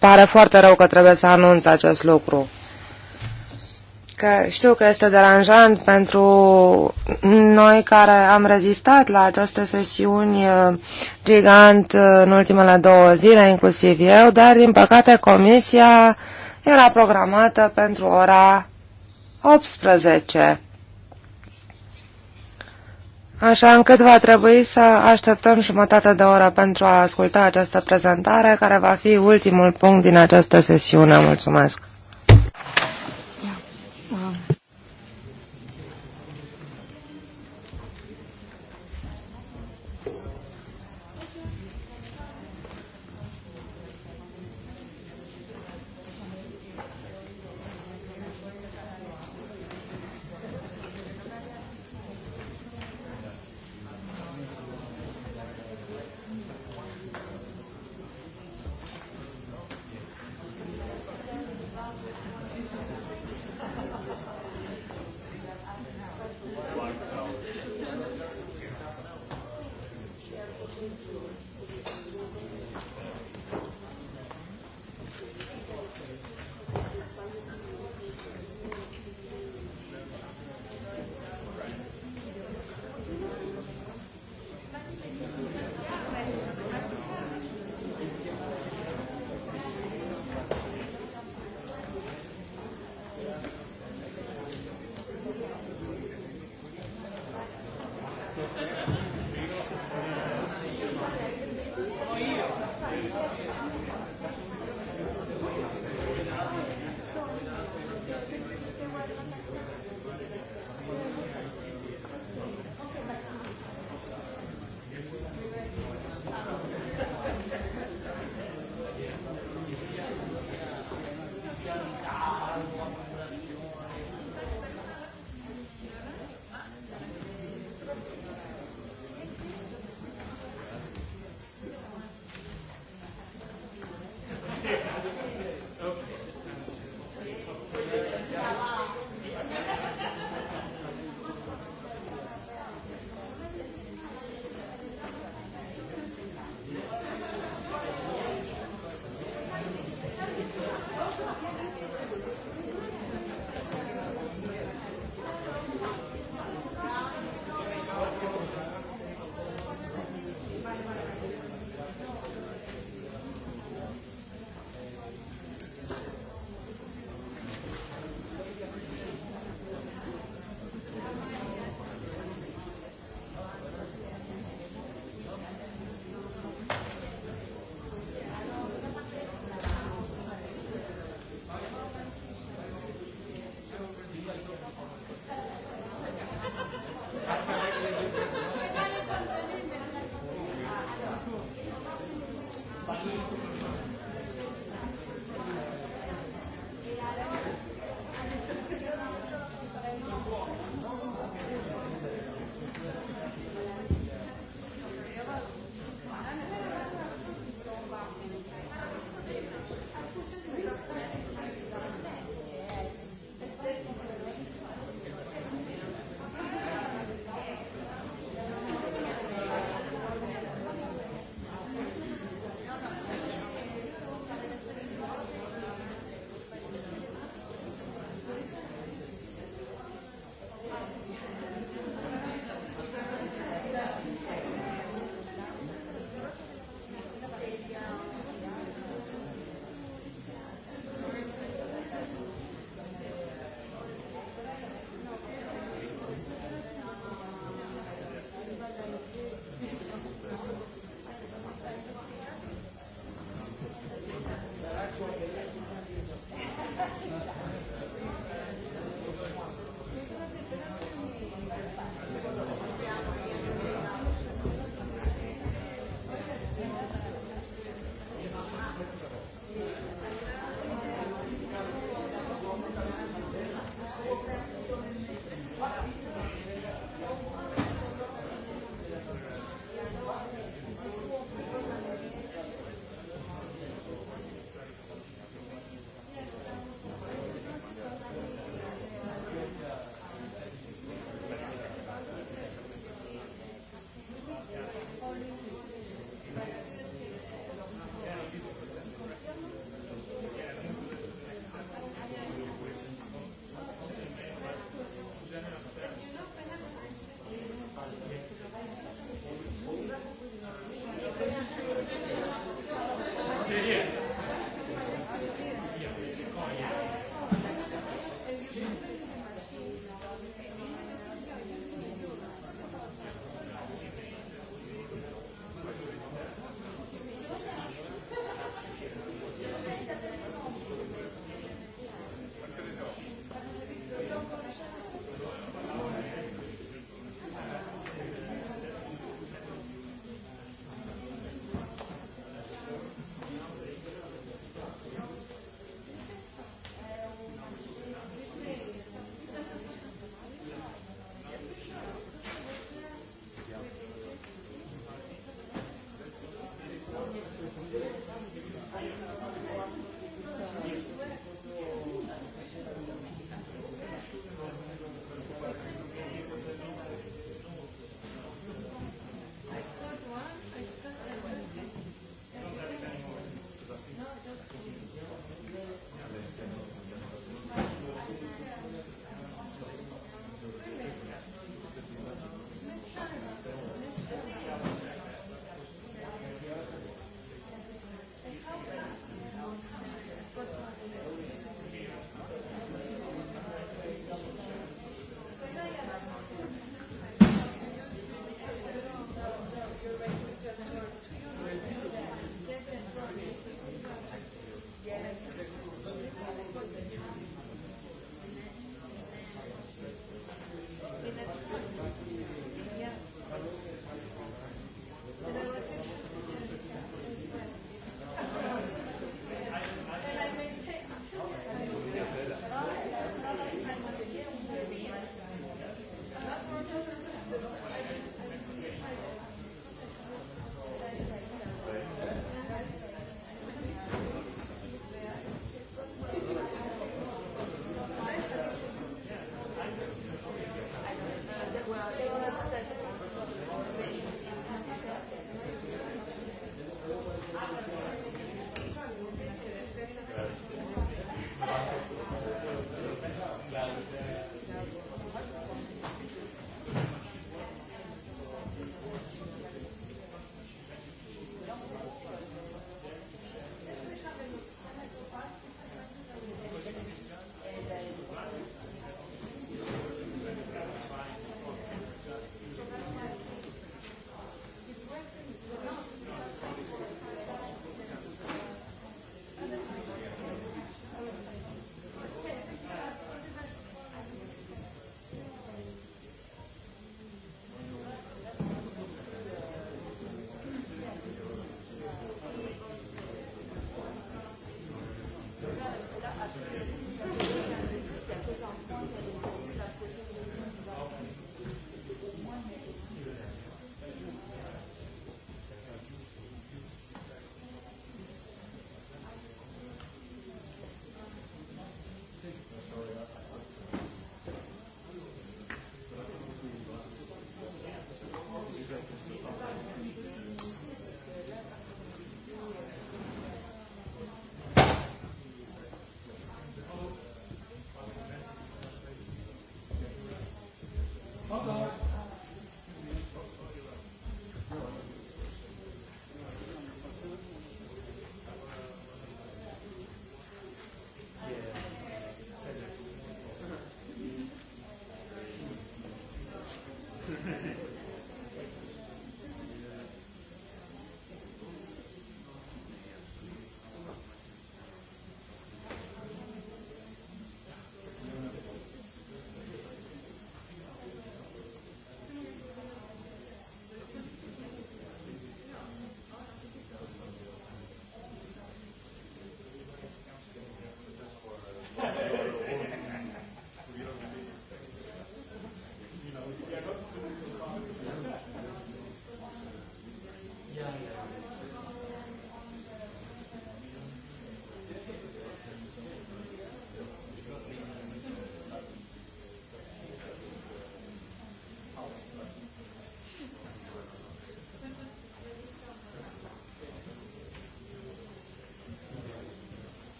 Speaker 3: pare foarte rău că trebuie să anunț acest lucru. Că știu că este deranjant pentru noi care am rezistat la aceste sesiuni uh, gigant uh, în ultimele două zile, inclusiv eu, dar din păcate comisia era programată pentru ora 18. Așa încât va trebui să așteptăm jumătate de oră pentru a asculta această prezentare, care va fi ultimul punct din această sesiune. Mulțumesc!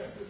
Speaker 1: Yeah. Exact.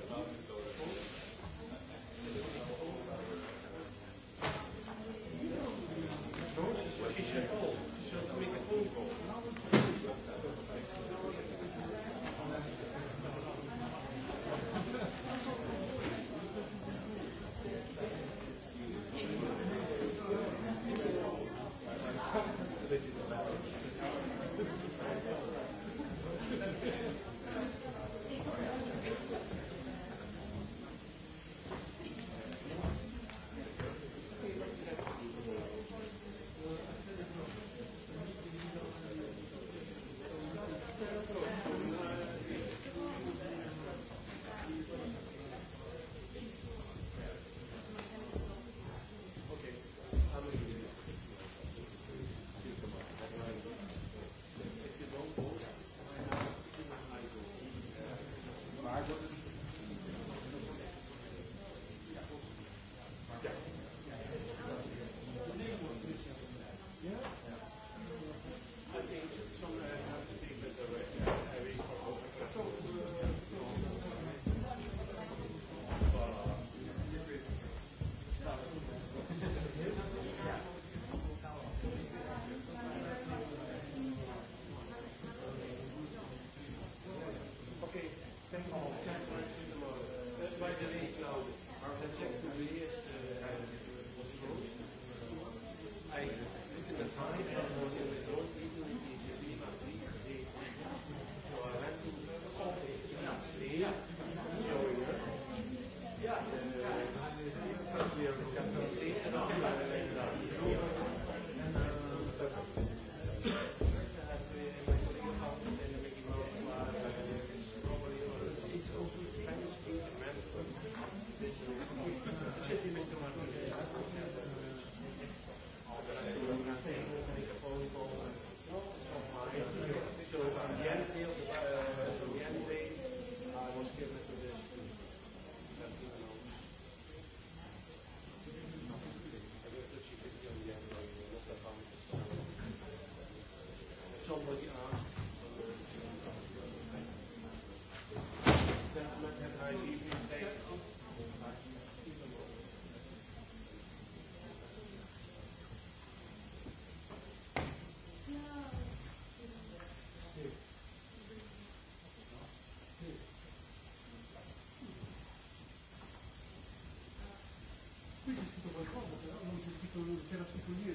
Speaker 2: литературу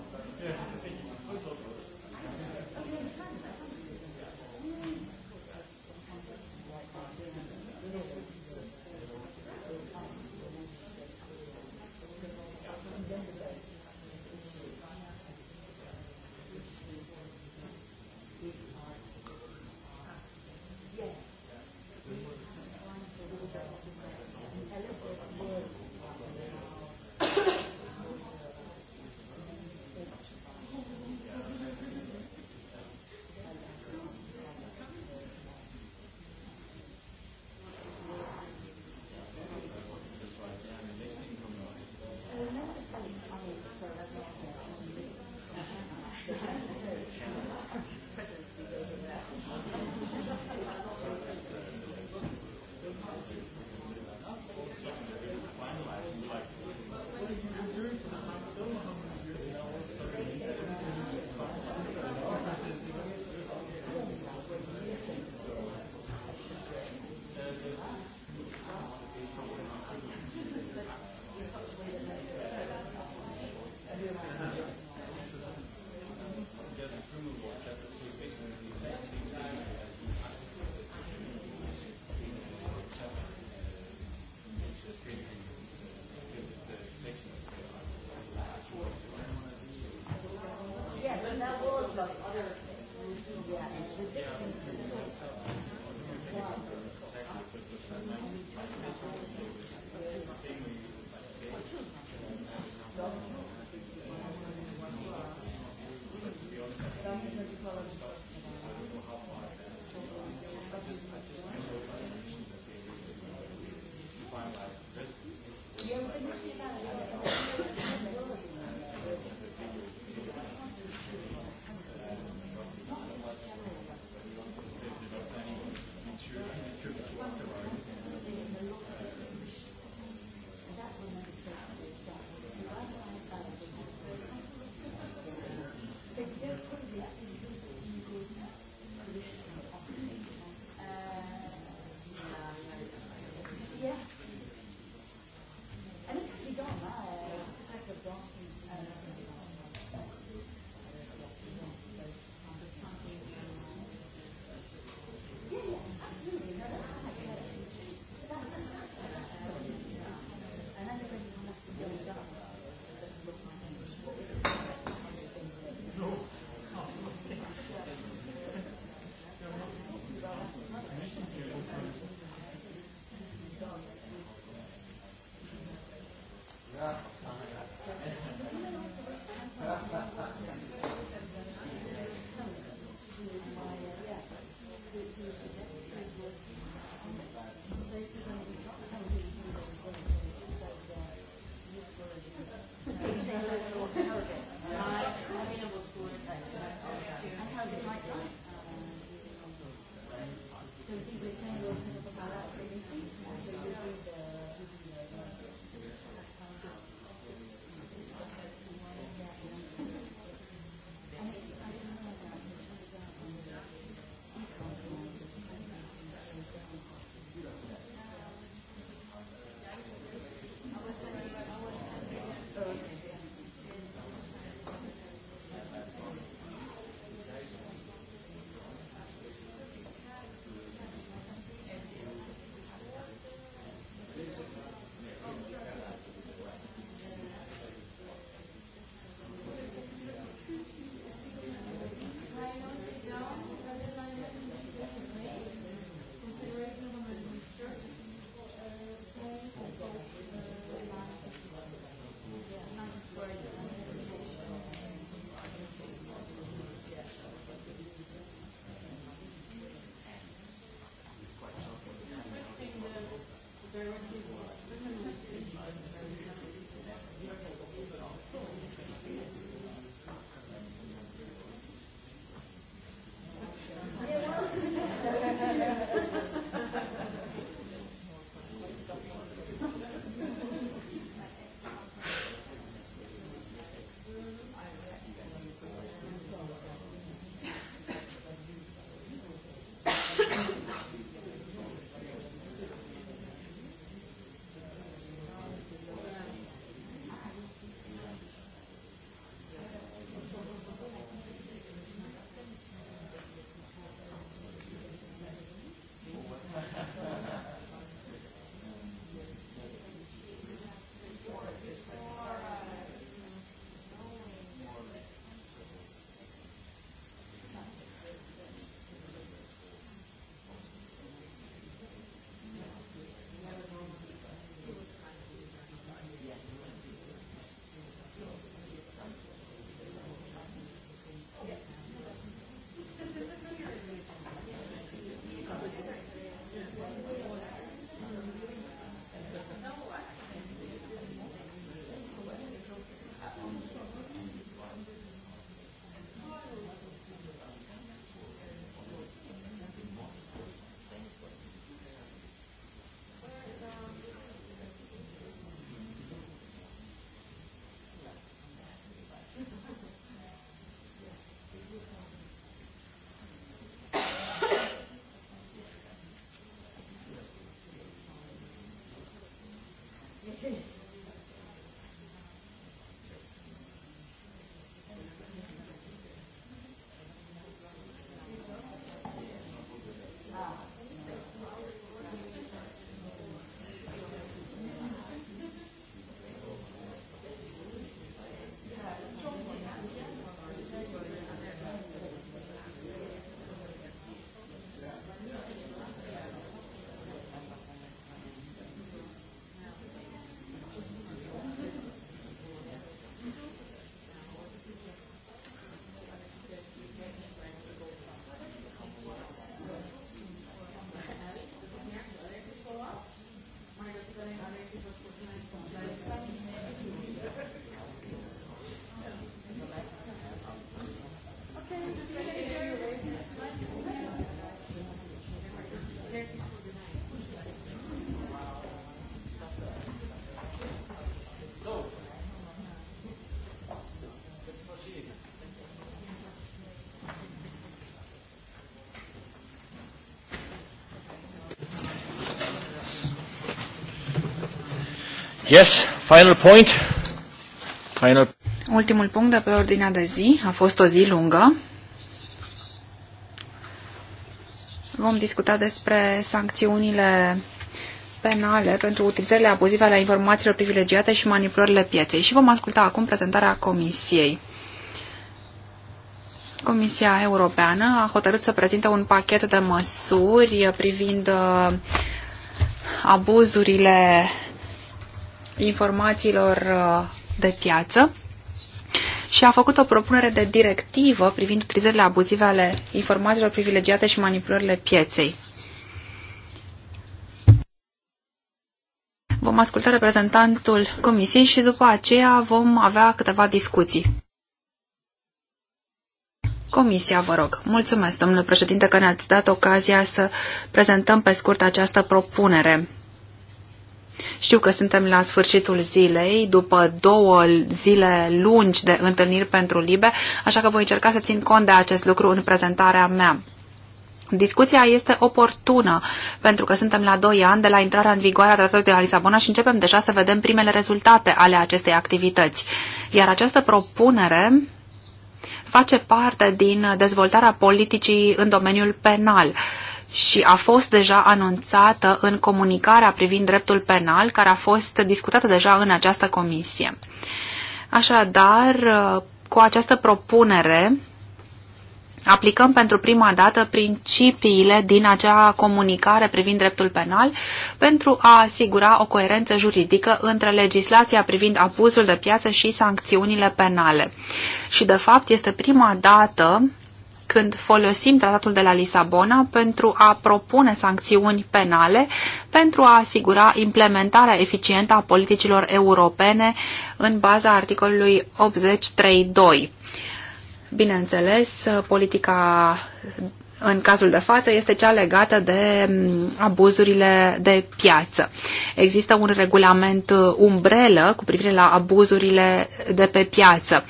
Speaker 1: Yes, final point. Final.
Speaker 4: Ultimul punct de pe ordinea de zi. A fost o zi lungă. Vom discuta despre sancțiunile penale pentru utilizările abuzive ale informațiilor privilegiate și manipulările pieței și vom asculta acum prezentarea Comisiei. Comisia Europeană a hotărât să prezinte un pachet de măsuri privind uh, abuzurile informațiilor uh, de piață și a făcut o propunere de directivă privind utilizările abuzive ale informațiilor privilegiate și manipulările pieței. Vom asculta reprezentantul comisiei și după aceea vom avea câteva discuții. Comisia, vă rog. Mulțumesc, domnule președinte, că ne-ați dat ocazia să prezentăm pe scurt această propunere. Știu că suntem la sfârșitul zilei, după două zile lungi de întâlniri pentru LIBE, așa că voi încerca să țin cont de acest lucru în prezentarea mea. Discuția este oportună, pentru că suntem la 2 ani de la intrarea în vigoare a Tratatului de la Lisabona și începem deja să vedem primele rezultate ale acestei activități. Iar această propunere face parte din dezvoltarea politicii în domeniul penal. Uh, și a fost deja anunțată în comunicarea privind dreptul penal, care a fost discutată deja în această comisie. Așadar, cu această propunere, aplicăm pentru prima dată principiile din acea comunicare privind dreptul penal pentru a asigura o coerență juridică între legislația privind abuzul de piață și sancțiunile penale. Și, de fapt, este prima dată când folosim tratatul de la Lisabona pentru a propune sancțiuni penale pentru a asigura implementarea eficientă a politicilor europene în baza articolului 83.2. Bineînțeles, politica în cazul de față este cea legată de mm, abuzurile de piață. Există un regulament uh, umbrelă cu privire la abuzurile de pe piață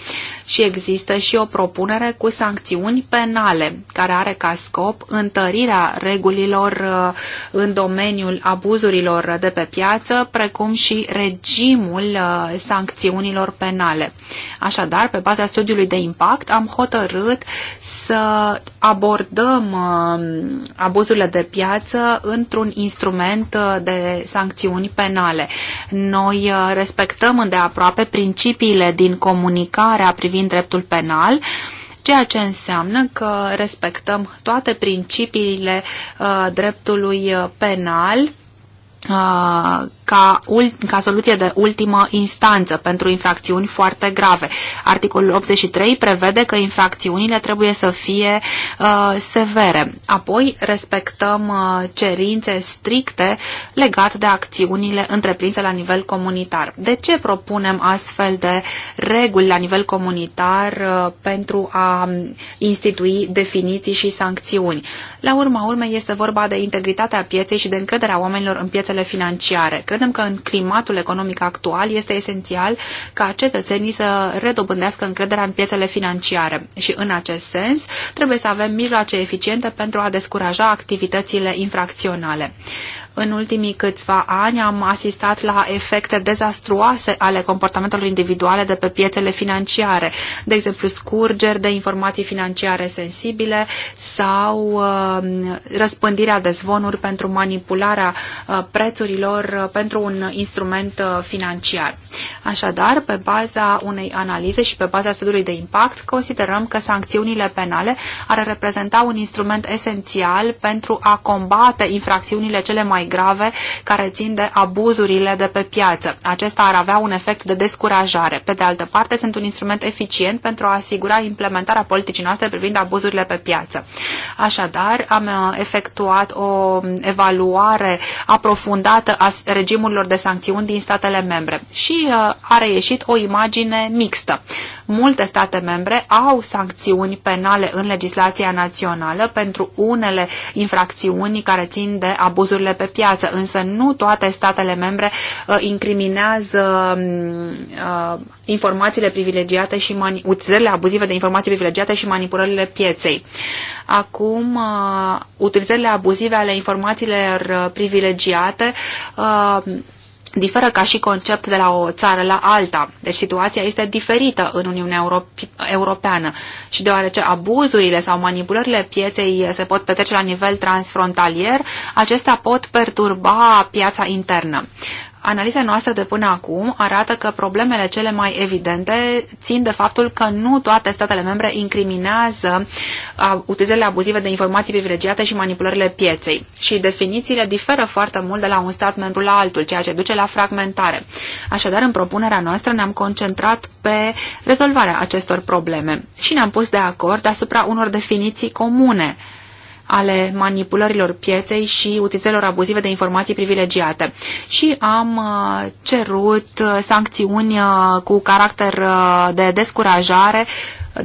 Speaker 4: și există și o propunere cu sancțiuni penale care are ca scop întărirea regulilor uh, în domeniul abuzurilor de pe piață, precum și regimul uh, sancțiunilor penale. Așadar, pe baza studiului de impact, am hotărât să abordăm transformăm um, abuzurile de piață într-un instrument uh, de sancțiuni penale. Noi uh, respectăm îndeaproape principiile din comunicarea privind dreptul penal, ceea ce înseamnă că respectăm toate principiile uh, dreptului uh, penal uh, ca, ca soluție de ultimă instanță pentru infracțiuni foarte grave. Articolul 83 prevede că infracțiunile trebuie să fie uh, severe. Apoi respectăm uh, cerințe stricte legate de acțiunile întreprinse la nivel comunitar. De ce propunem astfel de reguli la nivel comunitar uh, pentru a um, institui definiții și sancțiuni? La urma urmei este vorba de integritatea pieței și de încrederea oamenilor în piețele financiare. Credem Credem că în climatul economic actual este esențial ca cetățenii să redobândească încrederea în piețele financiare și în acest sens trebuie să avem mijloace eficiente pentru a descuraja activitățile infracționale. În ultimii câțiva ani am asistat la efecte dezastruoase ale comportamentelor individuale de pe piețele financiare, de exemplu scurgeri de informații financiare sensibile sau uh, răspândirea de zvonuri pentru manipularea uh, prețurilor uh, pentru un instrument uh, financiar. Așadar, pe baza unei analize și pe baza studiului de impact, considerăm că sancțiunile penale ar reprezenta un instrument esențial pentru a combate infracțiunile cele mai mai grave care țin de abuzurile de pe piață. Acesta ar avea un efect de descurajare. Pe de altă parte, sunt un instrument eficient pentru a asigura implementarea politicii noastre privind abuzurile pe piață. Așadar, am uh, efectuat o evaluare aprofundată a regimurilor de sancțiuni din statele membre și uh, a reieșit o imagine mixtă. Multe state membre au sancțiuni penale în legislația națională pentru unele infracțiuni care țin de abuzurile pe piață, însă nu toate statele membre uh, incriminează mm, uh, informațiile privilegiate și utilizările abuzive de informații privilegiate și manipulările pieței. Acum, uh, utilizările abuzive ale informațiilor privilegiate diferă ca și concept de la o țară la alta. Deci situația este diferită în Uniunea Europe Europeană și deoarece abuzurile sau manipulările pieței se pot petrece la nivel transfrontalier, acestea pot perturba piața internă. Analiza noastră de până acum arată că problemele cele mai evidente țin de faptul că nu toate statele membre incriminează utilizările abuzive de informații privilegiate și manipulările pieței și definițiile diferă foarte mult de la un stat membru la altul, ceea ce duce la fragmentare. Așadar, în propunerea noastră ne-am concentrat pe rezolvarea acestor probleme și ne-am pus de acord asupra unor definiții comune ale manipulărilor pieței și utilizărilor abuzive de informații privilegiate. Și am uh, cerut uh, sancțiuni uh, cu caracter de descurajare,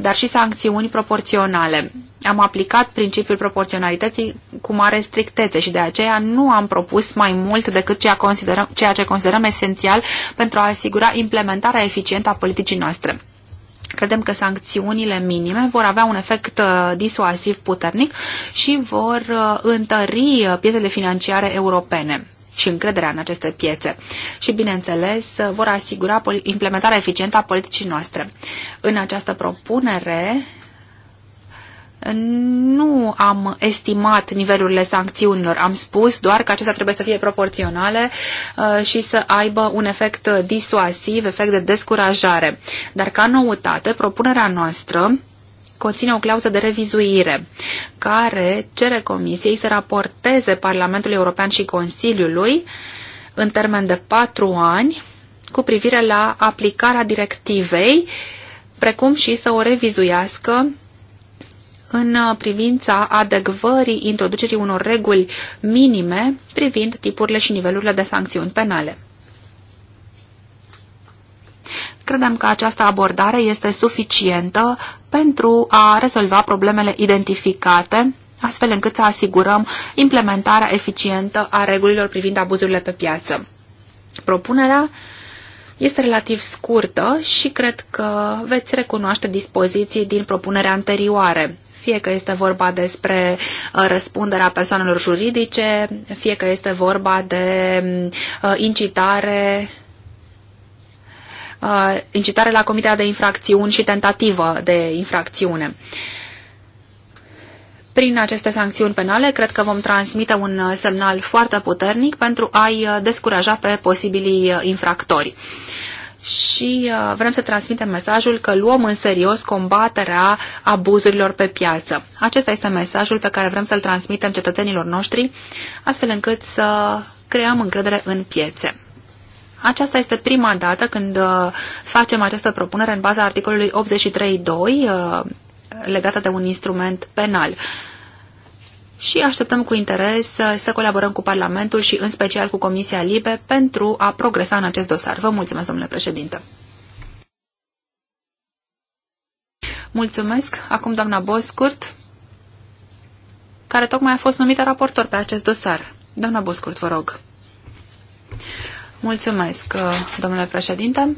Speaker 4: dar și sancțiuni proporționale. Am aplicat principiul proporționalității cu mare strictețe și de aceea nu am propus mai mult decât ceea, considerăm, ceea ce considerăm esențial pentru a asigura implementarea eficientă a politicii noastre. Credem că sancțiunile minime vor avea un efect uh, disuasiv puternic și vor uh, întări uh, piețele financiare europene și încrederea în aceste piețe și, bineînțeles, vor asigura implementarea eficientă a politicii noastre. În această propunere nu am estimat nivelurile sancțiunilor, am spus doar că acestea trebuie să fie proporționale uh, și să aibă un efect disuasiv, efect de descurajare. Dar ca noutate, propunerea noastră conține o clauză de revizuire care cere Comisiei să raporteze Parlamentului European și Consiliului în termen de patru ani cu privire la aplicarea directivei, precum și să o revizuiască în privința adecvării introducerii unor reguli minime privind tipurile și nivelurile de sancțiuni penale. Credem că această abordare este suficientă pentru a rezolva problemele identificate, astfel încât să asigurăm implementarea eficientă a regulilor privind abuzurile pe piață. Propunerea este relativ scurtă și cred că veți recunoaște dispoziții din propunerea anterioare fie că este vorba despre uh, răspunderea persoanelor juridice, fie că este vorba de uh, incitare uh, incitare la comiterea de infracțiuni și tentativă de infracțiune. Prin aceste sancțiuni penale, cred că vom transmite un semnal foarte puternic pentru a-i descuraja pe posibilii infractori și uh, vrem să transmitem mesajul că luăm în serios combaterea abuzurilor pe piață. Acesta este mesajul pe care vrem să-l transmitem cetățenilor noștri, astfel încât să creăm încredere în piețe. Aceasta este prima dată când uh, facem această propunere în baza articolului 83.2 uh, legată de un instrument penal și așteptăm cu interes să colaborăm cu Parlamentul și în special cu Comisia Libe pentru a progresa în acest dosar. Vă mulțumesc, domnule președinte. Mulțumesc. Acum doamna Boscurt, care tocmai a fost numită raportor pe acest dosar. Doamna Boscurt, vă rog. Mulțumesc, domnule președinte.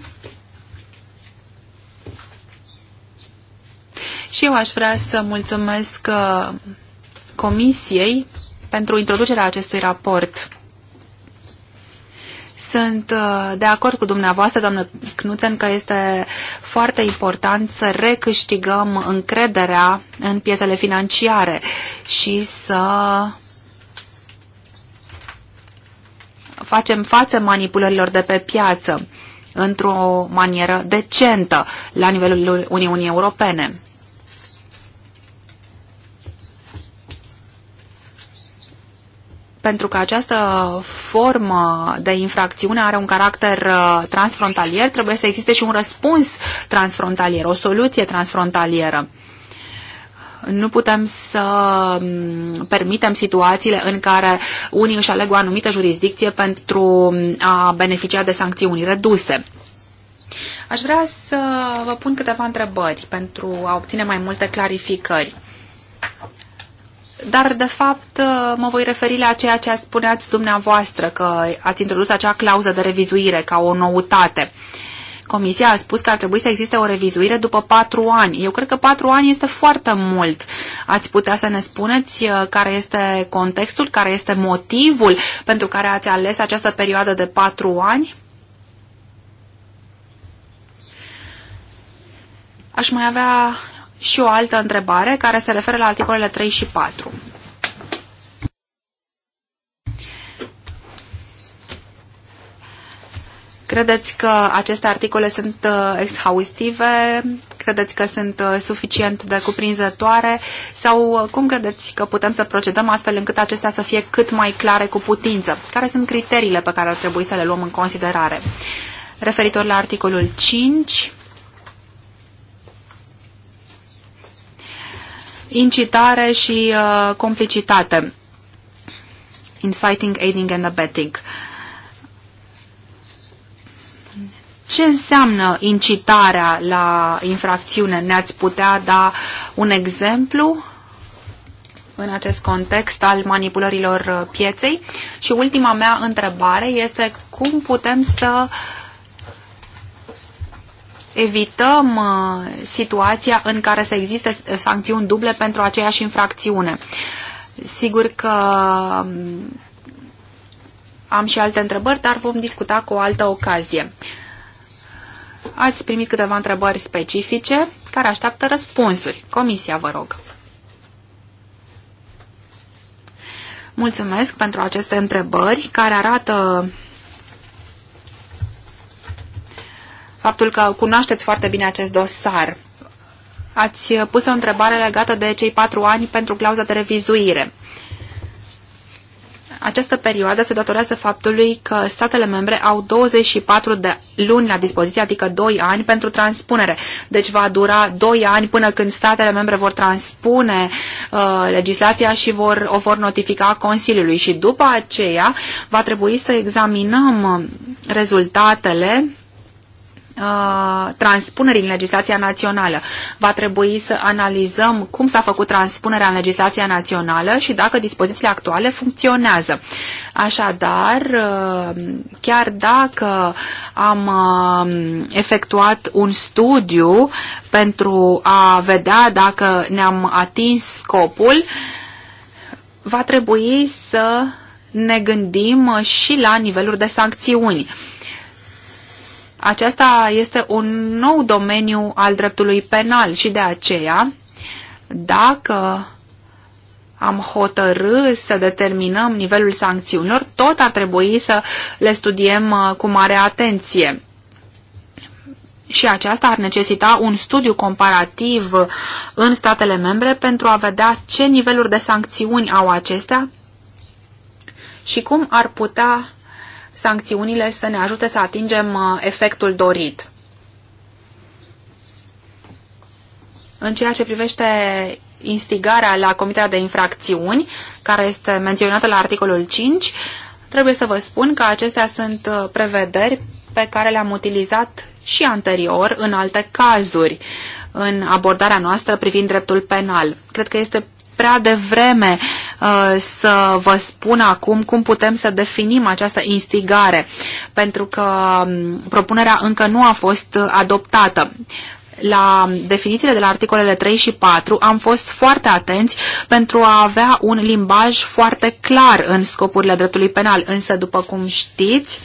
Speaker 4: Și eu aș vrea să mulțumesc Comisiei pentru introducerea acestui raport. Sunt uh, de acord cu dumneavoastră, doamnă Knuțen, că este foarte important să recâștigăm încrederea în piețele financiare și să facem față manipulărilor de pe piață într-o manieră decentă la nivelul Uniunii Europene. pentru că această formă de infracțiune are un caracter uh, transfrontalier, trebuie să existe și un răspuns transfrontalier, o soluție transfrontalieră. Nu putem să mm, permitem situațiile în care unii își aleg o anumită jurisdicție pentru mm, a beneficia de sancțiuni reduse. Aș vrea să vă pun câteva întrebări pentru a obține mai multe clarificări dar de fapt uh, mă voi referi la ceea ce spuneați dumneavoastră, că ați introdus acea clauză de revizuire ca o noutate. Comisia a spus că ar trebui să existe o revizuire după patru ani. Eu cred că patru ani este foarte mult. Ați putea să ne spuneți uh, care este contextul, care este motivul pentru care ați ales această perioadă de patru ani? Aș mai avea și o altă întrebare care se referă la articolele 3 și 4. Credeți că aceste articole sunt uh, exhaustive? Credeți că sunt uh, suficient de cuprinzătoare? Sau uh, cum credeți că putem să procedăm astfel încât acestea să fie cât mai clare cu putință? Care sunt criteriile pe care ar trebui să le luăm în considerare? Referitor la articolul 5, incitare și uh, complicitate. Inciting, aiding and abetting. Ce înseamnă incitarea la infracțiune? Ne-ați putea da un exemplu în acest context al manipulărilor uh, pieței? Și ultima mea întrebare este cum putem să uh, evităm uh, situația în care să existe uh, sancțiuni duble pentru aceeași infracțiune. Sigur că um, am și alte întrebări, dar vom discuta cu o altă ocazie. Ați primit câteva întrebări specifice care așteaptă răspunsuri. Comisia, vă rog. Mulțumesc pentru aceste întrebări care arată faptul că cunoașteți foarte bine acest dosar. Ați pus o întrebare legată de cei patru ani pentru clauza de revizuire. Această perioadă se datorează faptului că statele membre au 24 de luni la dispoziție, adică 2 ani pentru transpunere. Deci va dura 2 ani până când statele membre vor transpune uh, legislația și vor, o vor notifica Consiliului. Și după aceea va trebui să examinăm uh, rezultatele transpunerii în legislația națională. Va trebui să analizăm cum s-a făcut transpunerea în legislația națională și dacă dispozițiile actuale funcționează. Așadar, chiar dacă am efectuat un studiu pentru a vedea dacă ne-am atins scopul, va trebui să ne gândim și la niveluri de sancțiuni. Uh, aceasta este un nou domeniu al dreptului penal și de aceea, dacă am hotărât să determinăm nivelul sancțiunilor, tot ar trebui să le studiem uh, cu mare atenție. Și aceasta ar necesita un studiu comparativ uh, în statele membre pentru a vedea ce niveluri de sancțiuni au acestea și cum ar putea sancțiunile să ne ajute să atingem uh, efectul dorit. În ceea ce privește instigarea la Comitea de Infracțiuni, care este menționată la articolul 5, trebuie să vă spun că acestea sunt uh, prevederi pe care le-am utilizat și anterior în alte cazuri în abordarea noastră privind dreptul penal. Cred că este prea devreme uh, să vă spun acum cum putem să definim această instigare, pentru că um, propunerea încă nu a fost adoptată la definițiile de la articolele 3 și 4 am fost foarte atenți pentru a avea un limbaj foarte clar în scopurile dreptului penal, însă după cum știți,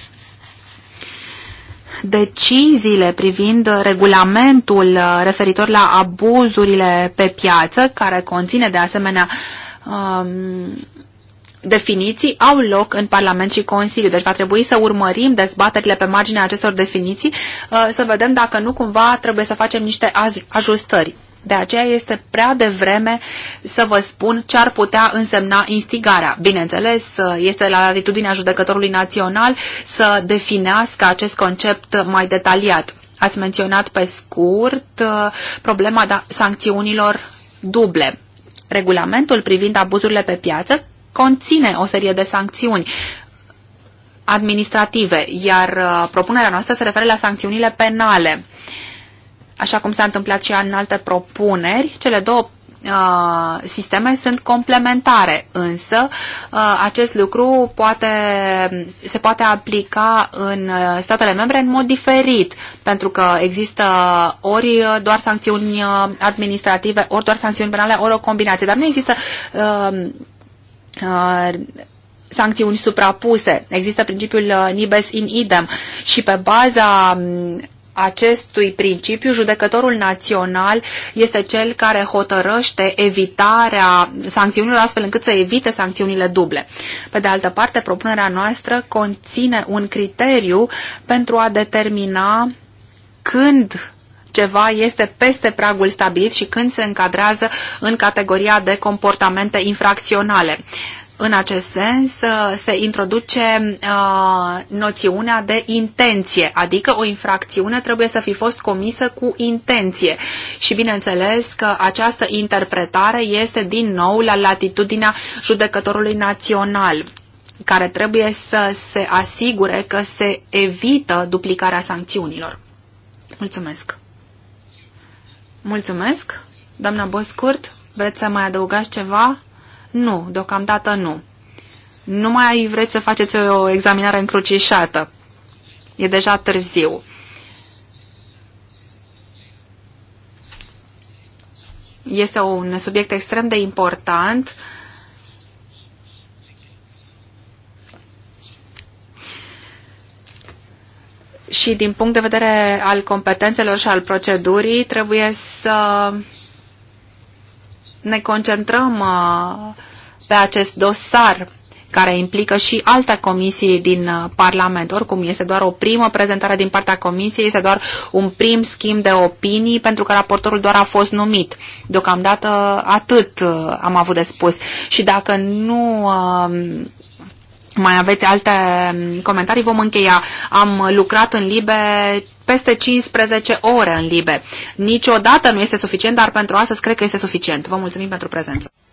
Speaker 4: deciziile privind regulamentul uh, referitor la abuzurile pe piață, care conține de asemenea um, definiții au loc în Parlament și Consiliu. Deci va trebui să urmărim dezbaterile pe marginea acestor definiții, uh, să vedem dacă nu cumva trebuie să facem niște ajustări. De aceea este prea devreme să vă spun ce ar putea însemna instigarea. Bineînțeles, este la latitudinea judecătorului național să definească acest concept mai detaliat. Ați menționat pe scurt uh, problema da, sancțiunilor duble. Regulamentul privind abuzurile pe piață conține o serie de sancțiuni administrative, iar uh, propunerea noastră se referă la sancțiunile penale. Uh, așa cum s-a întâmplat și în alte propuneri, cele două uh, sisteme sunt complementare, însă uh, acest lucru poate, se poate aplica în uh, statele membre în mod diferit, pentru că există ori doar sancțiuni administrative, ori doar sancțiuni penale, ori o combinație, dar nu există uh, uh, sancțiuni suprapuse. Există principiul nibes in idem și pe baza um, acestui principiu, judecătorul național este cel care hotărăște evitarea sancțiunilor astfel încât să evite sancțiunile duble. Pe de altă parte, propunerea noastră conține un criteriu pentru a determina când ceva este peste pragul stabilit și când se încadrează în categoria de comportamente infracționale în acest sens uh, se introduce uh, noțiunea de intenție, adică o infracțiune trebuie să fi fost comisă cu intenție. Și bineînțeles că această interpretare este din nou la latitudinea judecătorului național care trebuie să se asigure că se evită duplicarea sancțiunilor. Mulțumesc! Mulțumesc! Doamna Boscurt, vreți să mai adăugați ceva? Nu, deocamdată nu. Nu mai vreți să faceți o examinare încrucișată. E deja târziu. Este un subiect extrem de important. Și din punct de vedere al competențelor și al procedurii, trebuie să ne concentrăm uh, pe acest dosar care implică și alte comisii din uh, Parlament. Oricum, este doar o primă prezentare din partea comisiei, este doar un prim schimb de opinii pentru că raportorul doar a fost numit. Deocamdată atât uh, am avut de spus. Și dacă nu mai aveți alte mm, comentarii, vom încheia. Am lucrat în Libe peste 15 ore în Libe. Niciodată nu este suficient, dar pentru astăzi cred că este suficient. Vă mulțumim pentru prezență.